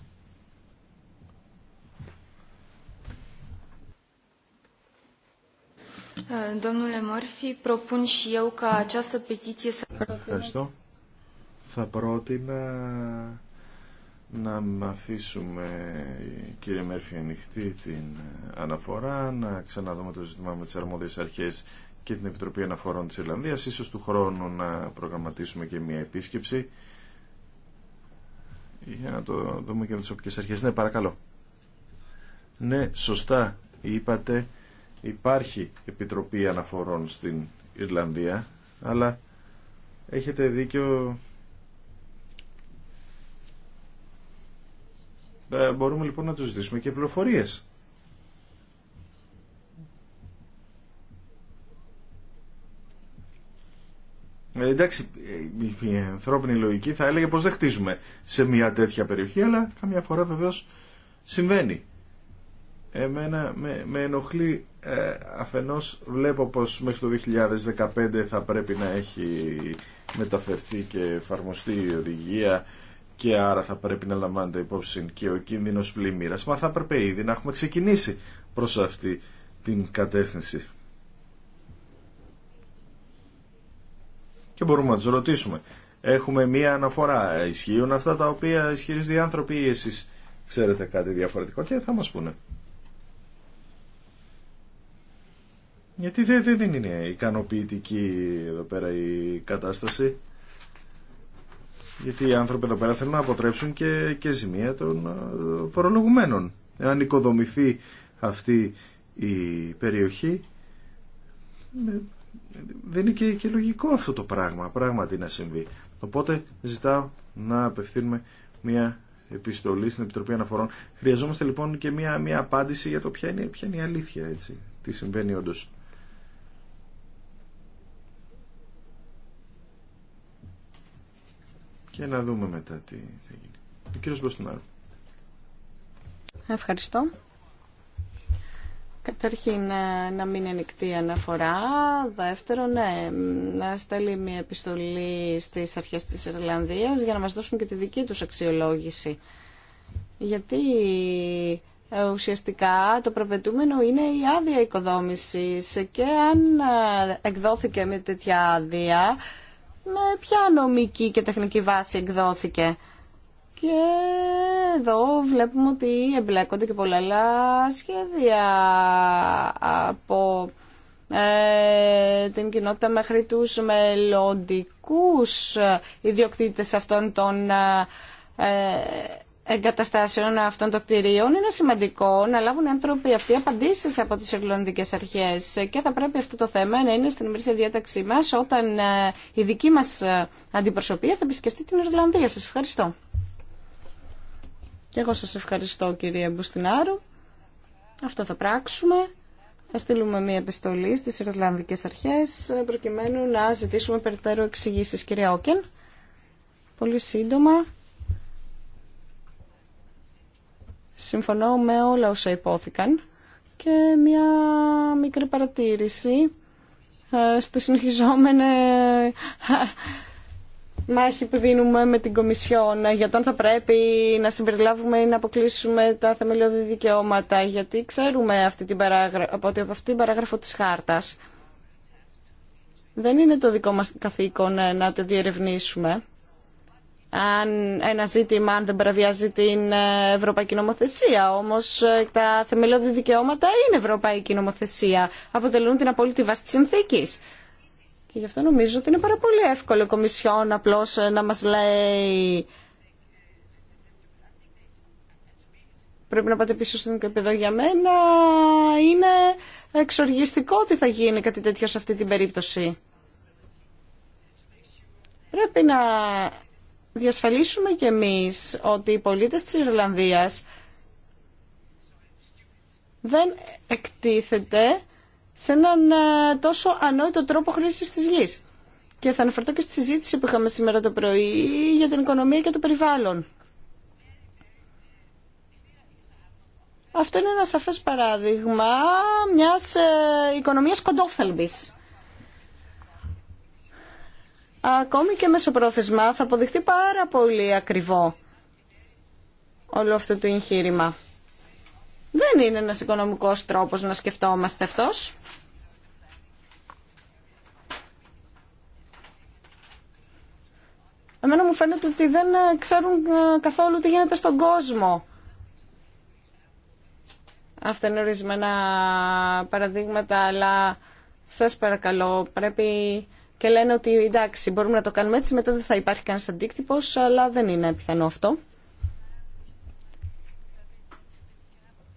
Ευχαριστώ. Θα πρότεινα να αφήσουμε, κύριε Μέρφη, ανοιχτή την αναφορά, να ξαναδούμε το ζήτημα με τις αρμόδιες αρχές και την Επιτροπή Αναφορών της Ιρλανδίας, ίσως του χρόνου να προγραμματίσουμε και μια επίσκεψη για να το δούμε και με τι οπικέ αρχές. Ναι, παρακαλώ. Ναι, σωστά είπατε Υπάρχει Επιτροπή Αναφορών στην Ιρλανδία, αλλά έχετε δίκιο. Ε, μπορούμε λοιπόν να τους ζητήσουμε και πληροφορίες. Ε, εντάξει, η ανθρώπινη λογική θα έλεγε πως δεν χτίζουμε σε μια τέτοια περιοχή, αλλά καμιά φορά βεβαίως συμβαίνει. Εμένα με, με ενοχλεί ε, αφενός βλέπω πως μέχρι το 2015 θα πρέπει να έχει μεταφερθεί και εφαρμοστεί η οδηγία και άρα θα πρέπει να λαμβάνεται υπόψη και ο κίνδυνος πλημμύρας. Μα θα έπρεπε ήδη να έχουμε ξεκινήσει προς αυτή την κατεύθυνση. Και μπορούμε να τους ρωτήσουμε. Έχουμε μία αναφορά. Ισχύουν αυτά τα οποία ισχυρίζονται οι άνθρωποι ή εσείς ξέρετε κάτι διαφορετικό και θα μας πούνε. Γιατί δεν, δεν είναι ικανοποιητική εδώ πέρα η κατάσταση. Γιατί οι άνθρωποι εδώ πέρα θέλουν να αποτρέψουν και, και ζημία των ε, φορολογουμένων. Εάν οικοδομηθεί αυτή η περιοχή, ε, δεν είναι και, λογικό αυτό το πράγμα, πράγματι να συμβεί. Οπότε ζητάω να απευθύνουμε μια επιστολή στην Επιτροπή Αναφορών. Χρειαζόμαστε λοιπόν και μια, μια απάντηση για το ποια είναι, η αλήθεια, έτσι, τι συμβαίνει όντως. και να δούμε μετά τι θα γίνει. Ο κύριος Μποστινάρου. Ευχαριστώ. Καταρχήν ε, να μην ανοιχτή αναφορά. Δεύτερον, ναι, να στέλνει μια επιστολή στις αρχές της Ιρλανδίας για να μας δώσουν και τη δική τους αξιολόγηση. Γιατί ε, ουσιαστικά το προπετούμενο είναι η άδεια οικοδόμησης και αν εκδόθηκε με τέτοια άδεια με ποια νομική και τεχνική βάση εκδόθηκε. Και εδώ βλέπουμε ότι εμπλέκονται και πολλά άλλα σχέδια από ε, την κοινότητα μέχρι τους μελλοντικού ιδιοκτήτες αυτών των ε, εγκαταστάσεων αυτών των κτηρίων είναι σημαντικό να λάβουν οι άνθρωποι αυτοί απαντήσει από τι ελληνικέ Αρχέ. Και θα πρέπει αυτό το θέμα να είναι στην ημερήσια διάταξή μα όταν ε, η δική μα ε, αντιπροσωπεία θα επισκεφτεί την Ιρλανδία. Σα ευχαριστώ. Και εγώ σας ευχαριστώ κυρία Μπουστινάρου. Αυτό θα πράξουμε. Θα στείλουμε μία επιστολή στι Ιρλανδικέ αρχέ, ε, προκειμένου να ζητήσουμε περαιτέρω εξηγήσει, κυρία Όκεν. Πολύ σύντομα Συμφωνώ με όλα όσα υπόθηκαν και μια μικρή παρατήρηση ε, στη συνεχιζόμενη ε, μάχη που δίνουμε με την Κομισιόν ε, για το θα πρέπει να συμπεριλάβουμε ή να αποκλείσουμε τα θεμελιώδη δικαιώματα γιατί ξέρουμε αυτή την παράγραφο από αυτήν την παράγραφο της χάρτας δεν είναι το δικό μας καθήκον να το διερευνήσουμε αν ένα ζήτημα αν δεν παραβιάζει την ε, ευρωπαϊκή νομοθεσία. Όμως ε, τα θεμελιώδη δικαιώματα είναι ευρωπαϊκή νομοθεσία. Αποτελούν την απόλυτη βάση της συνθήκης. Και γι' αυτό νομίζω ότι είναι πάρα πολύ εύκολο η Κομισιόν απλώς ε, να μας λέει πρέπει να πάτε πίσω στην επίπεδο για μένα είναι εξοργιστικό ότι θα γίνει κάτι τέτοιο σε αυτή την περίπτωση. Πρέπει να διασφαλίσουμε κι εμείς ότι οι πολίτες της Ιρλανδίας δεν εκτίθεται σε έναν ε, τόσο ανόητο τρόπο χρήσης της γης. Και θα αναφερθώ και στη συζήτηση που είχαμε σήμερα το πρωί για την οικονομία και το περιβάλλον. Αυτό είναι ένα σαφές παράδειγμα μιας ε, οικονομίας κοντόφελμπης ακόμη και μεσοπρόθεσμα θα αποδειχτεί πάρα πολύ ακριβό όλο αυτό το εγχείρημα. Δεν είναι ένας οικονομικός τρόπος να σκεφτόμαστε αυτός. Εμένα μου φαίνεται ότι δεν ξέρουν ε, καθόλου τι γίνεται στον κόσμο. Αυτά είναι ορισμένα παραδείγματα, αλλά σας παρακαλώ πρέπει και λένε ότι εντάξει μπορούμε να το κάνουμε έτσι, μετά δεν θα υπάρχει κανένα αντίκτυπο, αλλά δεν είναι πιθανό αυτό.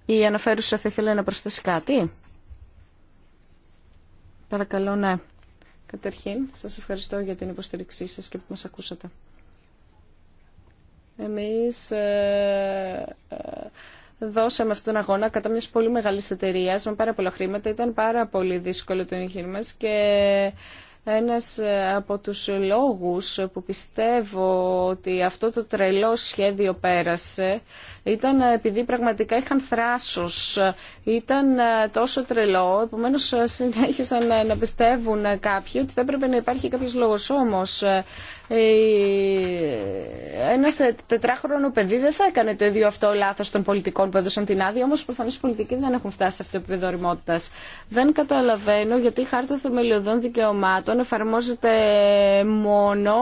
Η αναφέρουσα θα ήθελε να προσθέσει κάτι. Παρακαλώ, ναι. Καταρχήν, σας ευχαριστώ για την υποστήριξή σας και που μας ακούσατε. Εμείς ε, ε δώσαμε αυτόν τον αγώνα κατά μιας πολύ μεγάλης εταιρεία με πάρα πολλά χρήματα. Ήταν πάρα πολύ δύσκολο το εγχείρημα και ένας ε, από τους λόγους που πιστεύω ότι αυτό το τρελό σχέδιο πέρασε ήταν ε, επειδή πραγματικά είχαν θράσος, ε, ήταν ε, τόσο τρελό, επομένως συνέχισαν να πιστεύουν κάποιοι ότι θα έπρεπε να υπάρχει κάποιος λόγος όμως. Ένα τετράχρονο παιδί δεν θα έκανε το ίδιο αυτό λάθος των πολιτικών που έδωσαν την άδεια, όμω προφανώ οι πολιτικοί δεν έχουν φτάσει σε αυτό το επίπεδο Δεν καταλαβαίνω γιατί η Χάρτα Θεμελιωδών Δικαιωμάτων εφαρμόζεται μόνο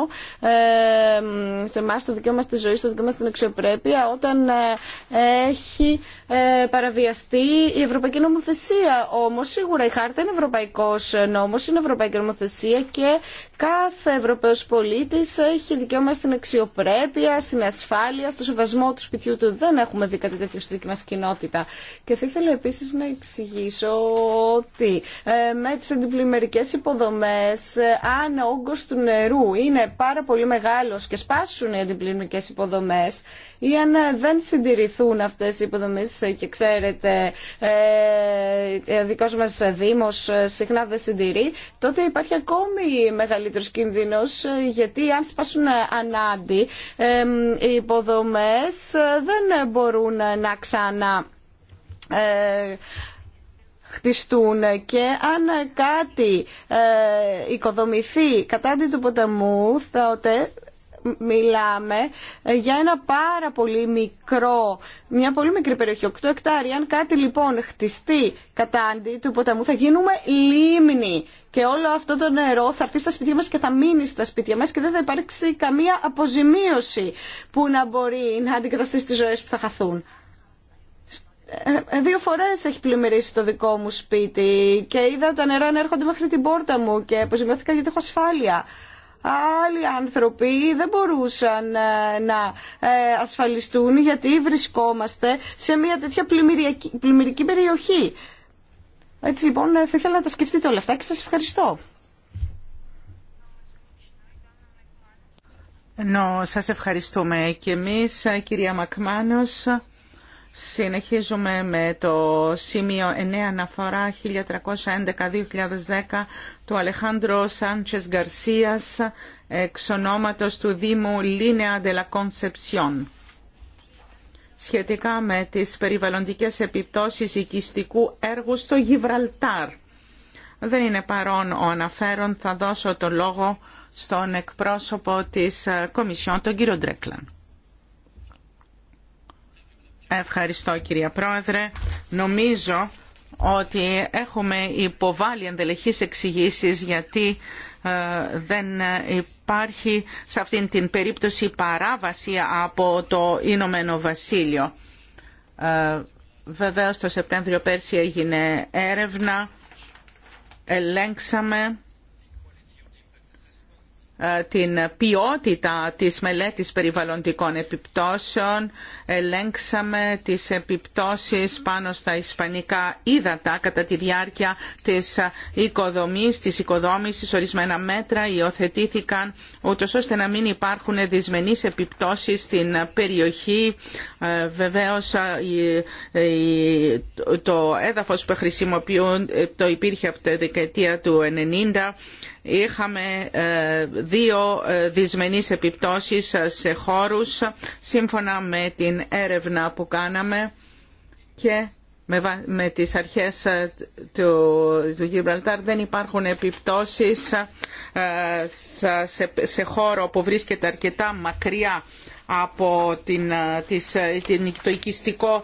σε εμά το δικαίωμα στη ζωή, στο δικαίωμα στην αξιοπρέπεια, όταν έχει ε, παραβιαστεί η ευρωπαϊκή νομοθεσία. Όμως σίγουρα η χάρτα είναι ευρωπαϊκός νόμος, είναι ευρωπαϊκή νομοθεσία και κάθε Ευρωπαίος πολίτης έχει δικαίωμα στην αξιοπρέπεια, στην ασφάλεια, στο σεβασμό του σπιτιού του. Δεν έχουμε δει κάτι τέτοιο στη δική μας κοινότητα. Και θα ήθελα επίσης να εξηγήσω ότι ε, με τις αντιπλημμυρικές υποδομές, ε, αν ο όγκος του νερού είναι πάρα πολύ μεγάλος και σπάσουν οι αντιπλημμυρικές υποδομές, ή αν ε, δεν συντηρηθούν αυτές οι υποδομές ε, και ξέρετε ε, ο δικός μας Δήμος συχνά δεν συντηρεί, τότε υπάρχει ακόμη μεγαλύτερος κίνδυνος γιατί αν σπάσουν ανάντι οι υποδομές δεν μπορούν να ξανά χτιστούν και αν κάτι ε, οικοδομηθεί κατά του ποταμού ότε μιλάμε ε, για ένα πάρα πολύ μικρό, μια πολύ μικρή περιοχή, 8 εκτάρια. Αν κάτι λοιπόν χτιστεί κατά αντί του ποταμού θα γίνουμε λίμνη και όλο αυτό το νερό θα έρθει στα σπίτια μας και θα μείνει στα σπίτια μας και δεν θα υπάρξει καμία αποζημίωση που να μπορεί να αντικαταστήσει τις ζωές που θα χαθούν ε, ε, δύο φορές έχει πλημμυρίσει το δικό μου σπίτι και είδα τα νερά να έρχονται μέχρι την πόρτα μου και αποζημιώθηκα γιατί έχω ασφάλεια άλλοι άνθρωποι δεν μπορούσαν ε, να ε, ασφαλιστούν γιατί βρισκόμαστε σε μια τέτοια πλημμυρική περιοχή. Έτσι λοιπόν ε, θα ήθελα να τα σκεφτείτε όλα αυτά και σας ευχαριστώ. Νο, σας ευχαριστούμε και εμείς κυρία Μακμάνος. Συνεχίζουμε με το σημείο 9 αναφορά 1311-2010 του Αλεχάνδρου Σάντσες Γκαρσίας εξ ονόματος του Δήμου Λίνεα la Κονσεψιόν σχετικά με τις περιβαλλοντικές επιπτώσεις οικιστικού έργου στο Γιβραλτάρ. Δεν είναι παρόν ο αναφέρον, θα δώσω το λόγο στον εκπρόσωπο της ε, Κομισιόν, τον κύριο Ντρέκλαν. Ευχαριστώ κυρία Πρόεδρε. Νομίζω ότι έχουμε υποβάλει ενδελεχείς εξηγήσει γιατί ε, δεν υπάρχει σε αυτήν την περίπτωση παράβαση από το Ηνωμένο Βασίλειο. Ε, Βεβαίως το Σεπτέμβριο πέρσι έγινε έρευνα, ελέγξαμε ε, την ποιότητα της μελέτης περιβαλλοντικών επιπτώσεων. Ελέγξαμε τις επιπτώσεις πάνω στα ισπανικά ύδατα κατά τη διάρκεια της ε, οικοδομής, της οικοδόμησης. Ορισμένα μέτρα υιοθετήθηκαν ούτως ώστε να μην υπάρχουν δυσμενείς επιπτώσεις στην περιοχή. Ε, βεβαίως το έδαφος που χρησιμοποιούν το υπήρχε από τη δεκαετία του 1990 είχαμε ε, δύο ε, δυσμενείς επιπτώσεις ε, σε χώρους σύμφωνα με την έρευνα που κάναμε και με τις αρχές του Γιμπραλτάρ δεν υπάρχουν επιπτώσεις σε χώρο που βρίσκεται αρκετά μακριά από την, το οικιστικό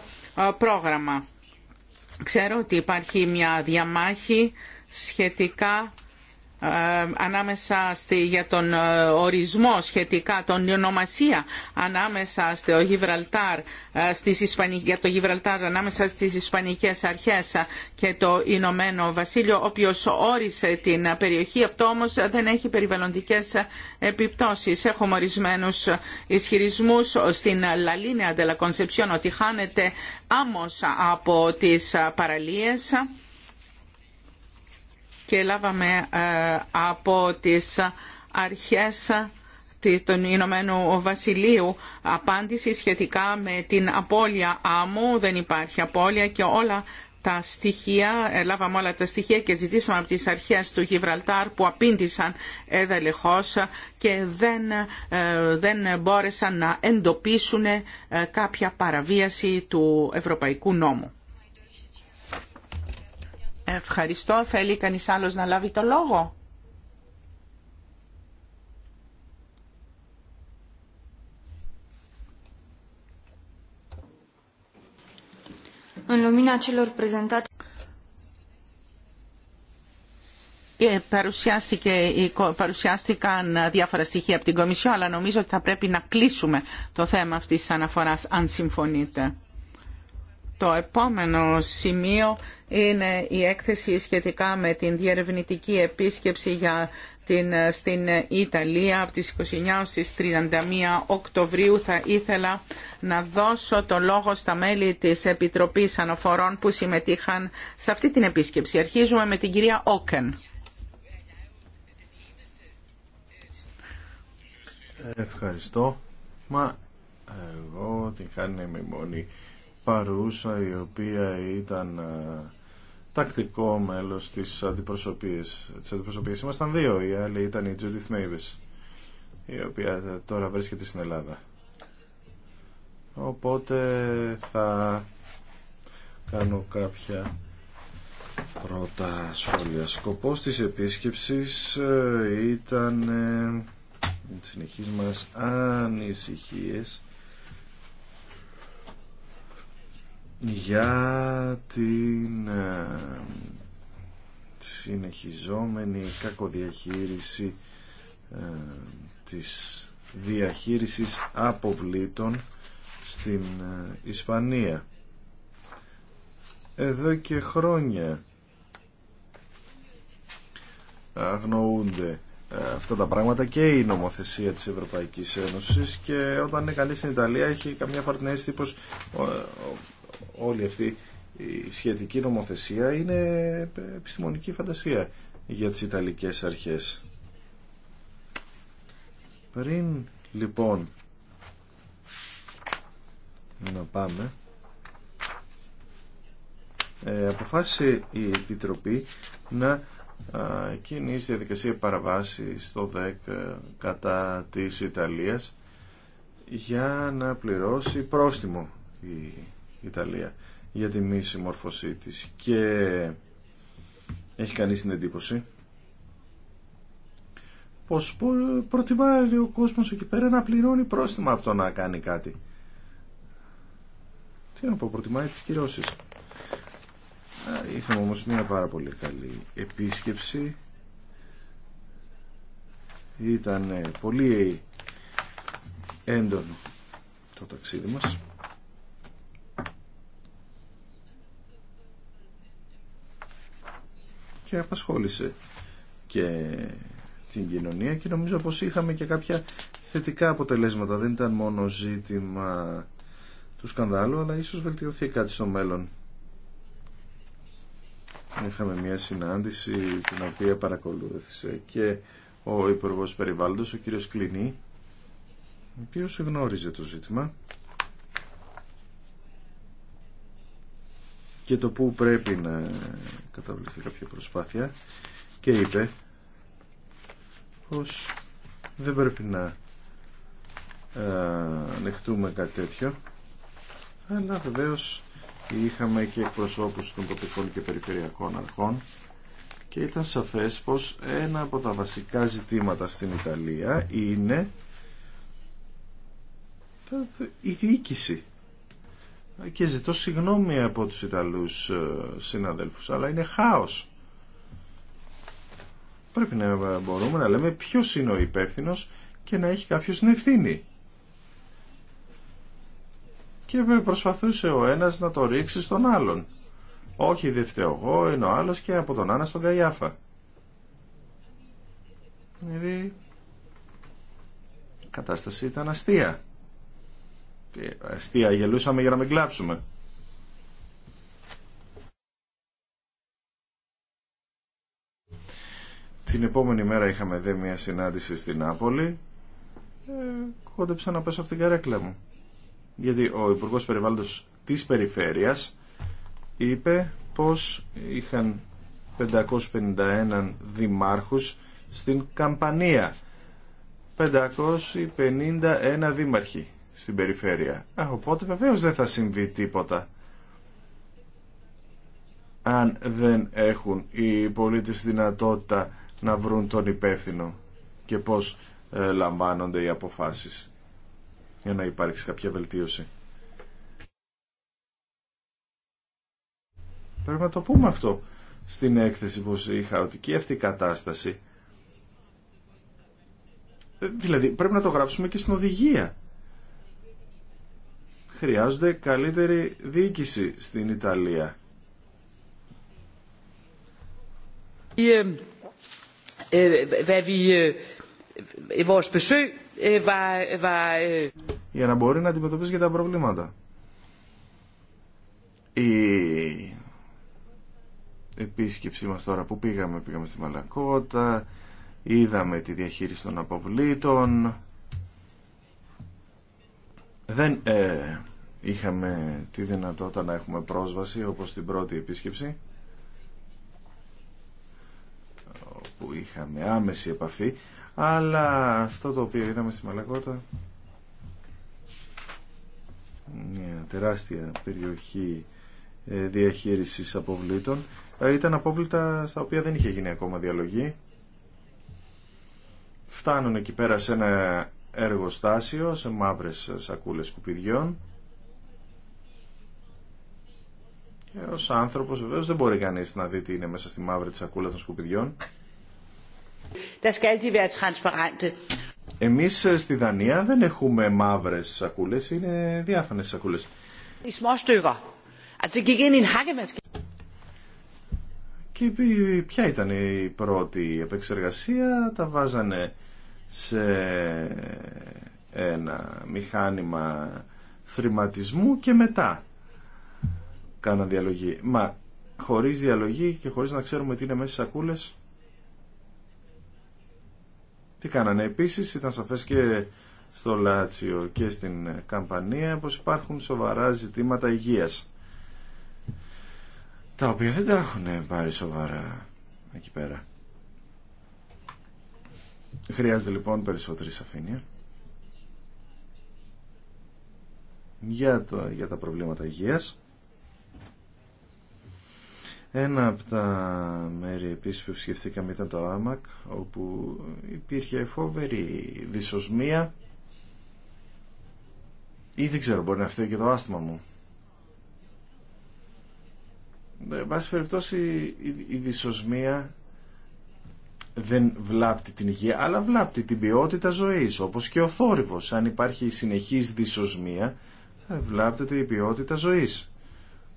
πρόγραμμα. Ξέρω ότι υπάρχει μια διαμάχη σχετικά ε, ανάμεσα για τον ε, ορισμό σχετικά, τον ονομασία ανάμεσα στο Γιβραλτάρ, ε, στις για το Γιβραλτάρ ανάμεσα στις Ισπανικές Αρχές και το Ηνωμένο Βασίλειο, όποιος όρισε την περιοχή. Αυτό όμως δεν έχει περιβαλλοντικές επιπτώσεις. Έχουμε ορισμένου ισχυρισμούς στην Λαλίνε Αντελακονσεψιόν ότι χάνεται άμμος από τις παραλίες και λάβαμε ε, από τις αρχές των Ηνωμένου Βασιλείου απάντηση σχετικά με την απώλεια άμμου. Δεν υπάρχει απώλεια και όλα τα στοιχεία, ε, λάβαμε όλα τα στοιχεία και ζητήσαμε από τις αρχές του Γιβραλτάρ που απήντησαν εδελεχώς και δεν, ε, δεν μπόρεσαν να εντοπίσουν κάποια παραβίαση του ευρωπαϊκού νόμου. Ευχαριστώ. Θέλει κανείς άλλος να λάβει το λόγο. Ε, παρουσιάστηκαν διάφορα στοιχεία από την Κομισιό, αλλά νομίζω ότι θα πρέπει να κλείσουμε το θέμα αυτής της αναφοράς, αν συμφωνείτε. Το επόμενο σημείο είναι η έκθεση σχετικά με την διερευνητική επίσκεψη για την, στην Ιταλία από τις 29 στις 31 Οκτωβρίου θα ήθελα να δώσω το λόγο στα μέλη της Επιτροπής Αναφορών που συμμετείχαν σε αυτή την επίσκεψη. Αρχίζουμε με την κυρία Όκεν. Ευχαριστώ. Μα εγώ την χάρη να μόνη παρούσα η οποία ήταν ε, τακτικό μέλος της αντιπροσωπείας. Της αντιπροσωπείας ήμασταν δύο, η άλλη ήταν η Judith Mavis, η οποία τώρα βρίσκεται στην Ελλάδα. Οπότε θα κάνω κάποια πρώτα σχόλια. Σκοπός της επίσκεψης ε, ήταν ε, συνεχείς μας ανησυχίες για την ε, συνεχιζόμενη κακοδιαχείριση ε, της διαχείρισης αποβλήτων στην ε, Ισπανία. Εδώ και χρόνια αγνοούνται αυτά τα πράγματα και η νομοθεσία της Ευρωπαϊκής Ένωσης και όταν είναι καλή στην Ιταλία έχει καμιά φορά την πως όλη αυτή η σχετική νομοθεσία είναι επιστημονική φαντασία για τις Ιταλικές αρχές. Πριν λοιπόν να πάμε ε, αποφάσισε η Επιτροπή να κινήσει διαδικασία παραβάση στο ΔΕΚ ε, κατά της Ιταλίας για να πληρώσει πρόστιμο η Ιταλία για τη μη συμμόρφωσή της και έχει κανείς την εντύπωση πως προτιμάει ο κόσμος εκεί πέρα να πληρώνει πρόστιμα από το να κάνει κάτι. Τι να πω, προτιμάει τις κυρώσεις. Είχαμε όμως μια πάρα πολύ καλή επίσκεψη. Ήταν πολύ έντονο το ταξίδι μας. απασχόλησε και την κοινωνία και νομίζω πως είχαμε και κάποια θετικά αποτελέσματα. Δεν ήταν μόνο ζήτημα του σκανδάλου, αλλά ίσως βελτιωθεί κάτι στο μέλλον. Είχαμε μια συνάντηση την οποία παρακολούθησε και ο Υπουργός Περιβάλλοντος, ο κύριος Κλινή, ο οποίος γνώριζε το ζήτημα και το που πρέπει να καταβληθεί κάποια προσπάθεια και είπε πως δεν πρέπει να ε, ανεχτούμε κάτι τέτοιο αλλά βεβαίω είχαμε και εκπροσώπους των τοπικών και περιφερειακών αρχών και ήταν σαφές πως ένα από τα βασικά ζητήματα στην Ιταλία είναι η διοίκηση και ζητώ συγγνώμη από τους Ιταλούς ε, συναδέλφους, αλλά είναι χάος. Πρέπει να μπορούμε να λέμε ποιος είναι ο υπεύθυνο και να έχει κάποιος την ευθύνη. Και προσπαθούσε ο ένας να το ρίξει στον άλλον. Όχι δε φταίω εγώ, είναι ο άλλος και από τον Άννα στον Καϊάφα. Δηλαδή, η κατάσταση ήταν αστεία αστεία γελούσαμε για να μην κλάψουμε. Την επόμενη μέρα είχαμε δε μια συνάντηση στην Άπολη Ε, κόντεψα να πέσω από την καρέκλα μου. Γιατί ο Υπουργό Περιβάλλοντος της Περιφέρειας είπε πως είχαν 551 δημάρχους στην Καμπανία. 551 δήμαρχοι στην περιφέρεια. Οπότε βεβαίως δεν θα συμβεί τίποτα αν δεν έχουν οι πολίτες δυνατότητα να βρουν τον υπεύθυνο και πώς ε, λαμβάνονται οι αποφάσεις για να υπάρξει κάποια βελτίωση. Πρέπει να το πούμε αυτό στην έκθεση είχα ότι και αυτή η κατάσταση ε, δηλαδή πρέπει να το γράψουμε και στην οδηγία χρειάζονται καλύτερη διοίκηση στην Ιταλία. Για να μπορεί να αντιμετωπίσει και τα προβλήματα. Η επίσκεψή μας τώρα που πήγαμε, πήγαμε στη Μαλακότα, είδαμε τη διαχείριση των αποβλήτων, δεν ε, είχαμε τη δυνατότητα να έχουμε πρόσβαση όπως την πρώτη επίσκεψη που είχαμε άμεση επαφή αλλά αυτό το οποίο είδαμε στη Μαλακώτα μια τεράστια περιοχή ε, διαχείρισης αποβλήτων ε, ήταν απόβλητα στα οποία δεν είχε γίνει ακόμα διαλογή φτάνουν εκεί πέρα σε ένα εργοστάσιο σε μαύρες σακούλες σκουπιδιών και ως άνθρωπος βεβαίως δεν μπορεί κανείς να δει τι είναι μέσα στη μαύρη της σακούλα των σκουπιδιών εμείς στη Δανία δεν έχουμε μαύρες σακούλες, είναι διάφανες σακούλες. Και ποια ήταν η πρώτη επεξεργασία, τα βάζανε σε ένα μηχάνημα θρηματισμού και μετά κανα διαλογή. Μα χωρίς διαλογή και χωρίς να ξέρουμε τι είναι μέσα στις σακούλες τι κάνανε. Επίσης ήταν σαφές και στο Λάτσιο και στην Καμπανία πως υπάρχουν σοβαρά ζητήματα υγείας τα οποία δεν τα έχουν πάρει σοβαρά εκεί πέρα. Χρειάζεται λοιπόν περισσότερη σαφήνεια για, το, για τα προβλήματα υγείας. Ένα από τα μέρη επίση που επισκεφθήκαμε ήταν το ΆΜΑΚ, όπου υπήρχε φόβερη δυσοσμία ή δεν ξέρω, μπορεί να φταίει και το άσθημα μου. Ε, εν πάση περιπτώσει η, η δυσοσμία δεν βλάπτει την υγεία, αλλά βλάπτει την ποιότητα ζωής, όπως και ο θόρυβος. Αν υπάρχει συνεχής δυσοσμία, ε, βλάπτεται η ποιότητα ζωής.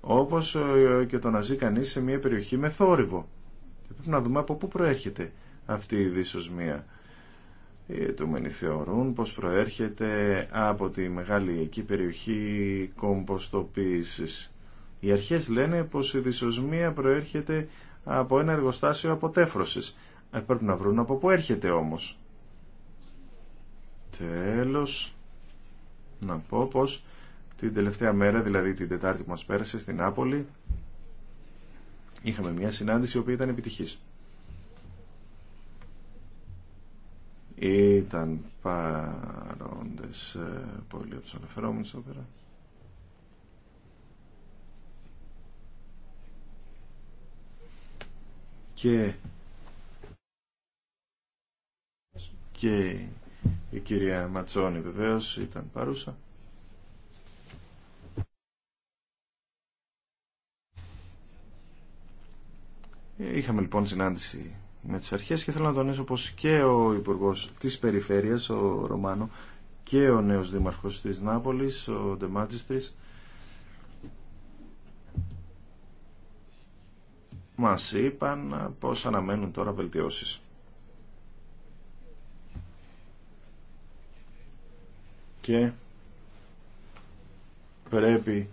Όπως ε, και το να ζει κανείς σε μια περιοχή με θόρυβο. Και πρέπει να δούμε από πού προέρχεται αυτή η δυσοσμία. Οι ε, αιτούμενοι θεωρούν πως προέρχεται από τη μεγάλη εκεί περιοχή κομποστοποίησης. Οι αρχές λένε πως η δυσοσμία προέρχεται από ένα εργοστάσιο αποτέφρωσης. Ε, πρέπει να βρουν από πού έρχεται όμως. Τέλος, να πω πως την τελευταία μέρα, δηλαδή την Τετάρτη που μας πέρασε στην Άπολη, είχαμε μια συνάντηση η οποία ήταν επιτυχής. Ήταν παρόντες ε, πολλοί από τους αναφερόμενους εδώ πέρα. Και και η κυρία Ματσόνη βεβαίως ήταν παρούσα. Είχαμε λοιπόν συνάντηση με τις αρχές και θέλω να τονίσω πως και ο Υπουργός της Περιφέρειας, ο Ρωμάνο, και ο νέος δήμαρχος της Νάπολης, ο Ντεμάτζιστρης, μας είπαν πως αναμένουν τώρα βελτιώσεις. και πρέπει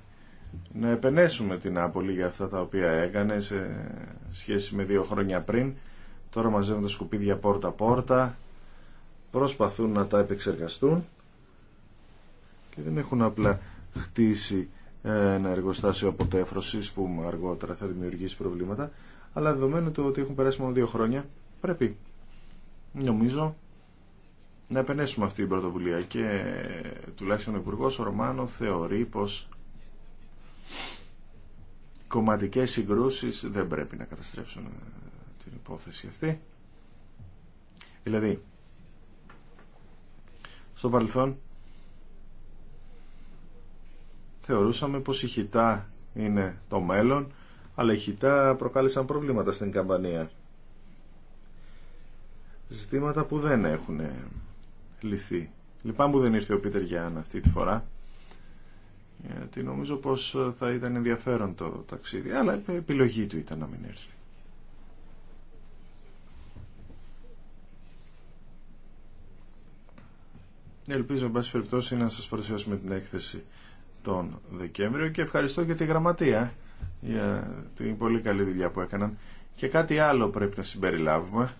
να επενέσουμε την Άπολη για αυτά τα οποία έκανε σε σχέση με δύο χρόνια πριν. Τώρα μαζεύουν σκουπίδια πόρτα-πόρτα, προσπαθούν να τα επεξεργαστούν και δεν έχουν απλά χτίσει ε, ένα εργοστάσιο αποτέφρωσης που αργότερα θα δημιουργήσει προβλήματα, αλλά δεδομένου του ότι έχουν περάσει μόνο δύο χρόνια, πρέπει, νομίζω, να επενέσουμε αυτή την πρωτοβουλία και τουλάχιστον ο υπουργό Ρωμάνο θεωρεί πως κομματικές συγκρούσεις δεν πρέπει να καταστρέψουν ε, την υπόθεση αυτή. Δηλαδή, στο παρελθόν θεωρούσαμε πως η χιτά είναι το μέλλον, αλλά η χιτά προκάλεσαν προβλήματα στην καμπανία. Ζητήματα που δεν έχουν λυθεί. Λυπάμαι που δεν ήρθε ο Πίτερ Γιάννα αυτή τη φορά. Γιατί νομίζω πως ε, θα ήταν ενδιαφέρον το ταξίδι. Αλλά επιλογή του ήταν να μην έρθει. Ελπίζω, εν πάση περιπτώσει, να σας παρουσιάσουμε την έκθεση τον Δεκέμβριο και ευχαριστώ και τη γραμματεία ε, για την πολύ καλή δουλειά που έκαναν. Και κάτι άλλο πρέπει να συμπεριλάβουμε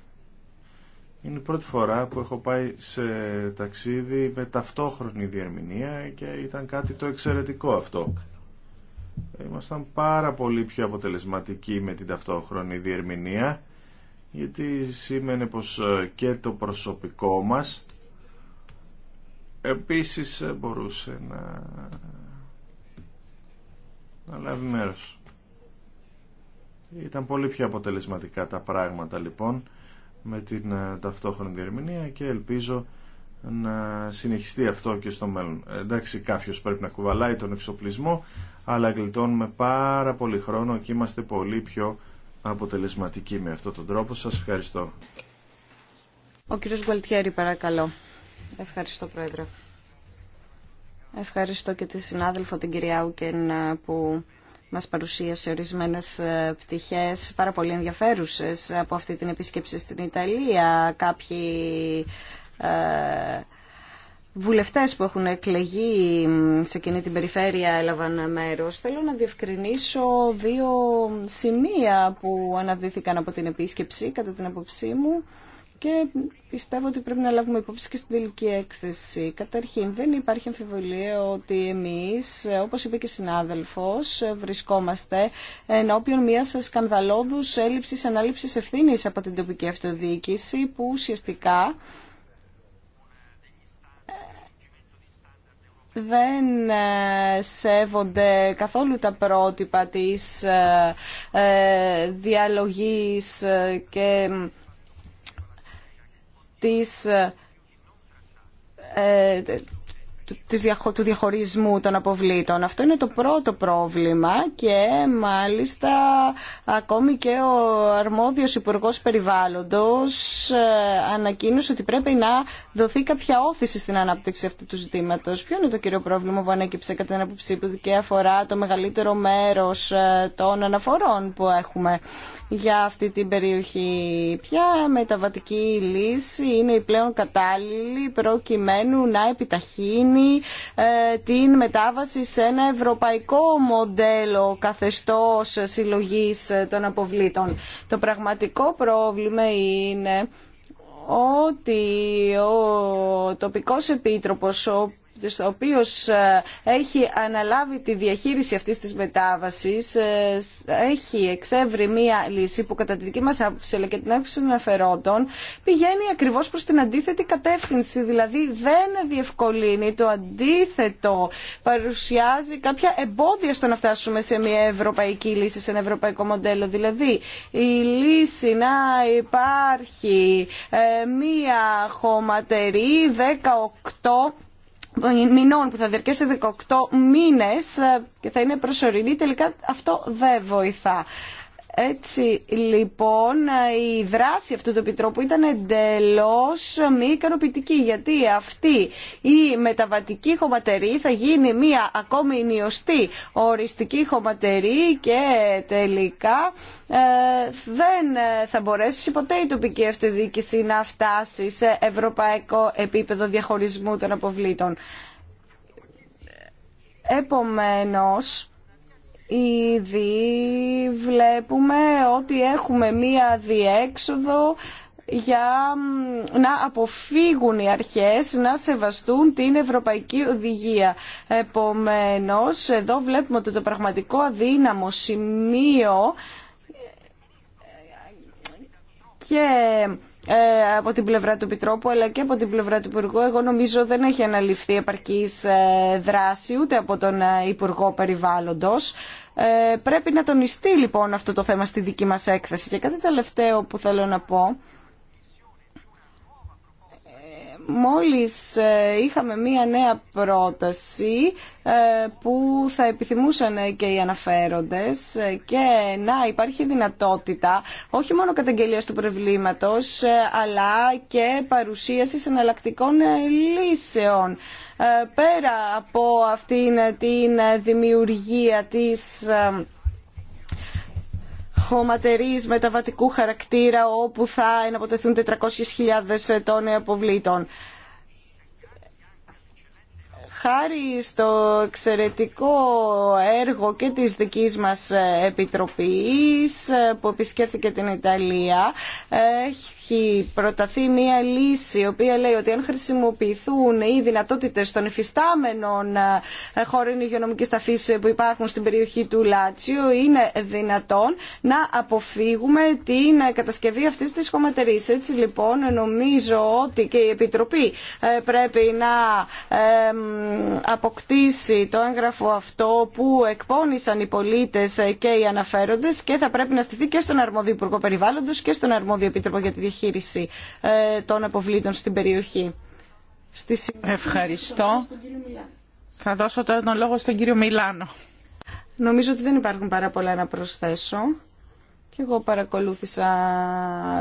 είναι η πρώτη φορά που έχω πάει σε ταξίδι με ταυτόχρονη διερμηνία και ήταν κάτι το εξαιρετικό αυτό. Ήμασταν πάρα πολύ πιο αποτελεσματικοί με την ταυτόχρονη διερμηνία γιατί σήμαινε πως ε, και το προσωπικό μας επίσης ε, μπορούσε να, να λάβει μέρος. Ήταν πολύ πιο αποτελεσματικά τα πράγματα λοιπόν με την ε, ταυτόχρονη διερμηνία και ελπίζω να συνεχιστεί αυτό και στο μέλλον. Ε, εντάξει, κάποιο πρέπει να κουβαλάει τον εξοπλισμό, αλλά γλιτώνουμε πάρα πολύ χρόνο και είμαστε πολύ πιο αποτελεσματικοί με αυτόν τον τρόπο. Σας ευχαριστώ. Ο κύριος Γκολτιέρη, παρακαλώ. Ευχαριστώ, Πρόεδρε. Ευχαριστώ και τη συνάδελφο την κυρία ε, που μας παρουσίασε ορισμένες ε, πτυχές πάρα πολύ ενδιαφέρουσες από αυτή την επίσκεψη στην Ιταλία. Κάποιοι ε, βουλευτές που έχουν εκλεγεί σε εκείνη την περιφέρεια έλαβαν μέρος. Θέλω να διευκρινίσω δύο σημεία που αναδύθηκαν από την επίσκεψη, κατά την απόψή μου και πιστεύω ότι πρέπει να λάβουμε υπόψη και στην τελική έκθεση. Καταρχήν, δεν υπάρχει αμφιβολία ότι εμείς, όπως είπε και συνάδελφος, βρισκόμαστε ενώπιον μιας σκανδαλώδου έλλειψης ανάληψης ευθύνης από την τοπική αυτοδιοίκηση που ουσιαστικά δεν ε, σέβονται καθόλου τα πρότυπα της ε, ε, διαλογής και της ε, του διαχωρισμού των αποβλήτων. Αυτό είναι το πρώτο πρόβλημα και μάλιστα ακόμη και ο αρμόδιος Υπουργός Περιβάλλοντος ε, ανακοίνωσε ότι πρέπει να δοθεί κάποια όθηση στην ανάπτυξη αυτού του ζητήματος. Ποιο είναι το κύριο πρόβλημα που ανέκυψε κατά την άποψή του και αφορά το μεγαλύτερο μέρος ε, των αναφορών που έχουμε για αυτή την περιοχή. Ποια μεταβατική λύση είναι η πλέον κατάλληλη προκειμένου να επιταχύνει ε, την μετάβαση σε ένα ευρωπαϊκό μοντέλο καθεστώς συλλογής ε, των αποβλήτων. Το πραγματικό πρόβλημα είναι ότι ο τοπικός επίτροπος, ο οποίος ε, έχει αναλάβει τη διαχείριση αυτής της μετάβασης ε, έχει εξεύρει μία λύση που κατά τη δική μας άποψη αλλά και την άποψη των αφαιρώτων πηγαίνει ακριβώς προς την αντίθετη κατεύθυνση δηλαδή δεν διευκολύνει το αντίθετο παρουσιάζει κάποια εμπόδια στο να φτάσουμε σε μία ευρωπαϊκή λύση σε ένα ευρωπαϊκό μοντέλο δηλαδή η λύση να υπάρχει ε, μία χωματερή 18 μηνών που θα διαρκέσει 18 μήνες ε, και θα είναι προσωρινή, τελικά αυτό δεν βοηθά. Έτσι λοιπόν η δράση αυτού του Επιτρόπου ήταν εντελώς μη ικανοποιητική γιατί αυτή η μεταβατική χωματερή θα γίνει μία ακόμη νιωστή οριστική χωματερή και τελικά ε, δεν θα μπορέσει ποτέ η τοπική αυτοδιοίκηση να φτάσει σε ευρωπαϊκό επίπεδο διαχωρισμού των αποβλήτων. Επομένως, ήδη βλέπουμε ότι έχουμε μία διέξοδο για να αποφύγουν οι αρχές να σεβαστούν την Ευρωπαϊκή Οδηγία. Επομένως, εδώ βλέπουμε ότι το πραγματικό αδύναμο σημείο και ε, από την πλευρά του Επιτρόπου αλλά και από την πλευρά του Υπουργού εγώ νομίζω δεν έχει αναλυφθεί επαρκής ε, δράση ούτε από τον ε, Υπουργό Περιβάλλοντος. Πρέπει να τονιστεί λοιπόν αυτό το θέμα στη δική μας έκθεση. Και κάτι τελευταίο που θέλω να πω μόλις ε, είχαμε μία νέα πρόταση ε, που θα επιθυμούσαν και οι αναφέροντες ε, και να υπάρχει δυνατότητα όχι μόνο καταγγελίας του προβλήματος αλλά και παρουσίασης εναλλακτικών λύσεων. Πέρα από αυτήν την δημιουργία της χωματερής μεταβατικού χαρακτήρα όπου θα εναποτεθούν 400.000 τόνοι αποβλήτων. Χάρη στο εξαιρετικό έργο και της δικής μας Επιτροπής που επισκέφθηκε την Ιταλία, έχει προταθεί μία λύση η οποία λέει ότι αν χρησιμοποιηθούν οι δυνατότητες των υφιστάμενων ε, χώρων υγειονομική ταφής που υπάρχουν στην περιοχή του Λάτσιο είναι δυνατόν να αποφύγουμε την κατασκευή αυτή τη χωματερή. Έτσι λοιπόν νομίζω ότι και η Επιτροπή ε, πρέπει να ε, αποκτήσει το έγγραφο αυτό που εκπώνησαν οι πολίτες και οι αναφέροντες και θα πρέπει να στηθεί και στον αρμόδιο Υπουργό Περιβάλλοντος και στον αρμόδιο Επίτροπο για τη Διαχείριση ε, των αποβλήτων στην περιοχή. Ευχαριστώ. Θα δώσω τώρα τον λόγο στον κύριο Μιλάνο. Νομίζω ότι δεν υπάρχουν πάρα πολλά να προσθέσω. Και εγώ παρακολούθησα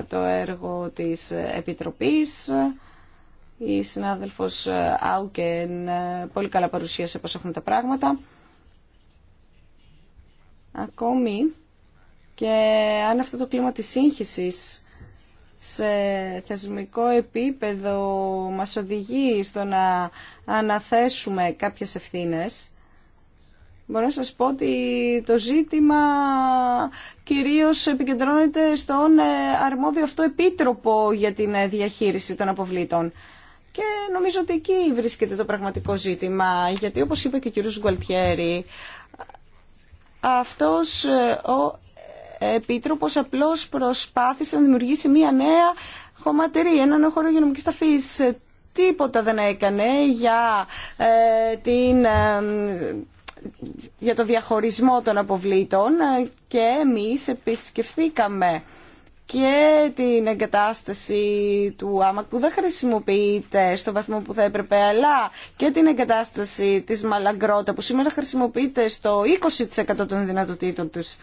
το έργο της Επιτροπής. Η συνάδελφος ε, Άουκεν ε, πολύ καλά παρουσίασε πώς έχουν τα πράγματα. Ακόμη και αν αυτό το κλίμα της σύγχυσης σε θεσμικό επίπεδο μας οδηγεί στο να αναθέσουμε κάποιες ευθύνες. Μπορώ να σας πω ότι το ζήτημα κυρίως επικεντρώνεται στον ε, αρμόδιο αυτό επίτροπο για την ε, διαχείριση των αποβλήτων. Και νομίζω ότι εκεί βρίσκεται το πραγματικό ζήτημα, γιατί όπως είπε και ο κ. Γκουαλτιέρη, αυτός ε, ο Επίτροπος απλώς προσπάθησε να δημιουργήσει μια νέα χωματερή, ένα νέο χώρο υγειονομικής ταφής. Τίποτα δεν έκανε για ε, την... Ε, για το διαχωρισμό των αποβλήτων ε, και εμείς επισκεφθήκαμε και την εγκατάσταση του ΆΜΑΚ που δεν χρησιμοποιείται στο βαθμό που θα έπρεπε αλλά και την εγκατάσταση της Μαλαγκρότα που σήμερα χρησιμοποιείται στο 20% των δυνατοτήτων τους.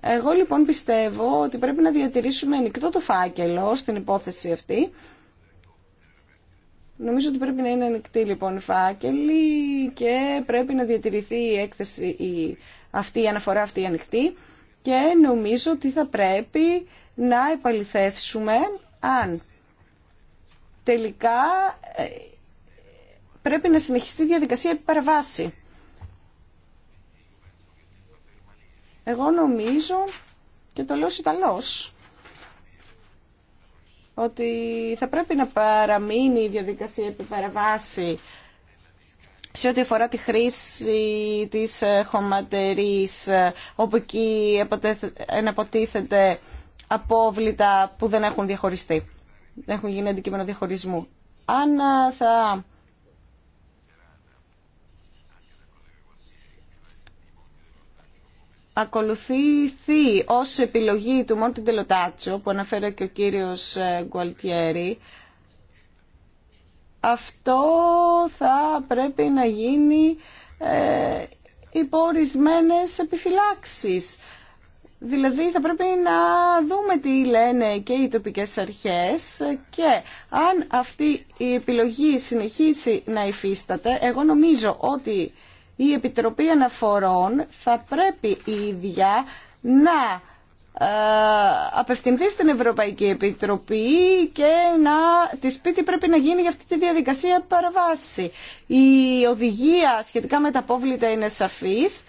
Εγώ λοιπόν πιστεύω ότι πρέπει να διατηρήσουμε ανοιχτό το φάκελο στην υπόθεση αυτή. Νομίζω ότι πρέπει να είναι ανοιχτή λοιπόν η φάκελη και πρέπει να διατηρηθεί η έκθεση η, αυτή, η αναφορά αυτή η ανοιχτή και νομίζω ότι θα πρέπει να επαληθεύσουμε αν τελικά ε, πρέπει να συνεχιστεί η διαδικασία επί Εγώ νομίζω, και το λέω σιταλός, Ιταλός, ότι θα πρέπει να παραμείνει η διαδικασία επιπαραβάση σε ό,τι αφορά τη χρήση της ε, χωματερής, ε, όπου εκεί εναποτίθεται απόβλητα που δεν έχουν διαχωριστεί, δεν έχουν γίνει αντικείμενο διαχωρισμού. Αν ε, θα ακολουθηθεί ως επιλογή του Μόντι Τελοτάτσο που αναφέρει και ο κύριος ε, Γκουαλτιέρη αυτό θα πρέπει να γίνει ε, υπό ορισμένε επιφυλάξεις. Δηλαδή θα πρέπει να δούμε τι λένε και οι τοπικές αρχές και αν αυτή η επιλογή συνεχίσει να υφίσταται, εγώ νομίζω ότι η Επιτροπή Αναφορών θα πρέπει η ίδια να ε, απευθυνθεί στην Ευρωπαϊκή Επιτροπή και να τη σπίτι πρέπει να γίνει για αυτή τη διαδικασία παραβάση. Η οδηγία σχετικά με τα πόβλητα είναι σαφής.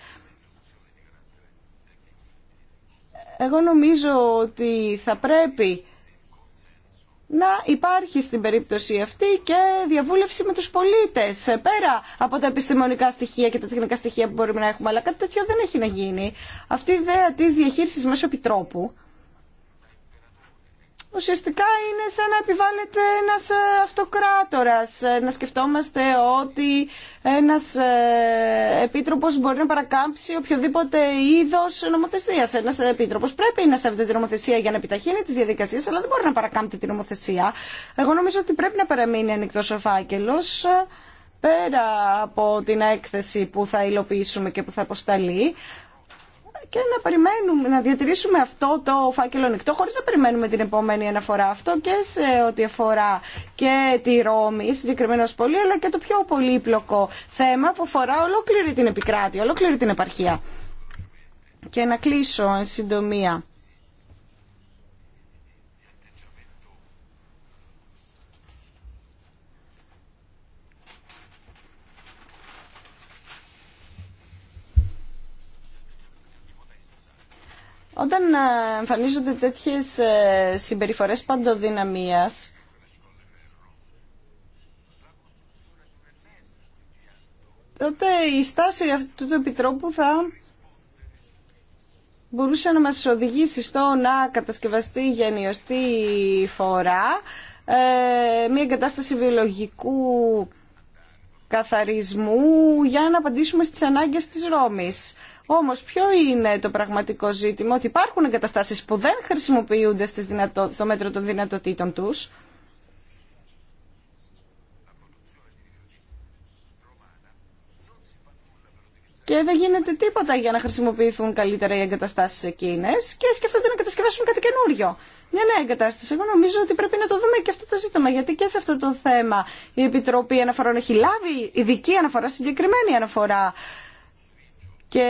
Εγώ νομίζω ότι θα πρέπει να υπάρχει στην περίπτωση αυτή και διαβούλευση με τους πολίτες πέρα από τα επιστημονικά στοιχεία και τα τεχνικά στοιχεία που μπορούμε να έχουμε αλλά κάτι τέτοιο δεν έχει να γίνει αυτή η ιδέα της διαχείρισης μέσω επιτρόπου ουσιαστικά είναι σαν να επιβάλλεται ένας ε, αυτοκράτορας, ε, να σκεφτόμαστε ότι ένας ε, επίτροπος μπορεί να παρακάμψει οποιοδήποτε είδος νομοθεσίας. Ένας επίτροπος πρέπει να σέβεται την νομοθεσία για να επιταχύνει τις διαδικασίες, αλλά δεν μπορεί να παρακάμπτει την νομοθεσία. Εγώ νομίζω ότι πρέπει να παραμείνει ανοιχτό ο φάκελος πέρα από την έκθεση που θα υλοποιήσουμε και που θα αποσταλεί, και να περιμένουμε, να διατηρήσουμε αυτό το φάκελο ανοιχτό χωρίς να περιμένουμε την επόμενη αναφορά. Αυτό και σε ό,τι αφορά και τη Ρώμη, συγκεκριμένα πολύ, αλλά και το πιο πολύπλοκο θέμα που αφορά ολόκληρη την επικράτεια, ολόκληρη την επαρχία. Και να κλείσω εν συντομία. Όταν ε, εμφανίζονται τέτοιες ε, συμπεριφορές παντοδυναμίας, τότε η στάση αυτού του επιτρόπου θα μπορούσε να μας οδηγήσει στο να κατασκευαστεί γενιωστή φορά φορά ε, μια εγκατάσταση βιολογικού καθαρισμού για να απαντήσουμε στις ανάγκες της Ρώμης. Όμω, ποιο είναι το πραγματικό ζήτημα, ότι υπάρχουν εγκαταστάσεις που δεν χρησιμοποιούνται στις δυνατό, στο μέτρο των δυνατοτήτων του. Και δεν γίνεται τίποτα για να χρησιμοποιηθούν καλύτερα οι εγκαταστάσει εκείνε και σκεφτόνται να κατασκευάσουν κάτι καινούριο. Μια νέα εγκατάσταση. Εγώ νομίζω ότι πρέπει να το δούμε και αυτό το ζήτημα. Γιατί και σε αυτό το θέμα η Επιτροπή Αναφορών έχει λάβει ειδική αναφορά, συγκεκριμένη αναφορά και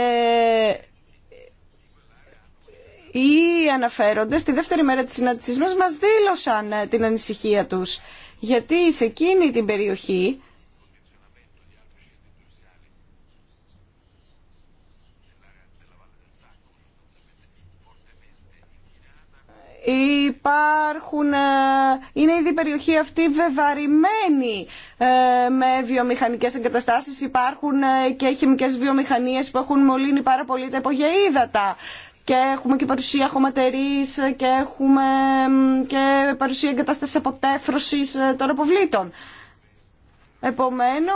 οι αναφέροντες τη δεύτερη μέρα της συνάντησής μας μας δήλωσαν ε, την ανησυχία τους γιατί σε εκείνη την περιοχή Υπάρχουν, ε, είναι ήδη η περιοχή αυτή βεβαρημένη ε, με βιομηχανικές εγκαταστάσεις. Υπάρχουν ε, και χημικές βιομηχανίες που έχουν μολύνει πάρα πολύ τα υπογεΐδατα. Και έχουμε και παρουσία χωματερής και έχουμε και παρουσία εγκατάστασης αποτέφρωσης των αποβλήτων. Επομένω,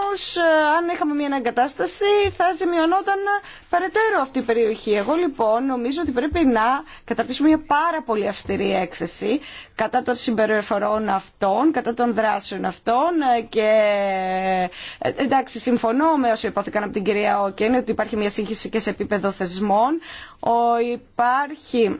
ε, αν είχαμε μια αναγκατάσταση θα ζημιωνόταν περαιτέρω αυτή η περιοχή. Εγώ λοιπόν νομίζω ότι πρέπει να καταρτήσουμε μια πάρα πολύ αυστηρή έκθεση κατά των συμπεριφορών αυτών, κατά των δράσεων αυτών ε, και ε, εντάξει συμφωνώ με οσοι υπόθηκαν από την κυρία Όκεν ότι υπάρχει μια σύγχυση και σε επίπεδο θεσμών. Ο, υπάρχει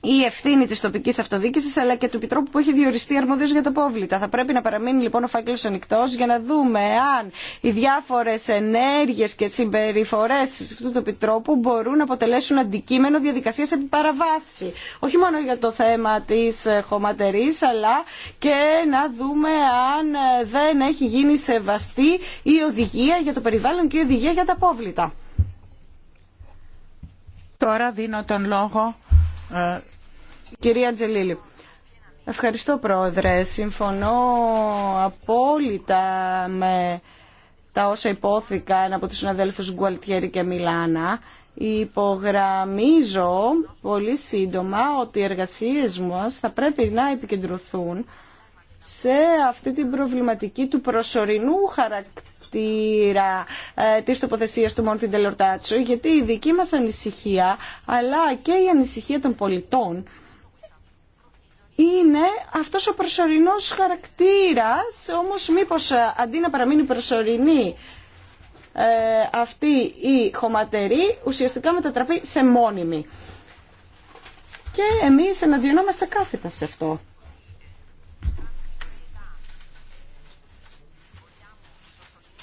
η ευθύνη τη τοπική αυτοδιοίκηση αλλά και του επιτρόπου που έχει διοριστεί αρμόδιο για τα απόβλητα. Θα πρέπει να παραμείνει λοιπόν ο φάκελο ανοιχτό για να δούμε αν οι διάφορε ενέργειε και συμπεριφορέ αυτού του επιτρόπου μπορούν να αποτελέσουν αντικείμενο διαδικασία επί παραβάση. Όχι μόνο για το θέμα τη χωματερή, αλλά και να δούμε αν δεν έχει γίνει σεβαστή η οδηγία για το περιβάλλον και η οδηγία για τα απόβλητα. Τώρα δίνω τον λόγο ε, κυρία Τζελίλη. Ευχαριστώ Πρόεδρε. Συμφωνώ απόλυτα με τα όσα υπόθηκαν από τους συναδέλφους Γκουαλτιέρη και Μιλάνα. Υπογραμμίζω πολύ σύντομα ότι οι εργασίες μας θα πρέπει να επικεντρωθούν σε αυτή την προβληματική του προσωρινού χαρακτήρα χαρακτήρα ε, της τοποθεσίας του Μόρτιν Τελορτάτσο, γιατί η δική μας ανησυχία, αλλά και η ανησυχία των πολιτών, είναι αυτός ο προσωρινός χαρακτήρας, όμως μήπως ε, αντί να παραμείνει προσωρινή ε, αυτή η χωματερή, ουσιαστικά μετατραπεί σε μόνιμη. Και εμείς εναντιονόμαστε κάθετα σε αυτό.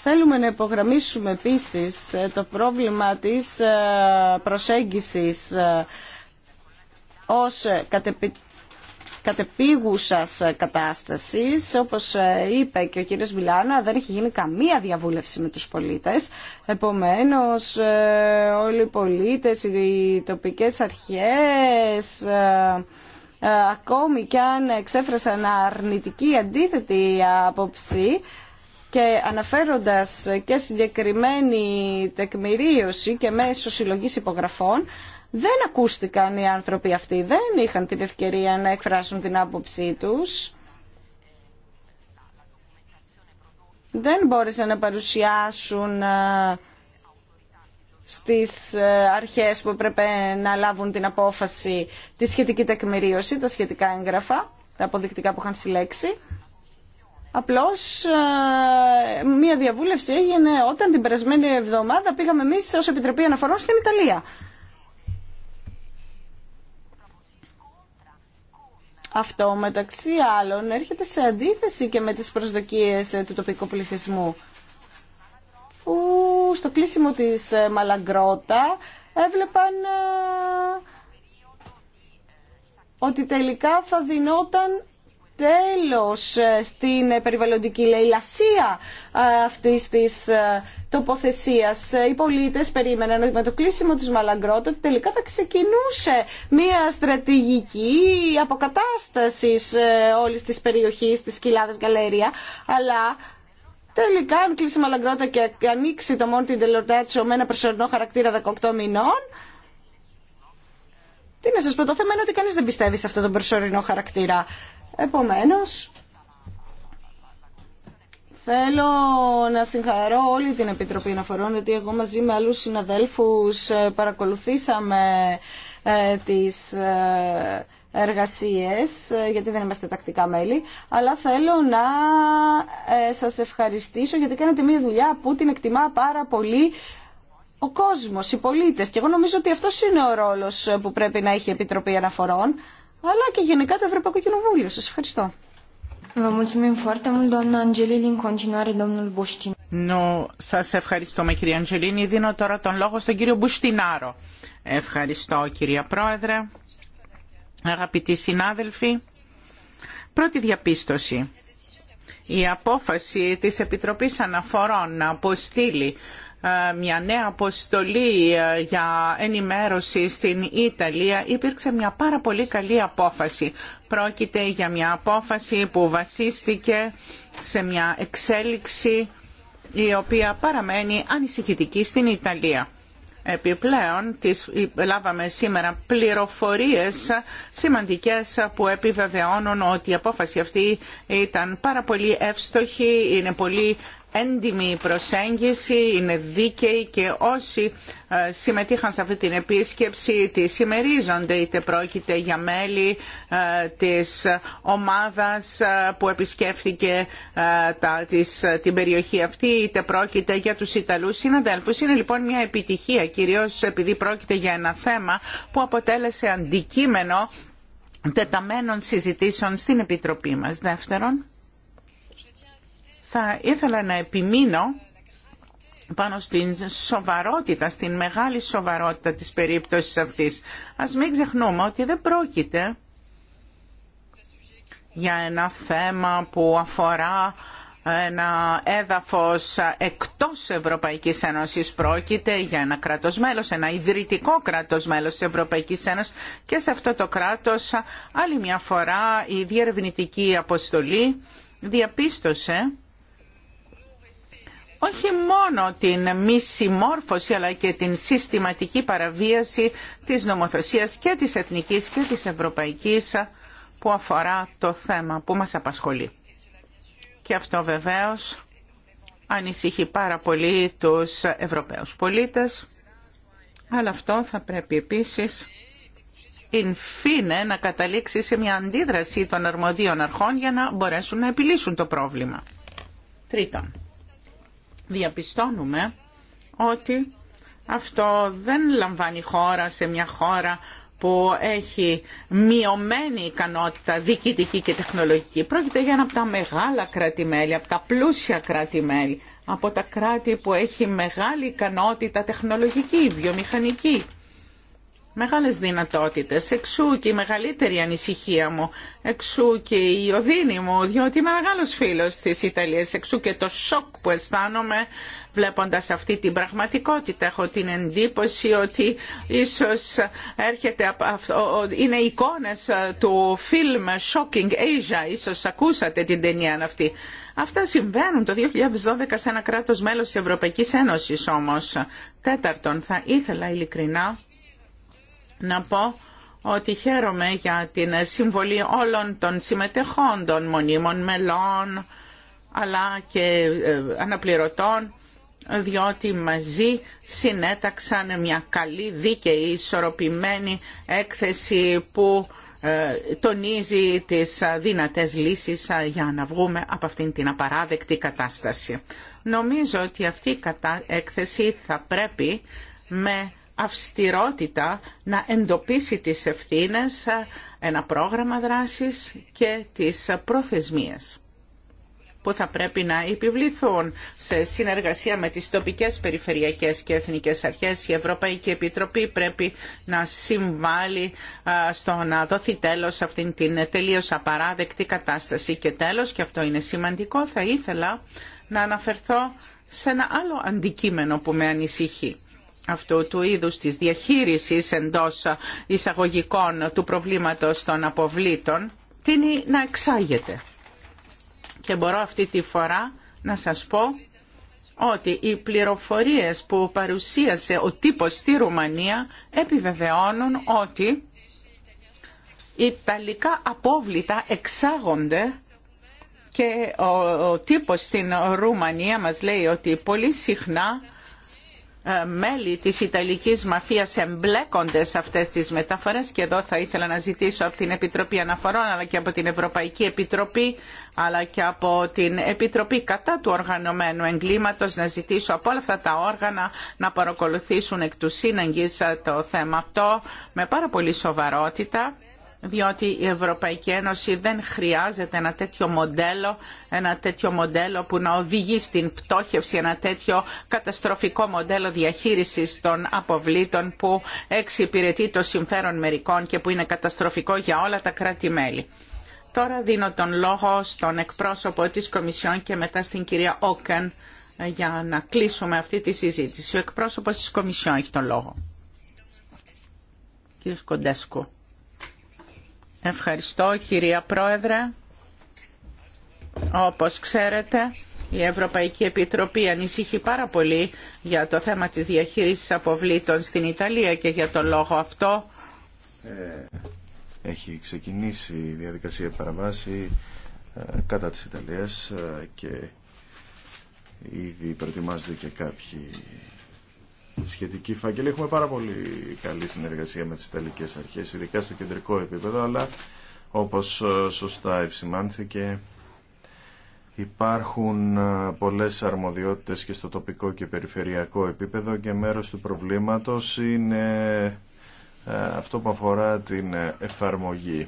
Θέλουμε να υπογραμμίσουμε επίσης ε, το πρόβλημα της ε, προσέγγισης ε, ως κατεπίγουσας κατάστασης. Όπως είπε και ο κύριος Μιλάνα, δεν έχει γίνει καμία διαβούλευση με τους πολίτες. Επομένως, όλοι οι πολίτες, οι τοπικές αρχές ακόμη και αν εξέφρασαν αρνητική αντίθετη άποψη, και αναφέροντας και συγκεκριμένη τεκμηρίωση και μέσω συλλογής υπογραφών, δεν ακούστηκαν οι άνθρωποι αυτοί, δεν είχαν την ευκαιρία να εκφράσουν την άποψή τους. Δεν μπόρεσαν να παρουσιάσουν ε, στις ε, αρχές που έπρεπε να λάβουν την απόφαση τη σχετική τεκμηρίωση, τα σχετικά έγγραφα, τα αποδεικτικά που είχαν συλλέξει. Απλώς ε, μία διαβούλευση έγινε όταν την περασμένη εβδομάδα πήγαμε εμείς ως Επιτροπή Αναφορών στην Ιταλία. Αυτό μεταξύ άλλων έρχεται σε αντίθεση και με τις προσδοκίες ε, του τοπικού πληθυσμού που στο κλείσιμο της ε, Μαλαγκρότα έβλεπαν ότι τελικά θα δινόταν τέλος ε, στην ε, περιβαλλοντική λαϊλασία ε, αυτής της τοποθεσίας. Οι πολίτες περίμεναν ότι με το κλείσιμο της Μαλαγκρότα τελικά θα ξεκινούσε μια στρατηγική αποκατάσταση όλης της περιοχής της Κοιλάδας Γαλέρια, αλλά Τελικά, αν κλείσει η Μαλαγκρότα και ανοίξει το Μόντι Ντελορτέτσο με ένα προσωρινό χαρακτήρα 18 μηνών, τι να σα πω, το θέμα είναι ότι κανεί δεν πιστεύει σε αυτόν τον προσωρινό χαρακτήρα. Επομένως, Θέλω να συγχαρώ όλη την Επιτροπή Αναφορών, γιατί εγώ μαζί με άλλους συναδέλφους ε, παρακολουθήσαμε ε, τις ε, εργασίες, γιατί δεν είμαστε τακτικά μέλη, αλλά θέλω να σας ευχαριστήσω γιατί κάνετε μια δουλειά που την εκτιμά πάρα πολύ ο κόσμος, οι πολίτες και εγώ νομίζω ότι αυτός είναι ο ρόλος που πρέπει να έχει η Επιτροπή Αναφορών αλλά και γενικά το Ευρωπαϊκό Κοινοβούλιο. Σα ευχαριστώ. No, σας ευχαριστούμε κυρία Αντζελίνη. Δίνω τώρα τον λόγο στον κύριο Μπουστινάρο. Ευχαριστώ κυρία Πρόεδρε, αγαπητοί συνάδελφοι. Πρώτη διαπίστωση. Η απόφαση της Επιτροπής Αναφορών να αποστείλει ε, μια νέα αποστολή ε, για ενημέρωση στην Ιταλία υπήρξε μια πάρα πολύ καλή απόφαση. Πρόκειται για μια απόφαση που βασίστηκε σε μια εξέλιξη η οποία παραμένει ανησυχητική στην Ιταλία. Επιπλέον, τις ε, λάβαμε σήμερα πληροφορίες σημαντικές που επιβεβαιώνουν ότι η απόφαση αυτή ήταν πάρα πολύ εύστοχη, είναι πολύ έντιμη προσέγγιση, είναι δίκαιη και όσοι ε, συμμετείχαν σε αυτή την επίσκεψη τη συμμερίζονται, είτε πρόκειται για μέλη ε, της ομάδας ε, που επισκέφθηκε την περιοχή αυτή, είτε πρόκειται για τους Ιταλούς συναδέλφους. Είναι λοιπόν μια επιτυχία, κυρίως επειδή πρόκειται για ένα θέμα που αποτέλεσε αντικείμενο τεταμένων συζητήσεων στην Επιτροπή μας. Δεύτερον, θα ήθελα να επιμείνω πάνω στην σοβαρότητα, στην μεγάλη σοβαρότητα της περίπτωσης αυτής. Ας μην ξεχνούμε ότι δεν πρόκειται για ένα θέμα που αφορά ένα έδαφος εκτός Ευρωπαϊκής Ένωσης πρόκειται για ένα κράτος μέλος, ένα ιδρυτικό κράτος μέλος της Ευρωπαϊκής Ένωσης και σε αυτό το κράτος άλλη μια φορά η διερευνητική αποστολή διαπίστωσε όχι μόνο την μη συμμόρφωση αλλά και την συστηματική παραβίαση της νομοθεσίας και της εθνικής και της ευρωπαϊκής που αφορά το θέμα που μας απασχολεί. Και αυτό βεβαίως ανησυχεί πάρα πολύ τους Ευρωπαίους πολίτες, αλλά αυτό θα πρέπει επίσης in να καταλήξει σε μια αντίδραση των αρμοδίων αρχών για να μπορέσουν να επιλύσουν το πρόβλημα. Τρίτον, διαπιστώνουμε ότι αυτό δεν λαμβάνει χώρα σε μια χώρα που έχει μειωμένη ικανότητα διοικητική και τεχνολογική. Πρόκειται για ένα από τα μεγάλα κράτη-μέλη, από τα πλούσια κράτη-μέλη, από τα κράτη που έχει μεγάλη ικανότητα τεχνολογική, βιομηχανική μεγάλες δυνατότητες. Εξού και η μεγαλύτερη ανησυχία μου, εξού και η οδύνη μου, διότι είμαι μεγάλος φίλος της Ιταλίας, εξού και το σοκ που αισθάνομαι βλέποντας αυτή την πραγματικότητα. Έχω την εντύπωση ότι ίσως έρχεται, είναι εικόνες ε, του φιλμ Shocking Asia, ίσως ακούσατε την ταινία αυτή. Αυτά συμβαίνουν το 2012 σε ένα κράτος μέλος της Ευρωπαϊκής Ένωσης όμως. Τέταρτον, θα ήθελα ειλικρινά να πω ότι χαίρομαι για την συμβολή όλων των συμμετεχόντων μονίμων μελών αλλά και ε, αναπληρωτών διότι μαζί συνέταξαν μια καλή δίκαιη ισορροπημένη έκθεση που ε, τονίζει τις δυνατές λύσεις ε, για να βγούμε από αυτήν την απαράδεκτη κατάσταση. Νομίζω ότι αυτή η έκθεση θα πρέπει με αυστηρότητα να εντοπίσει τις ευθύνες, ένα πρόγραμμα δράσης και τις προθεσμίες που θα πρέπει να επιβληθούν σε συνεργασία με τις τοπικές περιφερειακές και εθνικές αρχές. Η Ευρωπαϊκή Επιτροπή πρέπει να συμβάλλει στο να δοθεί τέλος σε αυτήν την τελείως απαράδεκτη κατάσταση. Και τέλος, και αυτό είναι σημαντικό, θα ήθελα να αναφερθώ σε ένα άλλο αντικείμενο που με ανησυχεί αυτού του είδους της διαχείρισης εντός εισαγωγικών του προβλήματος των αποβλήτων τίνει να εξάγεται. Και μπορώ αυτή τη φορά να σας πω ότι οι πληροφορίες που παρουσίασε ο τύπος στη Ρουμανία επιβεβαιώνουν ότι Ιταλικά απόβλητα εξάγονται και ο, ο τύπος στην Ρουμανία μας λέει ότι πολύ συχνά ε, μέλη της Ιταλικής Μαφίας εμπλέκονται σε αυτές τις μεταφορές και εδώ θα ήθελα να ζητήσω από την Επιτροπή Αναφορών αλλά και από την Ευρωπαϊκή Επιτροπή αλλά και από την Επιτροπή κατά του οργανωμένου εγκλήματος να ζητήσω από όλα αυτά τα όργανα να παρακολουθήσουν εκ του σύναγγης το θέμα αυτό με πάρα πολύ σοβαρότητα διότι η Ευρωπαϊκή Ένωση δεν χρειάζεται ένα τέτοιο μοντέλο, ένα τέτοιο μοντέλο που να οδηγεί στην πτώχευση, ένα τέτοιο καταστροφικό μοντέλο διαχείρισης των αποβλήτων που εξυπηρετεί το συμφέρον μερικών και που είναι καταστροφικό για όλα τα κράτη-μέλη. Τώρα δίνω τον λόγο στον εκπρόσωπο της Κομισιόν και μετά στην κυρία Όκεν για να κλείσουμε αυτή τη συζήτηση. Ο εκπρόσωπος της Κομισιόν έχει τον λόγο. Κύριε Κοντέσκου. Ευχαριστώ κυρία Πρόεδρε. Όπως ξέρετε, η Ευρωπαϊκή Επιτροπή ανησυχεί πάρα πολύ για το θέμα της διαχείρισης αποβλήτων στην Ιταλία και για τον λόγο αυτό. Ε, έχει ξεκινήσει η διαδικασία παραβάση ε, κατά της Ιταλίας ε, και ήδη προετοιμάζονται και κάποιοι Σχετική φάκελη. Έχουμε πάρα πολύ καλή συνεργασία με τις Ιταλικές Αρχές, ειδικά στο κεντρικό επίπεδο, αλλά όπως ε, σωστά ευσημάνθηκε υπάρχουν ε, πολλές αρμοδιότητες και στο τοπικό και περιφερειακό επίπεδο και μέρος του προβλήματος είναι ε, αυτό που αφορά την εφαρμογή.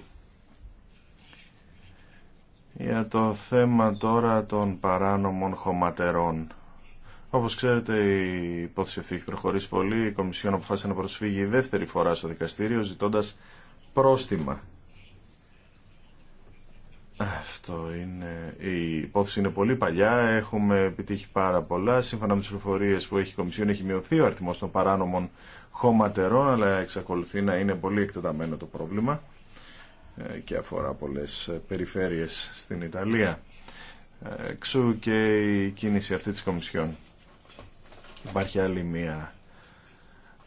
Για το θέμα τώρα των παράνομων χωματερών Όπω ξέρετε η υπόθεση αυτή έχει προχωρήσει πολύ. Η Κομισιόν αποφάσισε να προσφύγει δεύτερη φορά στο δικαστήριο ζητώντα πρόστιμα. Αυτό είναι. Η υπόθεση είναι πολύ παλιά. Έχουμε επιτύχει πάρα πολλά. Σύμφωνα με τι πληροφορίε που έχει η Κομισιόν, έχει μειωθεί ο αριθμό των παράνομων χωματερών, αλλά εξακολουθεί να είναι πολύ εκτεταμένο το πρόβλημα ε, και αφορά πολλέ περιφέρειες στην Ιταλία. Ε, εξού και η κίνηση αυτή της Κομισιόν. Υπάρχει άλλη μία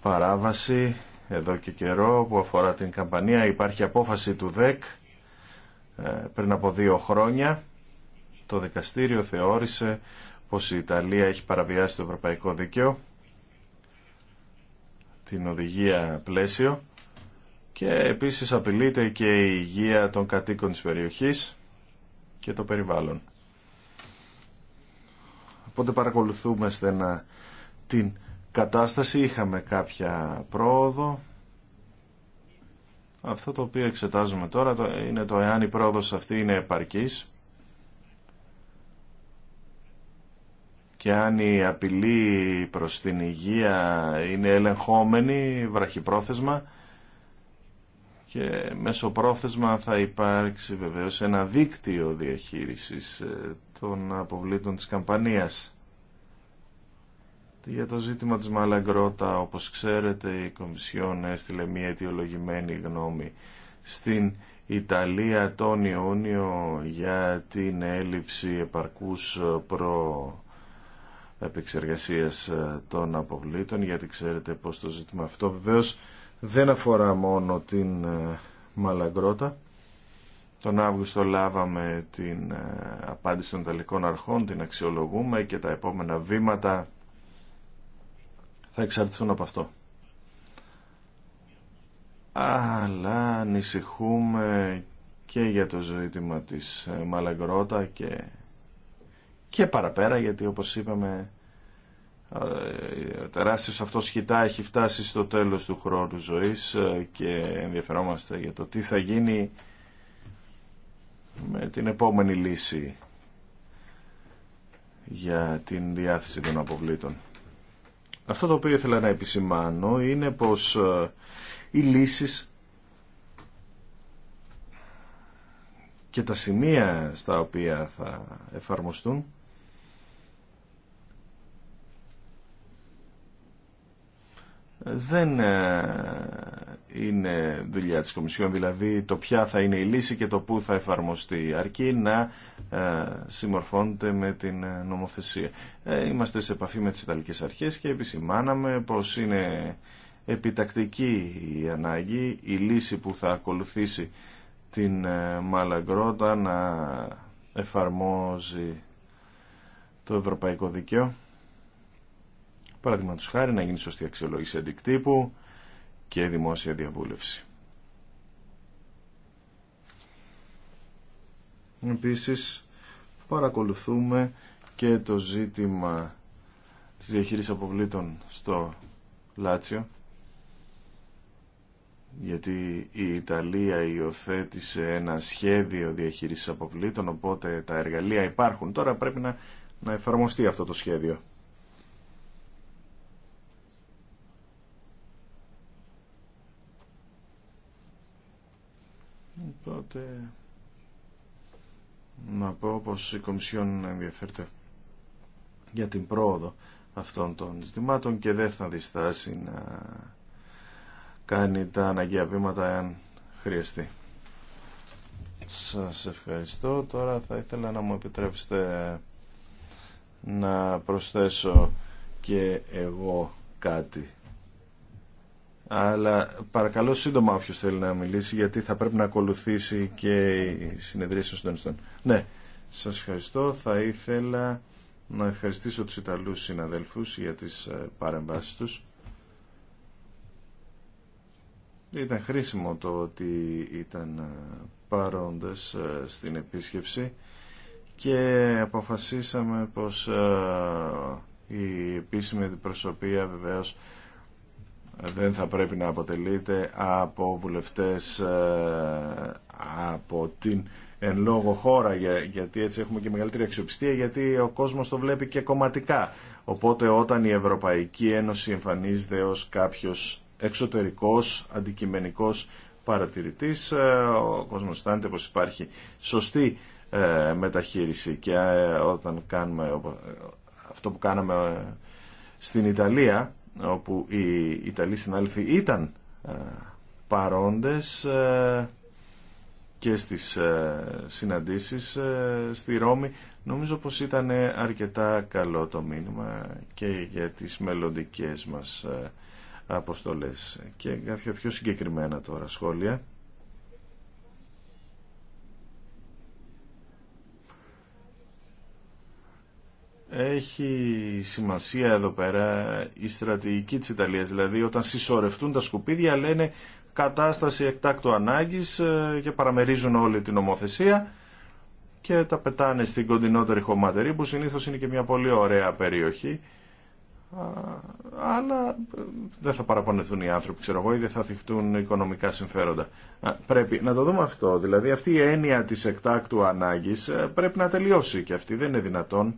παράβαση εδώ και καιρό που αφορά την καμπανία. Υπάρχει απόφαση του ΔΕΚ ε, πριν από δύο χρόνια. Το δικαστήριο θεώρησε πως η Ιταλία έχει παραβιάσει το ευρωπαϊκό δίκαιο, την οδηγία πλαίσιο και επίσης απειλείται και η υγεία των κατοίκων της περιοχής και το περιβάλλον. Οπότε παρακολουθούμε στενά την κατάσταση είχαμε κάποια πρόοδο. Αυτό το οποίο εξετάζουμε τώρα είναι το εάν η πρόοδος αυτή είναι επαρκής και αν η απειλή προς την υγεία είναι ελεγχόμενη βραχυπρόθεσμα και μέσω πρόθεσμα θα υπάρξει βεβαίως ένα δίκτυο διαχείρισης ε, των αποβλήτων της καμπανίας. Για το ζήτημα της Μαλαγκρότα, όπως ξέρετε, η Κομισιόν έστειλε μια αιτιολογημένη γνώμη στην Ιταλία τον Ιούνιο για την έλλειψη επαρκούς προ επεξεργασίας των αποβλήτων, γιατί ξέρετε πως το ζήτημα αυτό βεβαίως δεν αφορά μόνο την ε, Μαλαγκρότα. Τον Αύγουστο λάβαμε την ε, απάντηση των Ιταλικών αρχών, την αξιολογούμε και τα επόμενα βήματα θα εξαρτηθούν από αυτό. Αλλά ανησυχούμε και για το ζήτημα της ε, Μαλαγκρότα και, και παραπέρα γιατί όπως είπαμε ε, ο τεράστιος αυτός χιτά έχει φτάσει στο τέλος του χρόνου ζωής ε, και ενδιαφερόμαστε για το τι θα γίνει με την επόμενη λύση για την διάθεση των αποβλήτων. Αυτό το οποίο ήθελα να επισημάνω είναι πως ε, οι λύσεις και τα σημεία στα οποία θα εφαρμοστούν δεν ε, είναι δουλειά της Κομισιόν, δηλαδή το ποια θα είναι η λύση και το πού θα εφαρμοστεί, αρκεί να ε, συμμορφώνεται με την ε, νομοθεσία. Ε, είμαστε σε επαφή με τις Ιταλικές Αρχές και επισημάναμε πως είναι επιτακτική η ανάγκη, η λύση που θα ακολουθήσει την Μαλαγκρότα να εφαρμόζει το ευρωπαϊκό δικαίο. Παραδείγματος χάρη να γίνει δικαιο του χαρη αξιολόγηση αντικτύπου, και δημόσια διαβούλευση. Επίσης παρακολουθούμε και το ζήτημα της διαχείρισης αποβλήτων στο Λάτσιο γιατί η Ιταλία υιοθέτησε ένα σχέδιο διαχείρισης αποβλήτων οπότε τα εργαλεία υπάρχουν τώρα πρέπει να, να εφαρμοστεί αυτό το σχέδιο Οπότε να πω πως η Κομισιόν ενδιαφέρεται για την πρόοδο αυτών των ζητημάτων και δεν θα διστάσει να κάνει τα αναγκαία βήματα εάν χρειαστεί. Σας ευχαριστώ. Τώρα θα ήθελα να μου επιτρέψετε να προσθέσω και εγώ κάτι αλλά παρακαλώ σύντομα όποιο θέλει να μιλήσει γιατί θα πρέπει να ακολουθήσει και η συνεδρίαση των συντονιστών. Ναι, σας ευχαριστώ. Θα ήθελα να ευχαριστήσω τους Ιταλούς συναδέλφους για τις ε, παρεμβάσεις τους. Ήταν χρήσιμο το ότι ήταν ε, παρόντες ε, στην επίσκεψη και αποφασίσαμε πως η επίσημη αντιπροσωπεία βεβαίως δεν θα πρέπει να αποτελείται από βουλευτές ε, από την εν λόγω χώρα γιατί έτσι έχουμε και μεγαλύτερη αξιοπιστία γιατί ο κόσμος το βλέπει και κομματικά οπότε όταν η Ευρωπαϊκή Ένωση εμφανίζεται ως κάποιος εξωτερικός, αντικειμενικός παρατηρητής ε, ο κόσμος αισθάνεται πως υπάρχει σωστή ε, μεταχείριση και όταν κάνουμε αυτό που κάναμε στην Ιταλία όπου οι Ιταλοί συνάλφοι ήταν ε, παρόντες ε, και στις ε, συναντήσεις στη Ρώμη. Νομίζω πως ήταν αρκετά καλό το μήνυμα και για τις μελλοντικές μας αποστολές. Και κάποια πιο συγκεκριμένα τώρα σχόλια. έχει σημασία εδώ πέρα η στρατηγική της Ιταλίας. Δηλαδή όταν συσσωρευτούν τα σκουπίδια λένε κατάσταση εκτάκτου ανάγκης ε, και παραμερίζουν όλη την νομοθεσία και τα πετάνε στην κοντινότερη χωματερή που συνήθως είναι και μια πολύ ωραία περιοχή αλλά ε, δεν θα παραπονεθούν οι άνθρωποι ξέρω εγώ ή δεν θα θυχτούν οικονομικά συμφέροντα πρέπει να το δούμε αυτό δηλαδή αυτή η έννοια της εκτάκτου ανάγκης ε, πρέπει να τελειώσει και αυτή δεν είναι δυνατόν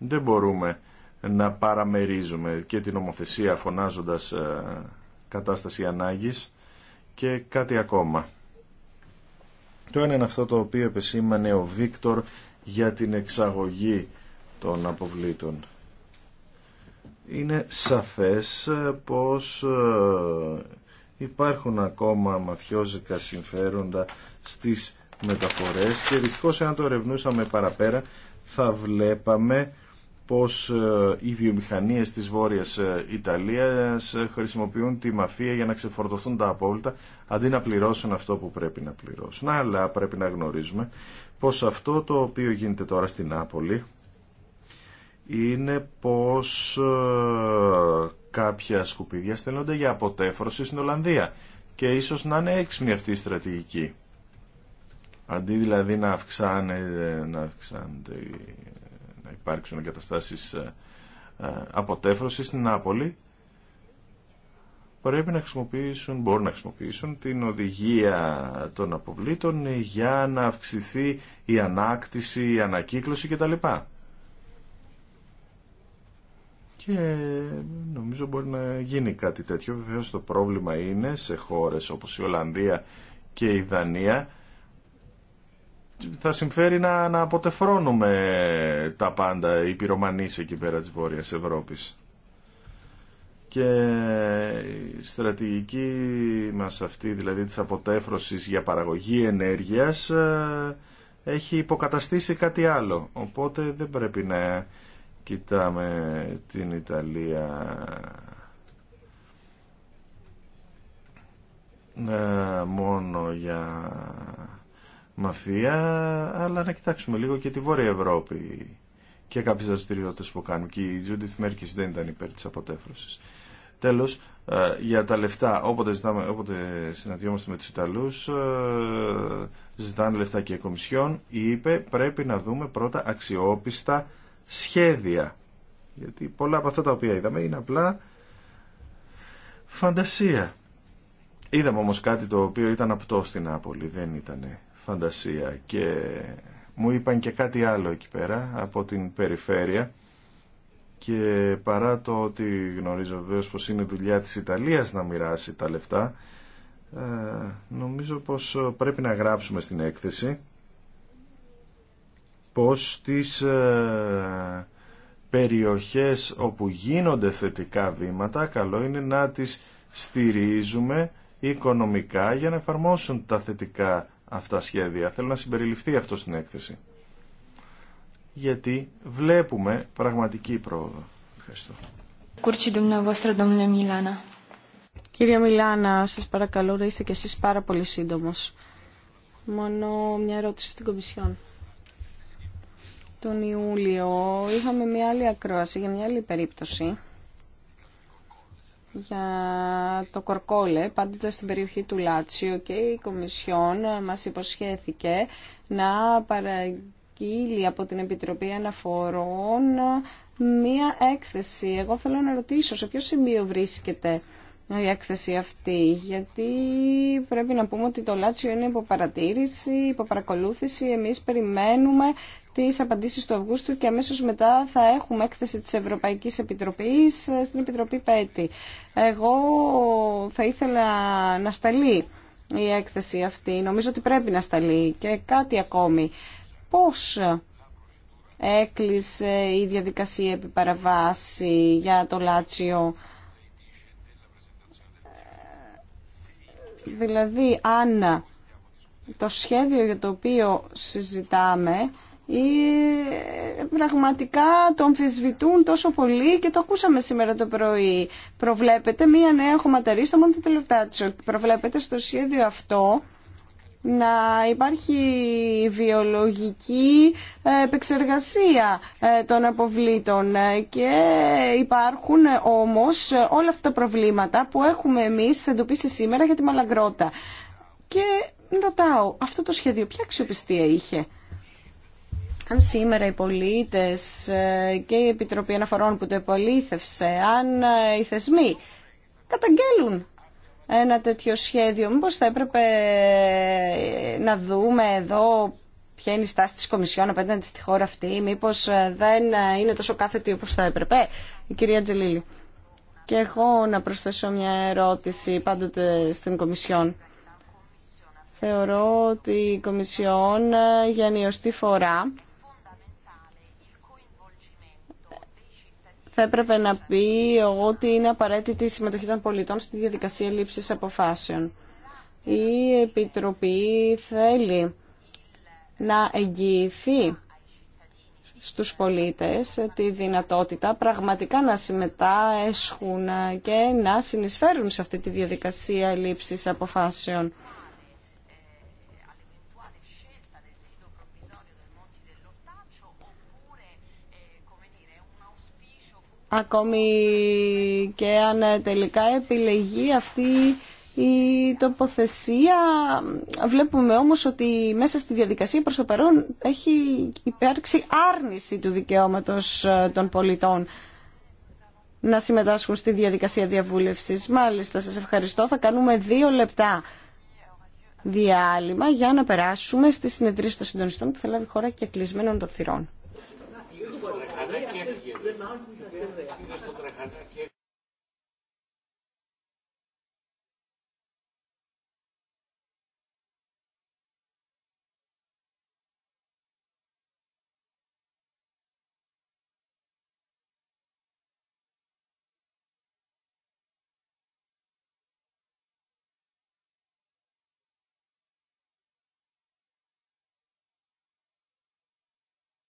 δεν μπορούμε να παραμερίζουμε και την ομοθεσία φωνάζοντας ε, κατάσταση ανάγκης και κάτι ακόμα. Το ένα είναι αυτό το οποίο επεσήμανε ο Βίκτορ για την εξαγωγή των αποβλήτων. Είναι σαφές ε, πως ε, υπάρχουν ακόμα μαφιόζικα συμφέροντα στις μεταφορές και δυστυχώς αν το ερευνούσαμε παραπέρα θα βλέπαμε πως ε, οι βιομηχανίες της Βόρειας ε, Ιταλίας ε, χρησιμοποιούν τη μαφία για να ξεφορτωθούν τα απόλυτα αντί να πληρώσουν αυτό που πρέπει να πληρώσουν. Αλλά πρέπει να γνωρίζουμε πως αυτό το οποίο γίνεται τώρα στην Άπολη είναι πως κάποια σκουπίδια στέλνονται για αποτέφρωση στην Ολλανδία και ίσως να είναι έξυπνη αυτή η στρατηγική. Αντί δηλαδή να αυξάνεται, να αυξάνεται υπάρξουν εγκαταστάσεις ε, ε, αποτέφρωσης στην Νάπολη πρέπει να χρησιμοποιήσουν, μπορούν να χρησιμοποιήσουν την οδηγία των αποβλήτων για να αυξηθεί η ανάκτηση, η ανακύκλωση κτλ. Και νομίζω μπορεί να γίνει κάτι τέτοιο. Βεβαίως το πρόβλημα είναι σε χώρες όπως η Ολλανδία και η Δανία θα συμφέρει να, να αποτεφρώνουμε τα πάντα οι πυρομανείς εκεί πέρα της Βόρειας Ευρώπης. Και η στρατηγική μας αυτή, δηλαδή της αποτέφρωσης για παραγωγή ενέργειας, ε, έχει υποκαταστήσει κάτι άλλο. Οπότε δεν πρέπει να κοιτάμε την Ιταλία ε, μόνο για μαφία, αλλά να κοιτάξουμε λίγο και τη Βόρεια Ευρώπη και κάποιε δραστηριότητε που κάνουν. Και η Τζούντιθ Μέρκη δεν ήταν υπέρ τη αποτέφρωση. Τέλο, ε, για τα λεφτά, όποτε, ζητάμε, όποτε συναντιόμαστε με του Ιταλού, ε, ζητάνε λεφτά και Κομισιόν. Είπε πρέπει να δούμε πρώτα αξιόπιστα σχέδια. Γιατί πολλά από αυτά τα οποία είδαμε είναι απλά φαντασία. Είδαμε όμως κάτι το οποίο ήταν απτό στην Άπολη, δεν ήταν φαντασία και μου είπαν και κάτι άλλο εκεί πέρα από την περιφέρεια και παρά το ότι γνωρίζω βεβαίω πως είναι δουλειά της Ιταλίας να μοιράσει τα λεφτά ε, νομίζω πως πρέπει να γράψουμε στην έκθεση πως τις ε, περιοχές όπου γίνονται θετικά βήματα καλό είναι να τις στηρίζουμε οικονομικά για να εφαρμόσουν τα θετικά αυτά σχέδια. Θέλω να συμπεριληφθεί αυτό στην έκθεση. Γιατί βλέπουμε πραγματική πρόοδο. Ευχαριστώ. Κύριε Μιλάνα, σας παρακαλώ να είστε και εσείς πάρα πολύ σύντομος. Μόνο μια ερώτηση στην Κομισιόν. Τον Ιούλιο είχαμε μια άλλη ακρόαση για μια άλλη περίπτωση για το Κορκόλε, πάντοτε στην περιοχή του Λάτσιο και η Κομισιόν μας υποσχέθηκε να παραγγείλει από την Επιτροπή Αναφορών μία έκθεση. Εγώ θέλω να ρωτήσω σε ποιο σημείο βρίσκεται η έκθεση αυτή, γιατί πρέπει να πούμε ότι το Λάτσιο είναι υποπαρατήρηση, υποπαρακολούθηση, εμείς περιμένουμε τι απαντήσει του Αυγούστου και αμέσω μετά θα έχουμε έκθεση της Ευρωπαϊκής Επιτροπής ε, στην Επιτροπή ΠΕΤΗ. Εγώ θα ήθελα να σταλεί η έκθεση αυτή. Νομίζω ότι πρέπει να σταλεί και κάτι ακόμη. Πώς έκλεισε η διαδικασία επί παραβάση για το Λάτσιο. Δηλαδή, αν το σχέδιο για το οποίο συζητάμε ή ε, πραγματικά το αμφισβητούν τόσο πολύ και το ακούσαμε σήμερα το πρωί. Προβλέπετε μία νέα χωματερή στο Μοντετελετάτσο. Προβλέπετε στο σχέδιο αυτό να υπάρχει βιολογική ε, επεξεργασία ε, των αποβλήτων και υπάρχουν όμως όλα αυτά τα προβλήματα που έχουμε εμείς εντοπίσει σήμερα για τη μαλαγκρότα. Και ρωτάω, αυτό το σχέδιο ποια αξιοπιστία είχε αν σήμερα οι πολίτες ε, και η Επιτροπή Αναφορών που το υπολήθευσε, αν ε, οι θεσμοί καταγγέλουν ένα τέτοιο σχέδιο, μήπως θα έπρεπε ε, να δούμε εδώ ποια είναι η στάση της Κομισιόν απέναντι στη χώρα αυτή, μήπως δεν είναι τόσο κάθετη όπως θα έπρεπε. Η κυρία Τζελίλη. Και εγώ να προσθέσω μια ερώτηση πάντοτε στην Κομισιόν. Θεωρώ ότι η Κομισιόν για νιωστή φορά θα έπρεπε να πει ότι είναι απαραίτητη η συμμετοχή των πολιτών στη διαδικασία λήψης αποφάσεων. Η Επιτροπή θέλει να εγγυηθεί στους πολίτες τη δυνατότητα πραγματικά να συμμετάσχουν και να συνεισφέρουν σε αυτή τη διαδικασία λήψης αποφάσεων. Ακόμη και αν ε, τελικά επιλεγεί αυτή η τοποθεσία, βλέπουμε όμως ότι μέσα στη διαδικασία προς το παρόν έχει υπάρξει άρνηση του δικαιώματος ε, των πολιτών να συμμετάσχουν στη διαδικασία διαβούλευσης. Μάλιστα, σας ευχαριστώ. Θα κάνουμε δύο λεπτά διάλειμμα για να περάσουμε στη συνεδρίαση των συντονιστών που θα λάβει χώρα και κλεισμένων των θυρών the mountains are still there.